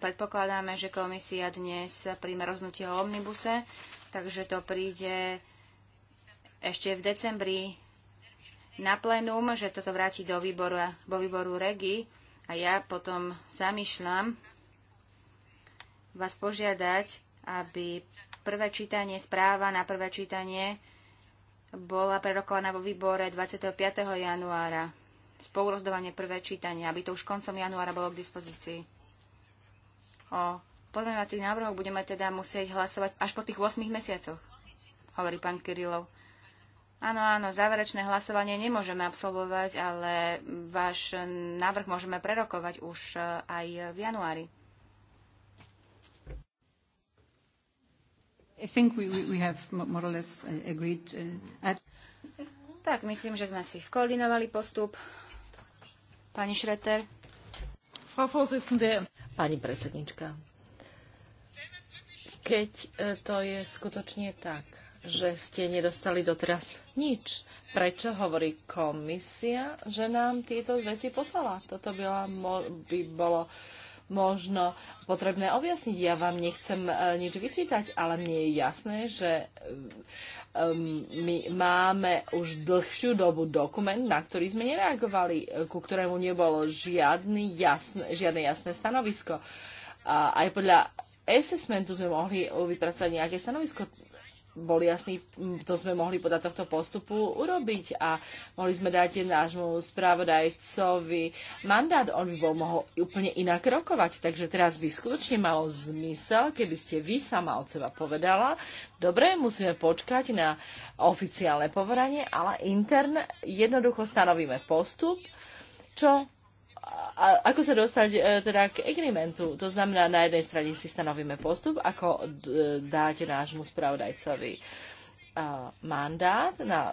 predpokladáme, že komisia dnes príjme roznutie o omnibuse takže to príde ešte v decembri na plenum, že toto vráti do výboru, vo výboru REGI a ja potom zamýšľam vás požiadať, aby prvé čítanie, správa na prvé čítanie bola prerokovaná vo výbore 25. januára. Spolurozdovanie prvé čítanie, aby to už koncom januára bolo k dispozícii. O pozmeňovacích návrhov budeme teda musieť hlasovať až po tých 8 mesiacoch, hovorí pán Kirilov. Áno, áno, záverečné hlasovanie nemôžeme absolvovať, ale váš návrh môžeme prerokovať už e, aj v januári. I think we, we have more or less uh, agreed uh, at... Tak, myslím, že sme si skoordinovali postup. Pani Šreter. Pani predsednička, keď e, to je skutočne tak, že ste nedostali doteraz nič. Prečo hovorí komisia, že nám tieto veci poslala? Toto by, by bolo možno potrebné objasniť. Ja vám nechcem e, nič vyčítať, ale mne je jasné, že e, my máme už dlhšiu dobu dokument, na ktorý sme nereagovali, ku ktorému nebolo žiadny jasné, žiadne jasné stanovisko. Aj podľa assessmentu sme mohli vypracovať nejaké stanovisko bol jasný, to sme mohli podľa tohto postupu urobiť a mohli sme dať nášmu správodajcovi mandát, on by bol mohol úplne inak rokovať. Takže teraz by skutočne malo zmysel, keby ste vy sama od seba povedala, dobre, musíme počkať na oficiálne povoranie, ale intern jednoducho stanovíme postup, čo a ako sa dostať e, teda k agreementu? To znamená, na jednej strane si stanovíme postup, ako dáte nášmu spravodajcovi e, mandát na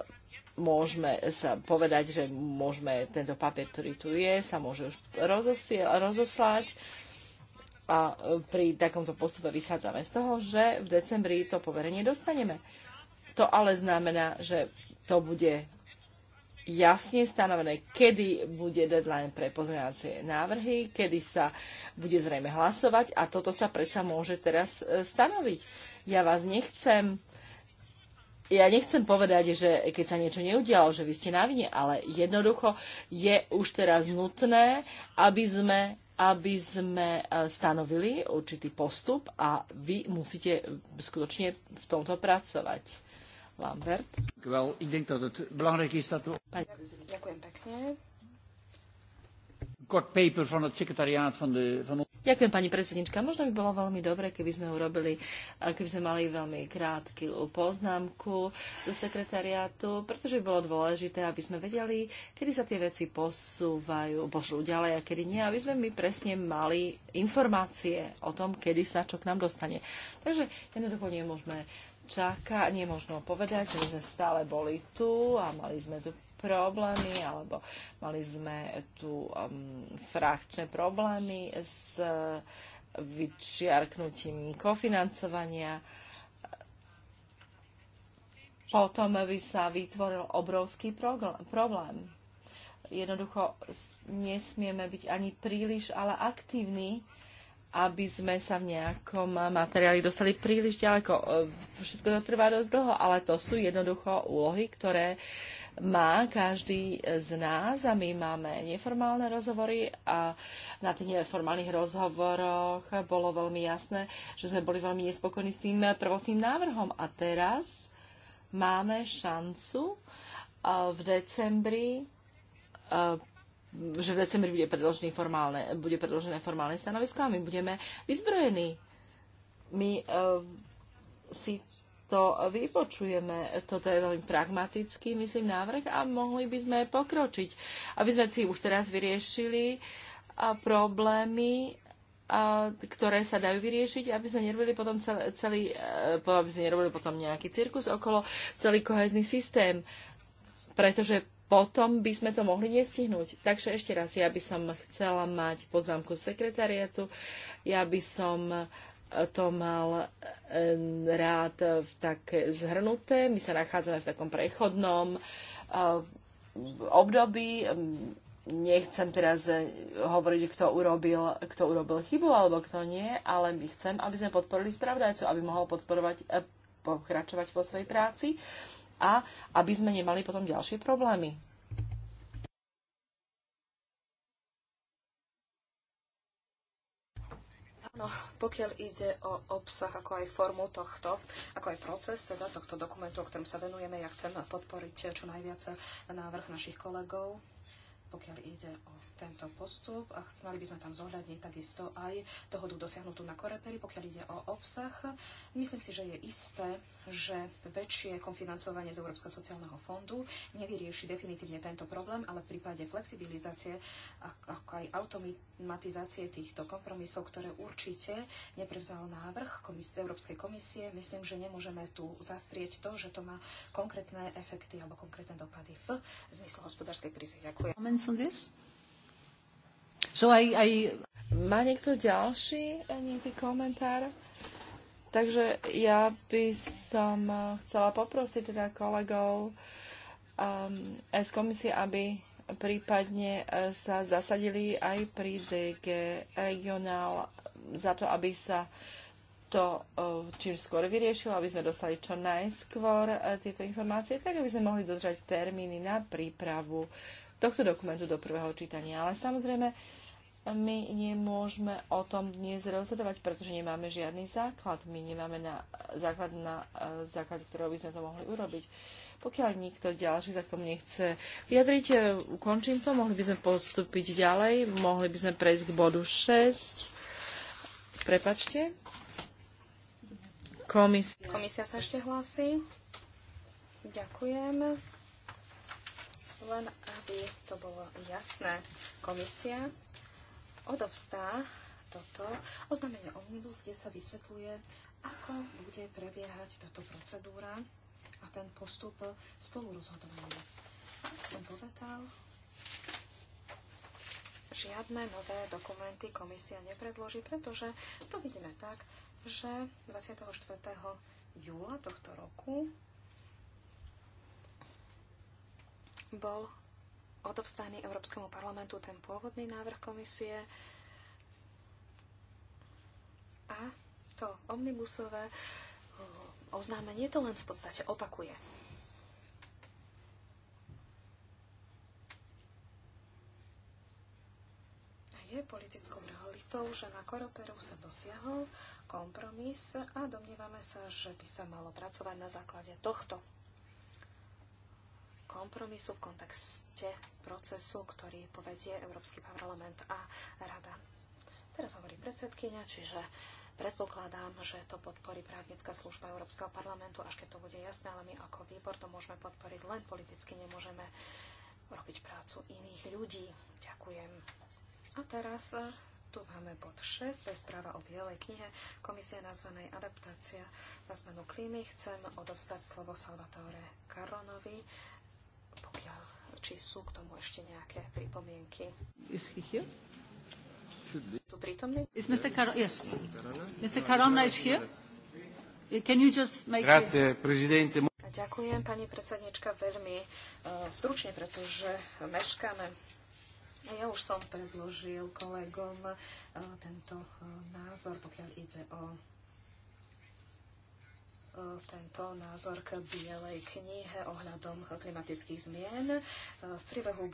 môžeme sa povedať, že môžeme tento papier, ktorý tu je, sa môže už rozoslať. A e, pri takomto postupe vychádzame z toho, že v decembri to poverenie dostaneme. To ale znamená, že to bude jasne stanovené, kedy bude deadline pre pozmeňovacie návrhy, kedy sa bude zrejme hlasovať a toto sa predsa môže teraz e, stanoviť. Ja vás nechcem ja nechcem povedať, že keď sa niečo neudialo, že vy ste na vine, ale jednoducho je už teraz nutné, aby sme, aby sme e, stanovili určitý postup a vy musíte skutočne v tomto pracovať. Lambert. Ďakujem pekne. Ďakujem, pani predsednička. Možno by bolo veľmi dobre, keby sme urobili, eh, keby sme mali veľmi krátky poznámku do sekretariátu, pretože by bolo dôležité, aby sme vedeli, kedy sa tie veci posúvajú, pošlú ďalej a kedy nie, aby sme my presne mali informácie o tom, kedy sa čo k nám dostane. Takže jednoducho nemôžeme čaká, nie možno povedať, že sme stále boli tu a mali sme tu problémy, alebo mali sme tu um, frakčné problémy s vyčiarknutím kofinancovania. Potom by sa vytvoril obrovský problém. Jednoducho nesmieme byť ani príliš, ale aktívni, uh, aby sme sa v nejakom materiáli dostali príliš ďaleko. E, Všetko to trvá dosť dlho, ale to sú jednoducho úlohy, ktoré má každý z nás a my máme neformálne rozhovory a na tých neformálnych rozhovoroch bolo veľmi jasné, že sme boli veľmi nespokojní s tým prvotným návrhom a teraz máme šancu e, v decembri e, že v decembri bude predložené formálne, bude predložené formálne stanovisko a my budeme vyzbrojení. My uh, si to vypočujeme. Toto je veľmi pragmatický, myslím, návrh a mohli by sme pokročiť, aby sme si už teraz vyriešili a eh, problémy, a, eh, ktoré sa dajú vyriešiť, aby sme nerobili potom celý, celý aby sme nerobili potom nejaký cirkus okolo celý kohezný systém. Pretože potom by sme to mohli nestihnúť. Takže ešte raz, ja by som chcela mať poznámku sekretariatu, ja by som e, to mal e, rád v tak zhrnuté. My sa nachádzame v takom prechodnom e, období. Nechcem teraz hovoriť, kto urobil, kto urobil chybu alebo kto nie, ale my chcem, aby sme podporili spravodajcu, aby mohol podporovať, pokračovať po svojej práci a aby sme nemali potom ďalšie problémy. No, pokiaľ ide o obsah, ako aj formu tohto, ako aj proces teda tohto dokumentu, o ktorom sa venujeme, ja chcem podporiť čo najviac návrh našich kolegov pokiaľ ide o tento postup. A chceli by sme tam zohľadniť takisto aj dohodu dosiahnutú na Koreperi, pokiaľ ide o obsah. Myslím si, že je isté, že väčšie konfinancovanie z Európskeho sociálneho fondu nevyrieši definitívne tento problém, ale v prípade flexibilizácie ako aj automatizácie týchto kompromisov, ktoré určite neprevzal návrh komisie, Európskej komisie, myslím, že nemôžeme tu zastrieť to, že to má konkrétne efekty alebo konkrétne dopady v zmysle hospodárskej krízy. Ďakujem comments on this? So I, I... Má niekto ďalší eh, nejaký komentár? Takže ja by som eh, chcela poprosiť teda kolegov um, z komisie, aby prípadne eh, sa zasadili aj pri DG regionál za to, aby sa to čím skôr vyriešilo, aby sme dostali čo najskôr tieto informácie, tak aby sme mohli dodržať termíny na prípravu tohto dokumentu do prvého čítania. Ale samozrejme, my nemôžeme o tom dnes rozhodovať, pretože nemáme žiadny základ. My nemáme na základ, na e, základ, ktorého by sme to mohli urobiť. Pokiaľ nikto ďalší sa k tomu nechce vyjadriť, e, ukončím to, mohli by sme postúpiť ďalej, mohli by sme prejsť k bodu 6. Prepačte. Komisia. Komisia sa ešte hlási. Ďakujem. Len aby to bolo jasné, komisia odovstá toto oznámenie Omnibus, kde sa vysvetľuje, ako bude prebiehať táto procedúra a ten postup spolurozhodovania. Ako som povedal, žiadne nové dokumenty komisia nepredloží, pretože to vidíme tak, že 24. júla tohto roku bol odovstaný Európskemu parlamentu ten pôvodný návrh komisie a to omnibusové eh, oznámenie to len v podstate opakuje. je politickou realitou, že na Koroperu sa dosiahol kompromis a domnievame sa, že by sa malo pracovať na základe tohto kompromisu v kontexte procesu, ktorý povedie Európsky parlament a Rada. Teraz hovorí predsedkynia, čiže predpokladám, že to podporí právnická služba Európskeho parlamentu, až keď to bude jasné, ale my ako výbor to môžeme podporiť len politicky, nemôžeme robiť prácu iných ľudí. Ďakujem. A teraz eh, tu máme bod 6, to je správa o Bielej knihe Komisie nazvanej Adaptácia na zmenu klímy. Chcem odovstať slovo Salvatore Caronovi, pokiaľ či sú k tomu ešte nejaké pripomienky. Is he here? Tu prítomný? Is Mr. Yes. Mr. Carona is here? Eh, can you just make Grazie, presidente. Ďakujem, pani predsednička, veľmi uh, stručne, pretože meškáme. Ja už som predložil kolegom uh, tento uh, názor, pokiaľ ide o tento názor k Bielej knihe ohľadom klimatických zmien. V príbehu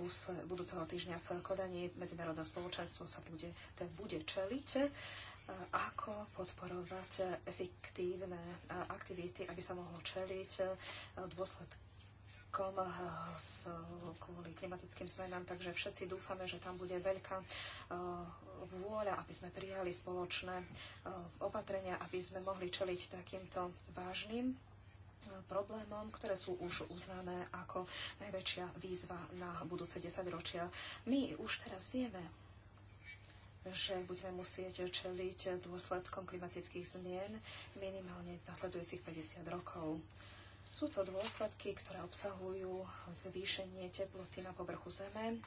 budúceho týždňa v Kodani medzinárodné spoločenstvo sa bude, bude čeliť ako podporovať efektívne aktivity, aby sa mohlo čeliť dôsledkom kvôli klimatickým zmenám. Takže všetci dúfame, že tam bude veľká vôľa, aby sme prijali spoločné e, opatrenia, aby sme mohli čeliť takýmto vážnym e, problémom, ktoré sú už uznané ako najväčšia výzva na budúce 10 ročia. My už teraz vieme, že budeme musieť čeliť dôsledkom klimatických zmien minimálne nasledujúcich 50 rokov. Sú to dôsledky, ktoré obsahujú zvýšenie teploty na povrchu Zeme,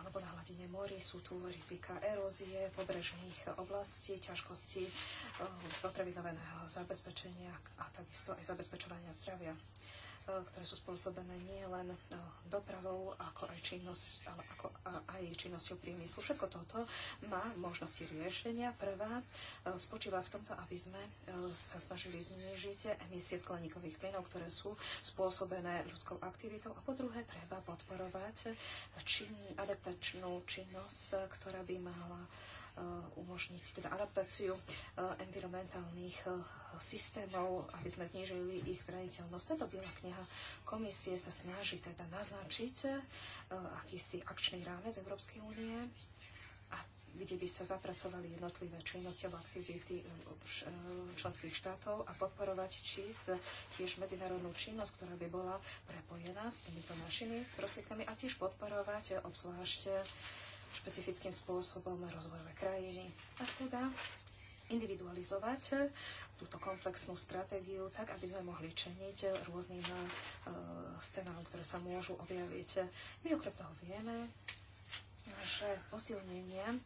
alebo na hladine mori sú tu rizika erózie pobrežných oblastí, ťažkosti eh, potravinového zabezpečenia a takisto aj zabezpečovania zdravia ktoré sú spôsobené len eh, dopravou, ako aj, činnosť, ale ako aj činnosťou priemyslu. Všetko toto má možnosti riešenia. Prvá eh, spočíva v tomto, aby sme eh, sa snažili znížiť emisie skleníkových plynov, ktoré sú spôsobené ľudskou aktivitou. A po druhé, treba podporovať čin, adaptačnú činnosť, ktorá by mala Eh, umožniť teda adaptáciu eh, environmentálnych eh, systémov, aby sme znížili ich zraniteľnosť. Tento biela kniha komisie sa snaží teda naznačiť akýsi akčný rámec Európskej únie, kde by sa zapracovali jednotlivé činnosti alebo aktivity členských štátov a podporovať ČIS tiež medzinárodnú činnosť, ktorá by bola prepojená s týmito našimi prosiekami a tiež podporovať obzvlášť špecifickým spôsobom rozvojové krajiny. A teda individualizovať e, túto komplexnú stratégiu tak, aby sme mohli čeniť rôznym e, scenárom, ktoré sa môžu objaviť. My okrem toho vieme, že posilnenie e,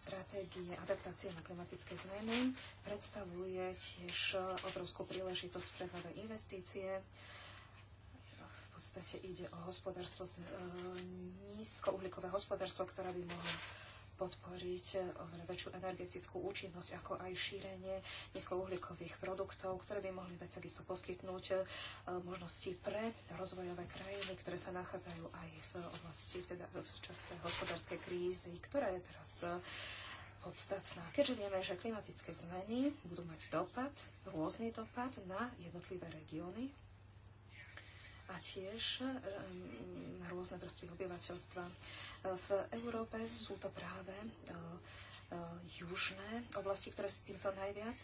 stratégie adaptácie na klimatické zmeny predstavuje tiež obrovskú príležitosť pre nové investície, podstate ide o hospodárstvo, e, nízkouhlíkové hospodárstvo, ktoré by mohlo podporiť e, oveľa väčšiu energetickú účinnosť, ako aj šírenie nízkouhlíkových produktov, ktoré by mohli dať takisto poskytnúť e, možnosti pre rozvojové krajiny, ktoré sa nachádzajú aj v oblasti, teda v čase hospodárskej krízy, ktorá je teraz podstatná. Keďže vieme, že klimatické zmeny budú mať dopad, rôzny dopad na jednotlivé regióny a tiež e, na rôzne vrstvy obyvateľstva. V Európe sú to práve e, e, južné oblasti, ktoré sú týmto najviac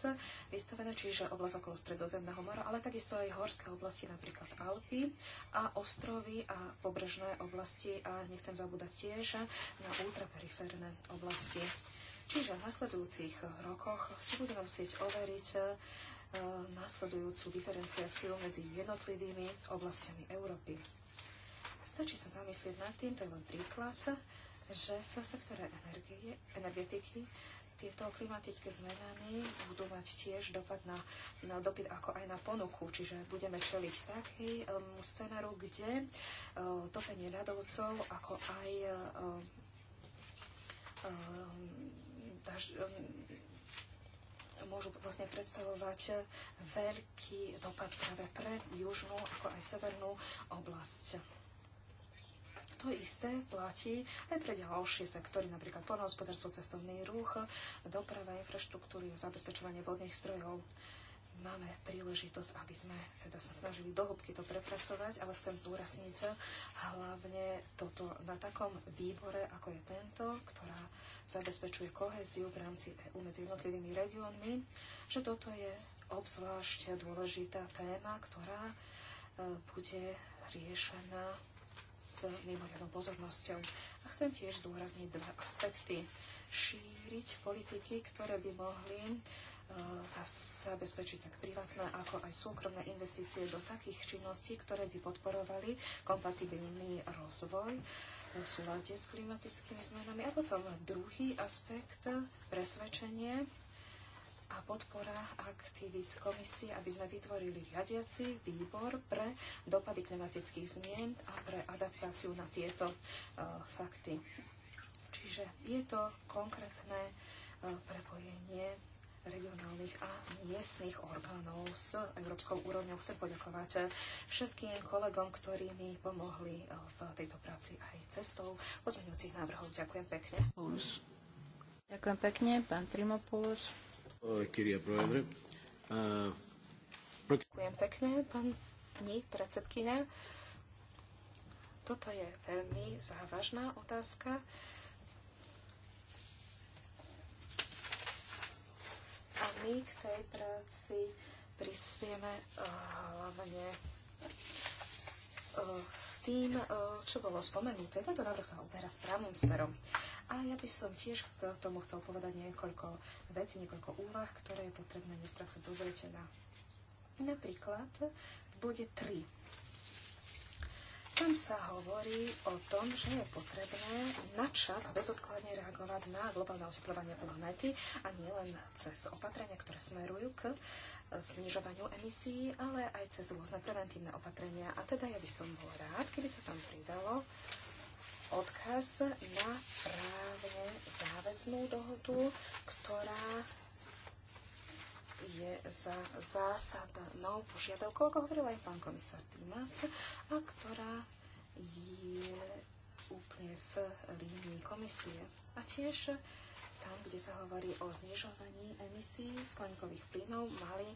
vystavené, čiže oblasť okolo Stredozemného mora, ale takisto aj horské oblasti, napríklad Alpy a ostrovy a pobrežné oblasti a nechcem zabúdať tiež na ultraperiférne oblasti. Čiže v nasledujúcich rokoch si budeme musieť overiť E, následujúcu diferenciáciu medzi jednotlivými oblastiami Európy. Stačí sa zamyslieť nad tým, to je len príklad, že v sektore energie, energetiky tieto klimatické zmeny budú mať tiež dopad na, na dopyt ako aj na ponuku. Čiže budeme čeliť takému um, scenáru, kde uh, topenie ľadovcov ako aj uh, daž, um, môžu vlastne predstavovať veľký dopad práve pre južnú ako aj severnú oblasť. To isté platí aj pre ďalšie sektory, napríklad poľnohospodárstvo, cestovný ruch, doprava, infraštruktúry, zabezpečovanie vodných strojov máme príležitosť, aby sme teda sa snažili dohlbky to prepracovať, ale chcem zdôrazniť hlavne toto na takom výbore, ako je tento, ktorá zabezpečuje koheziu v rámci EU medzi jednotlivými regiónmi, že toto je obzvlášť dôležitá téma, ktorá e, bude riešená s mimoriadnou pozornosťou. A chcem tiež zdôrazniť dva aspekty. Šíriť politiky, ktoré by mohli E, sa zabezpečí tak privátne, ako aj súkromné investície do takých činností, ktoré by podporovali kompatibilný rozvoj v súlade s klimatickými zmenami. A potom druhý aspekt, presvedčenie a podpora aktivít komisie, aby sme vytvorili riadiaci výbor pre dopady klimatických zmien a pre adaptáciu na tieto uh, fakty. Čiže je to konkrétne uh, prepojenie regionálnych a miestnych orgánov s európskou úrovňou. Chcem poďakovať všetkým kolegom, ktorí mi pomohli v tejto práci aj cestou pozmeňujúcich návrhov. Ďakujem pekne. Ďakujem pekne, pán Trimopoulos. Ďakujem pekne, pani predsedkynia. Toto je veľmi závažná otázka A my k tej práci prispieme eh, hlavne eh, tým, eh, čo bolo spomenuté. Tento návrh sa uberá správnym smerom. A ja by som tiež k tomu chcel povedať niekoľko vecí, niekoľko úvah, ktoré je potrebné nestrácať zo zreteľa. Napríklad v bode 3 tam sa hovorí o tom, že je potrebné na čas bezodkladne reagovať na globálne oteplovanie planéty a nielen cez opatrenia, ktoré smerujú k znižovaniu emisí, ale aj cez rôzne preventívne opatrenia. A teda ja by som bol rád, keby sa tam pridalo odkaz na právne záväznú dohodu, ktorá je za zásadnou požiadavkou, ako hovoril aj pán komisár Týmas, a ktorá je úplne v línii komisie. A tiež tam, kde sa hovorí o znižovaní emisí skleníkových plynov, mali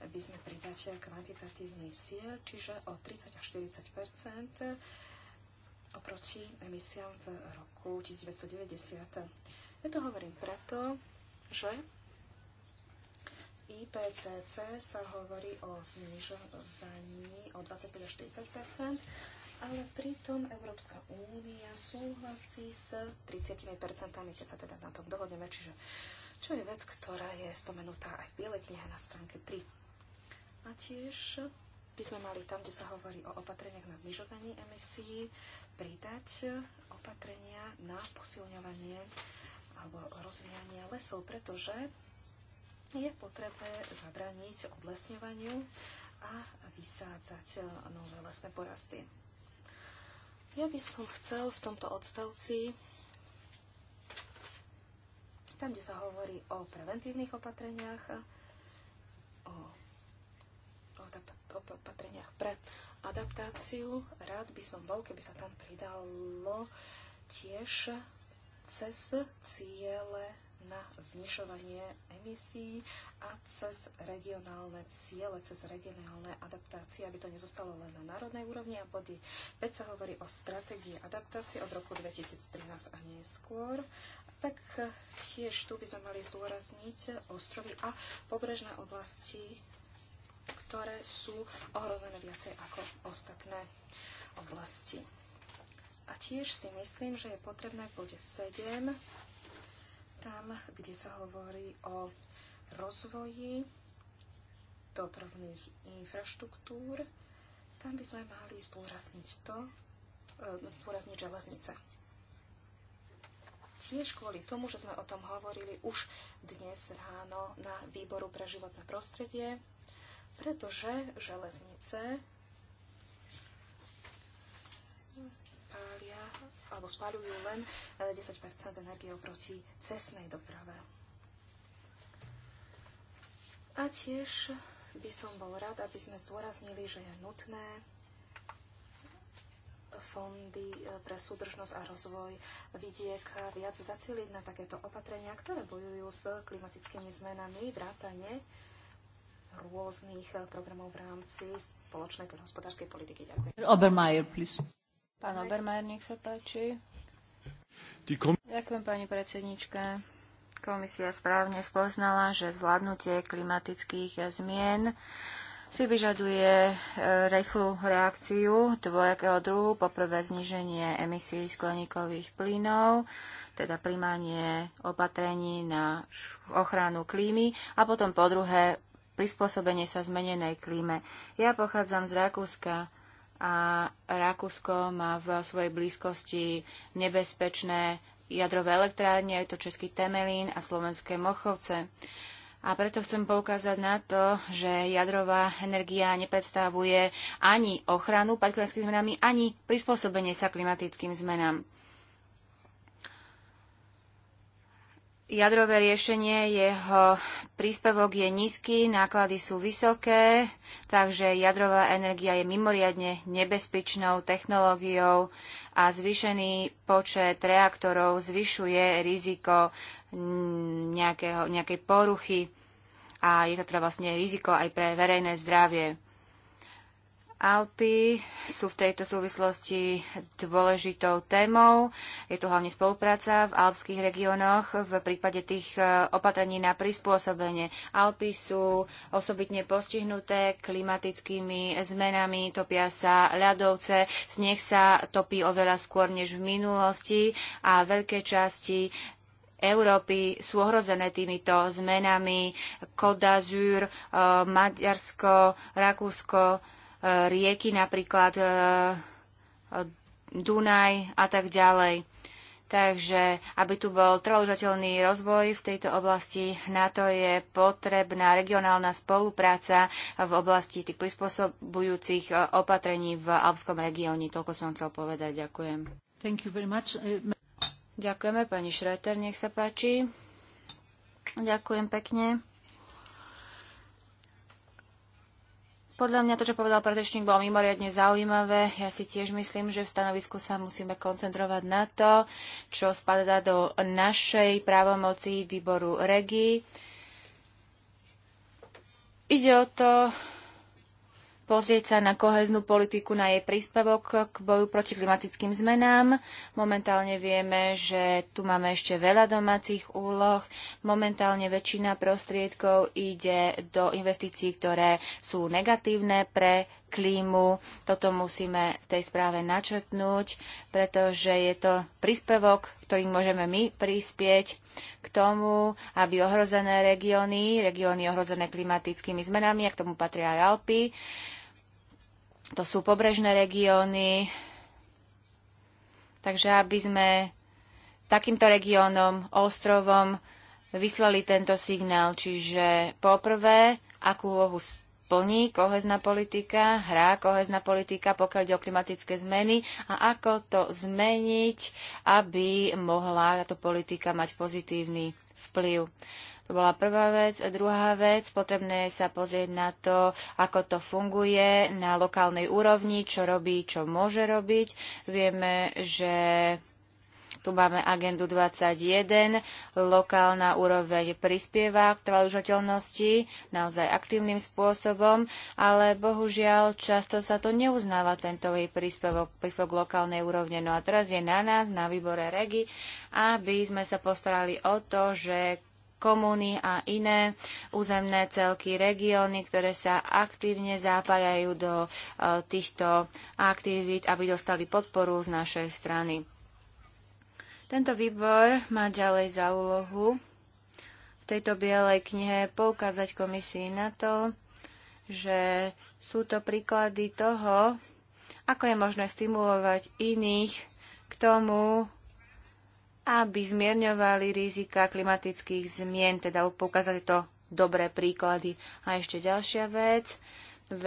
by sme pridať kvantitatívny cieľ, čiže o 30 až 40 oproti emisiám v roku 1990. Ja to hovorím preto, že IPCC sa hovorí o znižovaní o 25 až 40 ale pritom Európska únia súhlasí s 30 keď sa teda na tom dohodneme, čiže čo je vec, ktorá je spomenutá aj v Bielej knihe na stránke 3. A tiež by sme mali tam, kde sa hovorí o opatreniach na znižovanie emisí, pridať opatrenia na posilňovanie alebo rozvíjanie lesov, pretože je potrebné zabraniť odlesňovaniu a vysádzať e, nové lesné porasty. Ja by som chcel v tomto odstavci, tam, kde sa hovorí o preventívnych opatreniach, e, o, o opatreniach pre adaptáciu, rád by som bol, keby sa tam pridalo tiež cez ciele na znišovanie emisí a cez regionálne ciele, cez regionálne adaptácie, aby to nezostalo len na národnej úrovni. A body 5 sa hovorí o stratégii adaptácie od roku 2013 a neskôr. Tak e, tiež tu by sme mali zdôrazniť ostrovy a pobrežné oblasti, ktoré sú ohrozené viacej ako ostatné oblasti. A tiež si myslím, že je potrebné v bode 7 tam, kde sa hovorí o rozvoji dopravných infraštruktúr, tam by sme mali zdôrazniť to, e, zdôrazniť železnice. Tiež kvôli tomu, že sme o tom hovorili už dnes ráno na výboru pre životné prostredie, pretože železnice alebo spáľujú len 10 eh, energie oproti cestnej doprave. A tiež by som bol rád, aby sme zdôraznili, že je nutné fondy eh, pre súdržnosť a rozvoj vidiek viac zacieliť na takéto opatrenia, ktoré bojujú s klimatickými zmenami, vrátane rôznych eh, programov v rámci spoločnej hospodárskej politiky. Ďakujem. Obermeier, please. Pán Obermajer, nech sa páči. Ďakujem, pani predsednička. Komisia správne spoznala, že zvládnutie klimatických zmien si vyžaduje e, rýchlu reakciu dvojakého druhu, poprvé zniženie emisí skleníkových plynov, teda príjmanie opatrení na ochranu klímy a potom po druhé prispôsobenie sa zmenenej klíme. Ja pochádzam z Rakúska a Rakúsko má v svojej blízkosti nebezpečné jadrové elektrárne, je to český Temelín a slovenské Mochovce. A preto chcem poukázať na to, že jadrová energia nepredstavuje ani ochranu pred klimatickými zmenami, ani prispôsobenie sa klimatickým zmenám. Jadrové riešenie, jeho príspevok je nízky, náklady sú vysoké, takže jadrová energia je mimoriadne nebezpečnou technológiou a zvýšený počet reaktorov zvyšuje riziko nejakého, nejakej poruchy a je to teda vlastne riziko aj pre verejné zdravie. Alpy sú v tejto súvislosti dôležitou témou. Je tu hlavne spolupráca v alpských regiónoch v prípade tých e, opatrení na prispôsobenie. Alpy sú osobitne postihnuté klimatickými zmenami, topia sa ľadovce, sneh sa topí oveľa skôr než v minulosti a veľké časti Európy sú ohrozené týmito zmenami. Côte d'Azur, e, Maďarsko, Rakúsko, rieky, napríklad e, Dunaj a tak ďalej. Takže aby tu bol trvalúžateľný rozvoj v tejto oblasti, na to je potrebná regionálna spolupráca v oblasti tých prispôsobujúcich e, opatrení v Alpskom regióne. Toľko som chcel povedať. Ďakujem. Thank you very much. E, Ďakujeme, pani Šreter, nech sa páči. Ďakujem pekne. Podľa mňa to, čo povedal predečník, bolo mimoriadne zaujímavé. Ja si tiež myslím, že v stanovisku sa musíme koncentrovať na to, čo spadá do našej právomoci výboru REGI. Ide o to, pozrieť sa na koheznú politiku, na jej príspevok k boju proti klimatickým zmenám. Momentálne vieme, že tu máme ešte veľa domácich úloh. Momentálne väčšina prostriedkov ide do investícií, ktoré sú negatívne pre klímu. Toto musíme v tej správe načrtnúť, pretože je to príspevok, ktorý môžeme my prispieť k tomu, aby ohrozené regióny, regióny ohrozené klimatickými zmenami, a k tomu patria aj Alpy, to sú pobrežné regióny. Takže aby sme takýmto regiónom, ostrovom vyslali tento signál. Čiže poprvé, akú úlohu plní kohezná politika, hrá kohezná politika, pokiaľ ide o klimatické zmeny a ako to zmeniť, aby mohla táto politika mať pozitívny vplyv. To bola prvá vec. Druhá vec, potrebné je sa pozrieť na to, ako to funguje na lokálnej úrovni, čo robí, čo môže robiť. Vieme, že tu máme agendu 21, lokálna úroveň prispieva k trvalúžateľnosti naozaj aktívnym spôsobom, ale bohužiaľ často sa to neuznáva, tento jej príspevok, príspevok lokálnej úrovne. No a teraz je na nás, na výbore REGI, aby sme sa postarali o to, že komúny a iné územné celky, regióny, ktoré sa aktívne zapájajú do e, týchto aktivít, aby dostali podporu z našej strany. Tento výbor má ďalej za úlohu v tejto bielej knihe poukázať komisii na to, že sú to príklady toho, ako je možné stimulovať iných k tomu, aby zmierňovali rizika klimatických zmien, teda poukázali to dobré príklady. A ešte ďalšia vec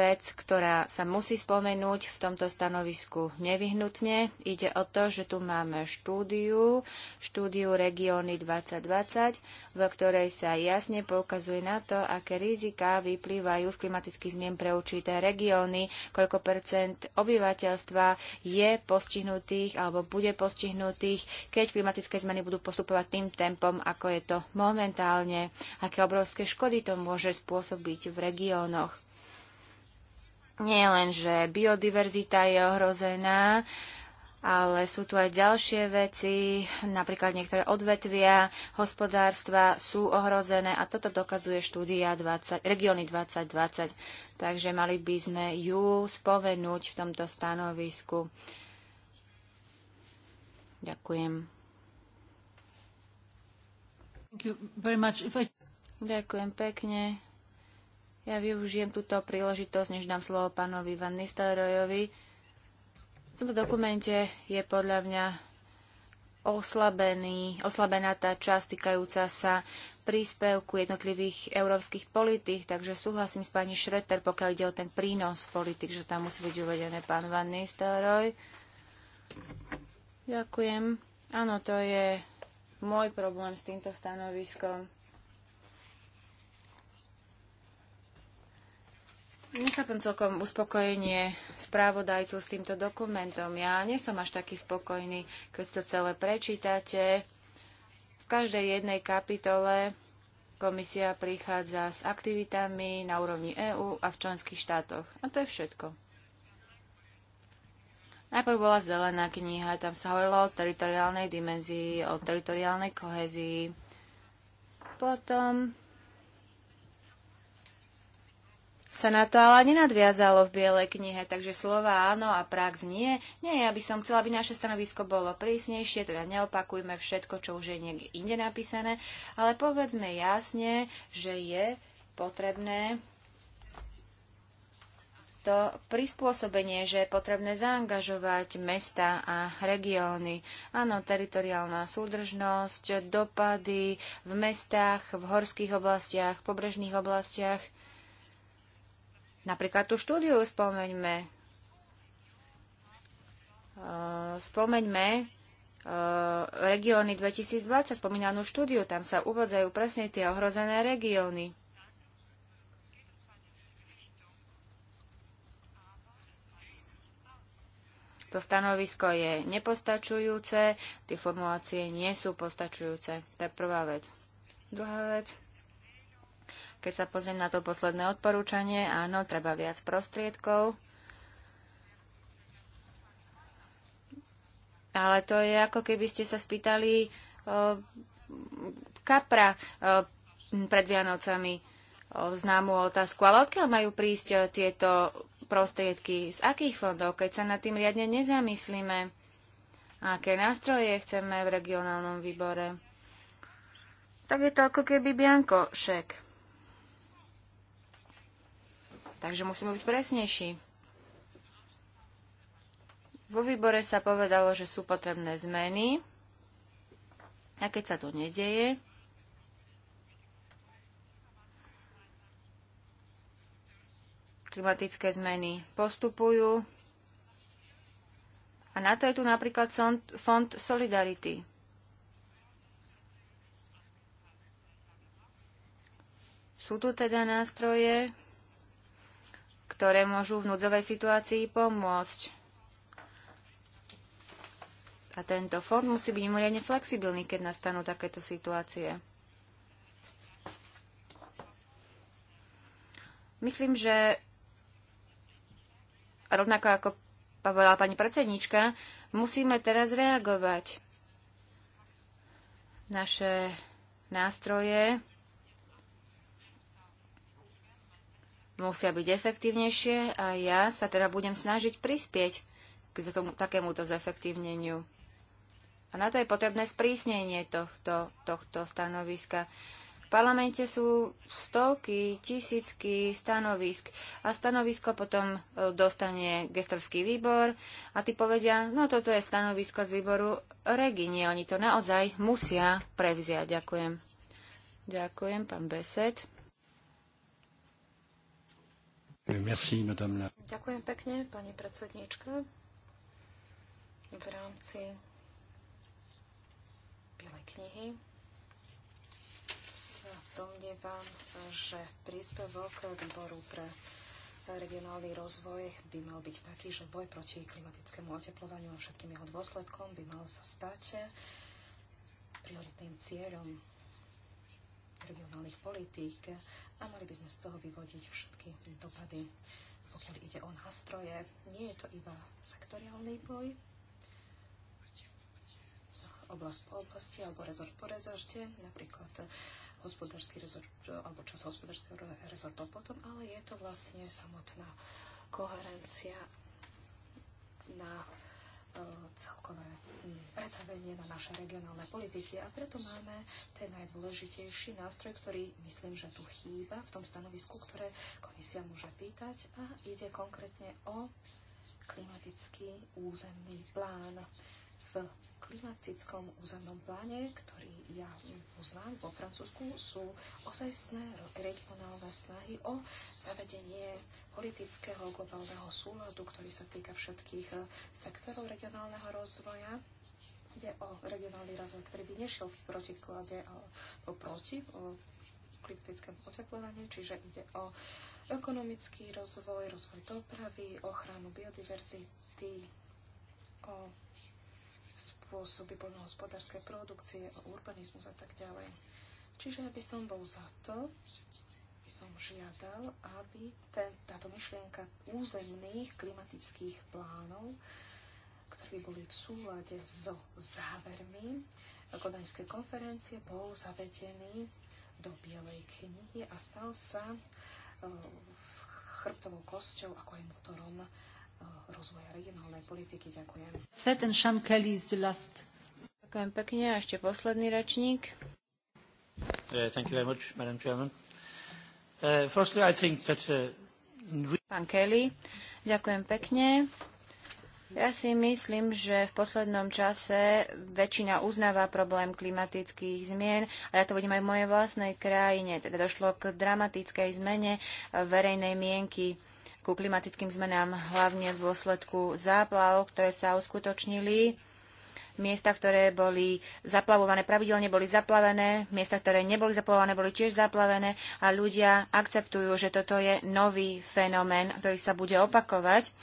vec, ktorá sa musí spomenúť v tomto stanovisku nevyhnutne. Ide o to, že tu máme štúdiu, štúdiu Regióny 2020, v ktorej sa jasne poukazuje na to, aké riziká vyplývajú z klimatických zmien pre určité regióny, koľko percent obyvateľstva je postihnutých alebo bude postihnutých, keď klimatické zmeny budú postupovať tým tempom, ako je to momentálne, aké obrovské škody to môže spôsobiť v regiónoch nie len, že biodiverzita je ohrozená, ale sú tu aj ďalšie veci, napríklad niektoré odvetvia hospodárstva sú ohrozené a toto dokazuje štúdia 20, Regióny 2020. Takže mali by sme ju spomenúť v tomto stanovisku. Ďakujem. Ďakujem pekne. Ja využijem túto príležitosť, než dám slovo pánovi Van Nistelrojovi. V tomto dokumente je podľa mňa oslabený, oslabená tá časť týkajúca sa príspevku jednotlivých európskych politík, takže súhlasím s pani Šreter, pokiaľ ide o ten prínos politik, že tam musí byť uvedené pán Van Nistelroj. Ďakujem. Áno, to je môj problém s týmto stanoviskom. Nechápem celkom uspokojenie správodajcu s týmto dokumentom. Ja nie som až taký spokojný, keď to celé prečítate. V každej jednej kapitole komisia prichádza s aktivitami na úrovni EÚ a v členských štátoch. A to je všetko. Najprv bola zelená kniha, tam sa hovorilo o teritoriálnej dimenzii, o teritoriálnej kohezii. Potom sa na to ale nenadviazalo v Bielej knihe, takže slova áno a prax nie. Nie, ja by som chcela, aby naše stanovisko bolo prísnejšie, teda neopakujme všetko, čo už je niekde inde napísané, ale povedzme jasne, že je potrebné to prispôsobenie, že je potrebné zaangažovať mesta a regióny. Áno, teritoriálna súdržnosť, dopady v mestách, v horských oblastiach, pobrežných oblastiach – Napríklad tú štúdiu spomeňme. Eh, spomeňme eh, regióny 2020, spomínanú štúdiu. Tam sa uvodzajú presne tie ohrozené regióny. To stanovisko je nepostačujúce, tie formulácie nie sú postačujúce. To je prvá vec. Druhá vec. Keď sa pozriem na to posledné odporúčanie, áno, treba viac prostriedkov. Ale to je ako keby ste sa spýtali uh, kapra uh, pred Vianocami uh, známú otázku. Ale odkiaľ majú prísť uh, tieto prostriedky? Z akých fondov? Keď sa nad tým riadne nezamyslíme, aké nástroje chceme v regionálnom výbore, tak je to ako keby bianko šek. Takže musíme byť presnejší. Vo výbore sa povedalo, že sú potrebné zmeny a keď sa to nedeje, klimatické zmeny postupujú. A na to je tu napríklad fond Solidarity. Sú tu teda nástroje, ktoré môžu v núdzovej situácii pomôcť. A tento fond musí byť mimoriadne flexibilný, keď nastanú takéto situácie. Myslím, že rovnako ako povedala pani predsednička, musíme teraz reagovať. Naše nástroje musia byť efektívnejšie a ja sa teda budem snažiť prispieť k tomu, takémuto zefektívneniu. A na to je potrebné sprísnenie tohto, tohto stanoviska. V parlamente sú stovky, tisícky stanovisk a stanovisko potom e, dostane gestorský výbor a ty povedia, no toto je stanovisko z výboru Regini, oni to naozaj musia prevziať. Ďakujem. Ďakujem, pán Beset. Merci, madame la... Ďakujem pekne, pani predsedníčka. V rámci Bielej knihy sa domnievam, že príspevok výboru pre regionálny rozvoj by mal byť taký, že boj proti klimatickému oteplovaniu a všetkým jeho dôsledkom by mal sa stať prioritným cieľom regionálnych politík a mali by sme z toho vyvodiť všetky dopady. Pokiaľ ide o nástroje, nie je to iba sektoriálny boj, oblasť po oblasti alebo rezort po rezorte, napríklad hospodársky rezort alebo čas hospodárskeho rezortu potom, ale je to vlastne samotná koherencia na E, celkové pretavenie na naše regionálne politiky a preto máme ten najdôležitejší nástroj, ktorý myslím, že tu chýba v tom stanovisku, ktoré komisia môže pýtať a ide konkrétne o klimatický územný plán v klimatickom územnom pláne, ktorý ja poznám vo Francúzsku, sú ozajstné regionálne snahy o zavedenie politického globálneho súladu, ktorý sa týka všetkých eh, sektorov regionálneho rozvoja ide o regionálny rozvoj, ktorý by nešiel v protiklade alebo eh, proti o eh, klimatickému oteplovaniu, čiže ide o ekonomický rozvoj, rozvoj dopravy, ochranu biodiverzity, o spôsoby poľnohospodárskej produkcie, urbanizmus a tak ďalej. Čiže by som bol za to, by som žiadal, aby ten, táto myšlienka územných klimatických plánov, ktoré by boli v súlade so závermi Kodaňskej konferencie, bol zavedený do Bielej knihy a stal sa e, chrbtovou kosťou, ako aj motorom rozvoja regionálnej politiky. Ďakujem. Ďakujem pekne. A ešte posledný rečník. Uh, thank you very much, Madam Chairman. Uh, firstly, I think that... Uh... Pán Kelly, ďakujem pekne. Ja si myslím, že v poslednom čase väčšina uznáva problém klimatických zmien a ja to vidím aj v mojej vlastnej krajine. Teda došlo k dramatickej zmene uh, verejnej mienky ku klimatickým zmenám, hlavne v dôsledku záplav, ktoré sa uskutočnili. Miesta, ktoré boli zaplavované pravidelne, boli zaplavené, miesta, ktoré neboli zaplavované, boli tiež zaplavené a ľudia akceptujú, že toto je nový fenomén, ktorý sa bude opakovať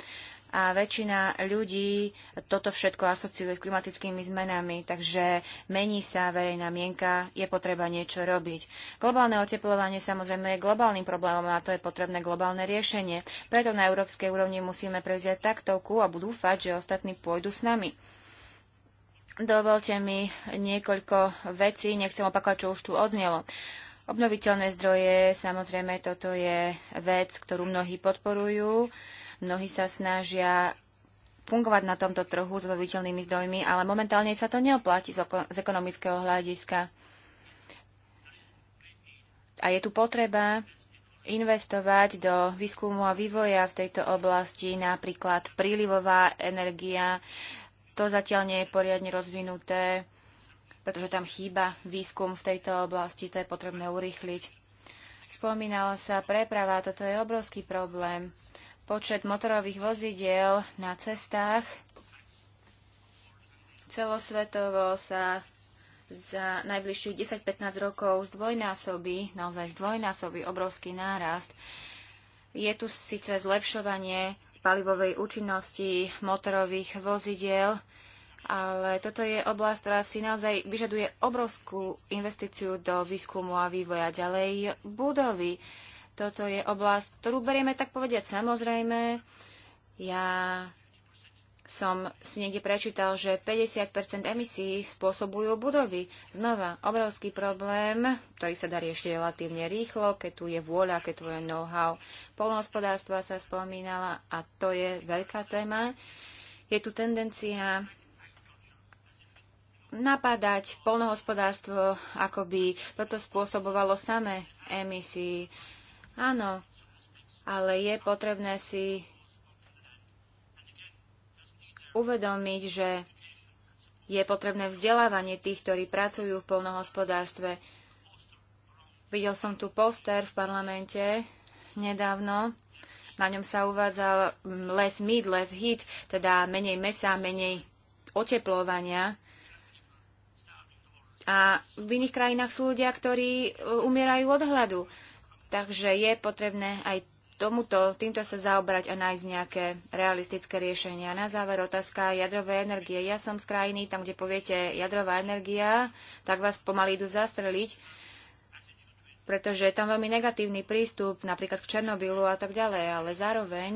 a väčšina ľudí toto všetko asociuje s klimatickými zmenami, takže mení sa verejná mienka, je potreba niečo robiť. Globálne oteplovanie samozrejme je globálnym problémom a to je potrebné globálne riešenie. Preto na európskej úrovni musíme prevziať taktovku a budú dúfať, že ostatní pôjdu s nami. Dovolte mi niekoľko vecí, nechcem opakovať, čo už tu odznelo. Obnoviteľné zdroje, samozrejme, toto je vec, ktorú mnohí podporujú. Mnohí sa snažia fungovať na tomto trhu s obnoviteľnými zdrojmi, ale momentálne sa to neoplatí z, z ekonomického hľadiska. A je tu potreba investovať do výskumu a vývoja v tejto oblasti, napríklad prílivová energia. To zatiaľ nie je poriadne rozvinuté, pretože tam chýba výskum v tejto oblasti, to je potrebné urýchliť. Spomínala sa preprava, toto je obrovský problém počet motorových vozidiel na cestách celosvetovo sa za najbližších 10-15 rokov zdvojnásobí, naozaj zdvojnásobí obrovský nárast. Je tu síce zlepšovanie palivovej účinnosti motorových vozidiel, ale toto je oblasť, ktorá si naozaj vyžaduje obrovskú investíciu do výskumu a vývoja ďalej budovy. Toto je oblasť, ktorú berieme tak povedať samozrejme. Ja som si niekde prečítal, že 50 emisí spôsobujú budovy. Znova, obrovský problém, ktorý sa dá riešiť relatívne rýchlo, keď tu je vôľa, keď tu je know-how. Polnohospodárstva sa spomínala a to je veľká téma. Je tu tendencia napadať polnohospodárstvo, ako by toto spôsobovalo samé emisí. Áno, ale je potrebné si uvedomiť, že je potrebné vzdelávanie tých, ktorí pracujú v polnohospodárstve. Videl som tu poster v parlamente nedávno. Na ňom sa uvádzal mm, less meat, less heat, teda menej mesa, menej oteplovania. A v iných krajinách sú ľudia, ktorí e, umierajú od hladu. Takže je potrebné aj tomuto, týmto sa zaobrať a nájsť nejaké realistické riešenia. Na záver otázka jadrovej energie. Ja som z krajiny, tam, kde poviete jadrová energia, tak vás pomaly idú zastreliť, pretože je tam veľmi negatívny prístup, napríklad k Černobylu a tak ďalej, ale zároveň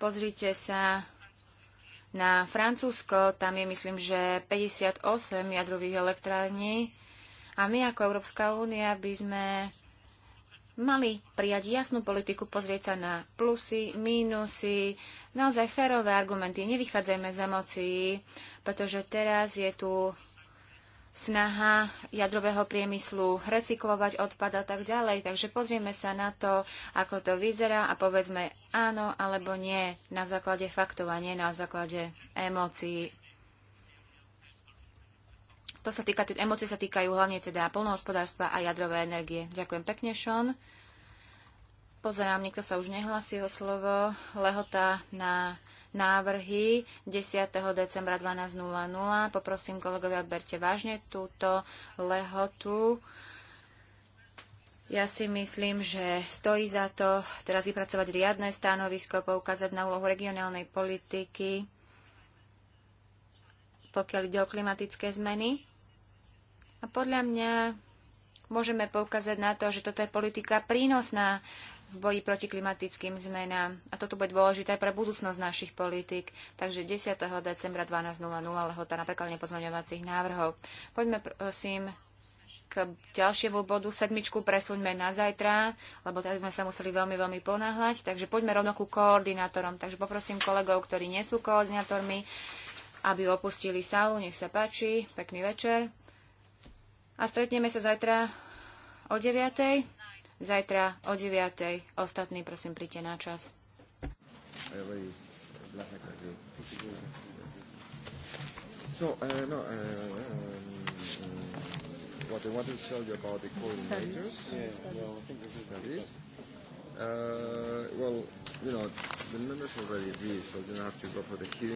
pozrite sa na Francúzsko, tam je myslím, že 58 jadrových elektrární, a my ako Európska únia by sme mali prijať jasnú politiku, pozrieť sa na plusy, mínusy, naozaj férové argumenty. Nevychádzajme z emocií, pretože teraz je tu snaha jadrového priemyslu recyklovať odpad a tak ďalej. Takže pozrieme sa na to, ako to vyzerá a povedzme áno alebo nie na základe faktov a nie na základe emócií to sa týka, tie emócie sa týkajú hlavne teda polnohospodárstva a jadrové energie. Ďakujem pekne, Šon. Pozerám, nikto sa už nehlasí o slovo. Lehota na návrhy 10. decembra 12.00. Poprosím, kolegovia, berte vážne túto lehotu. Ja si myslím, že stojí za to teraz vypracovať riadne stanovisko, poukázať na úlohu regionálnej politiky, pokiaľ ide o klimatické zmeny. A podľa mňa môžeme poukázať na to, že toto je politika prínosná v boji proti klimatickým zmenám. A toto bude dôležité aj pre budúcnosť našich politik. Takže 10. decembra 12.00 lehota napríklad nepozmaňovacích návrhov. Poďme prosím k ďalšiemu bodu. Sedmičku presuňme na zajtra, lebo tak sme sa museli veľmi, veľmi ponáhľať. Takže poďme rovno ku koordinátorom. Takže poprosím kolegov, ktorí nie sú koordinátormi, aby opustili sálu. Nech sa páči. Pekný večer. A stretneme sa zajtra o 9. Zajtra o 9. Ostatní, prosím, príďte na čas. So, uh, no, uh, um, what I wanted to tell you about the coordinators yeah, studies. Uh, well, you know, the members already did, so you don't have to go for the hearing.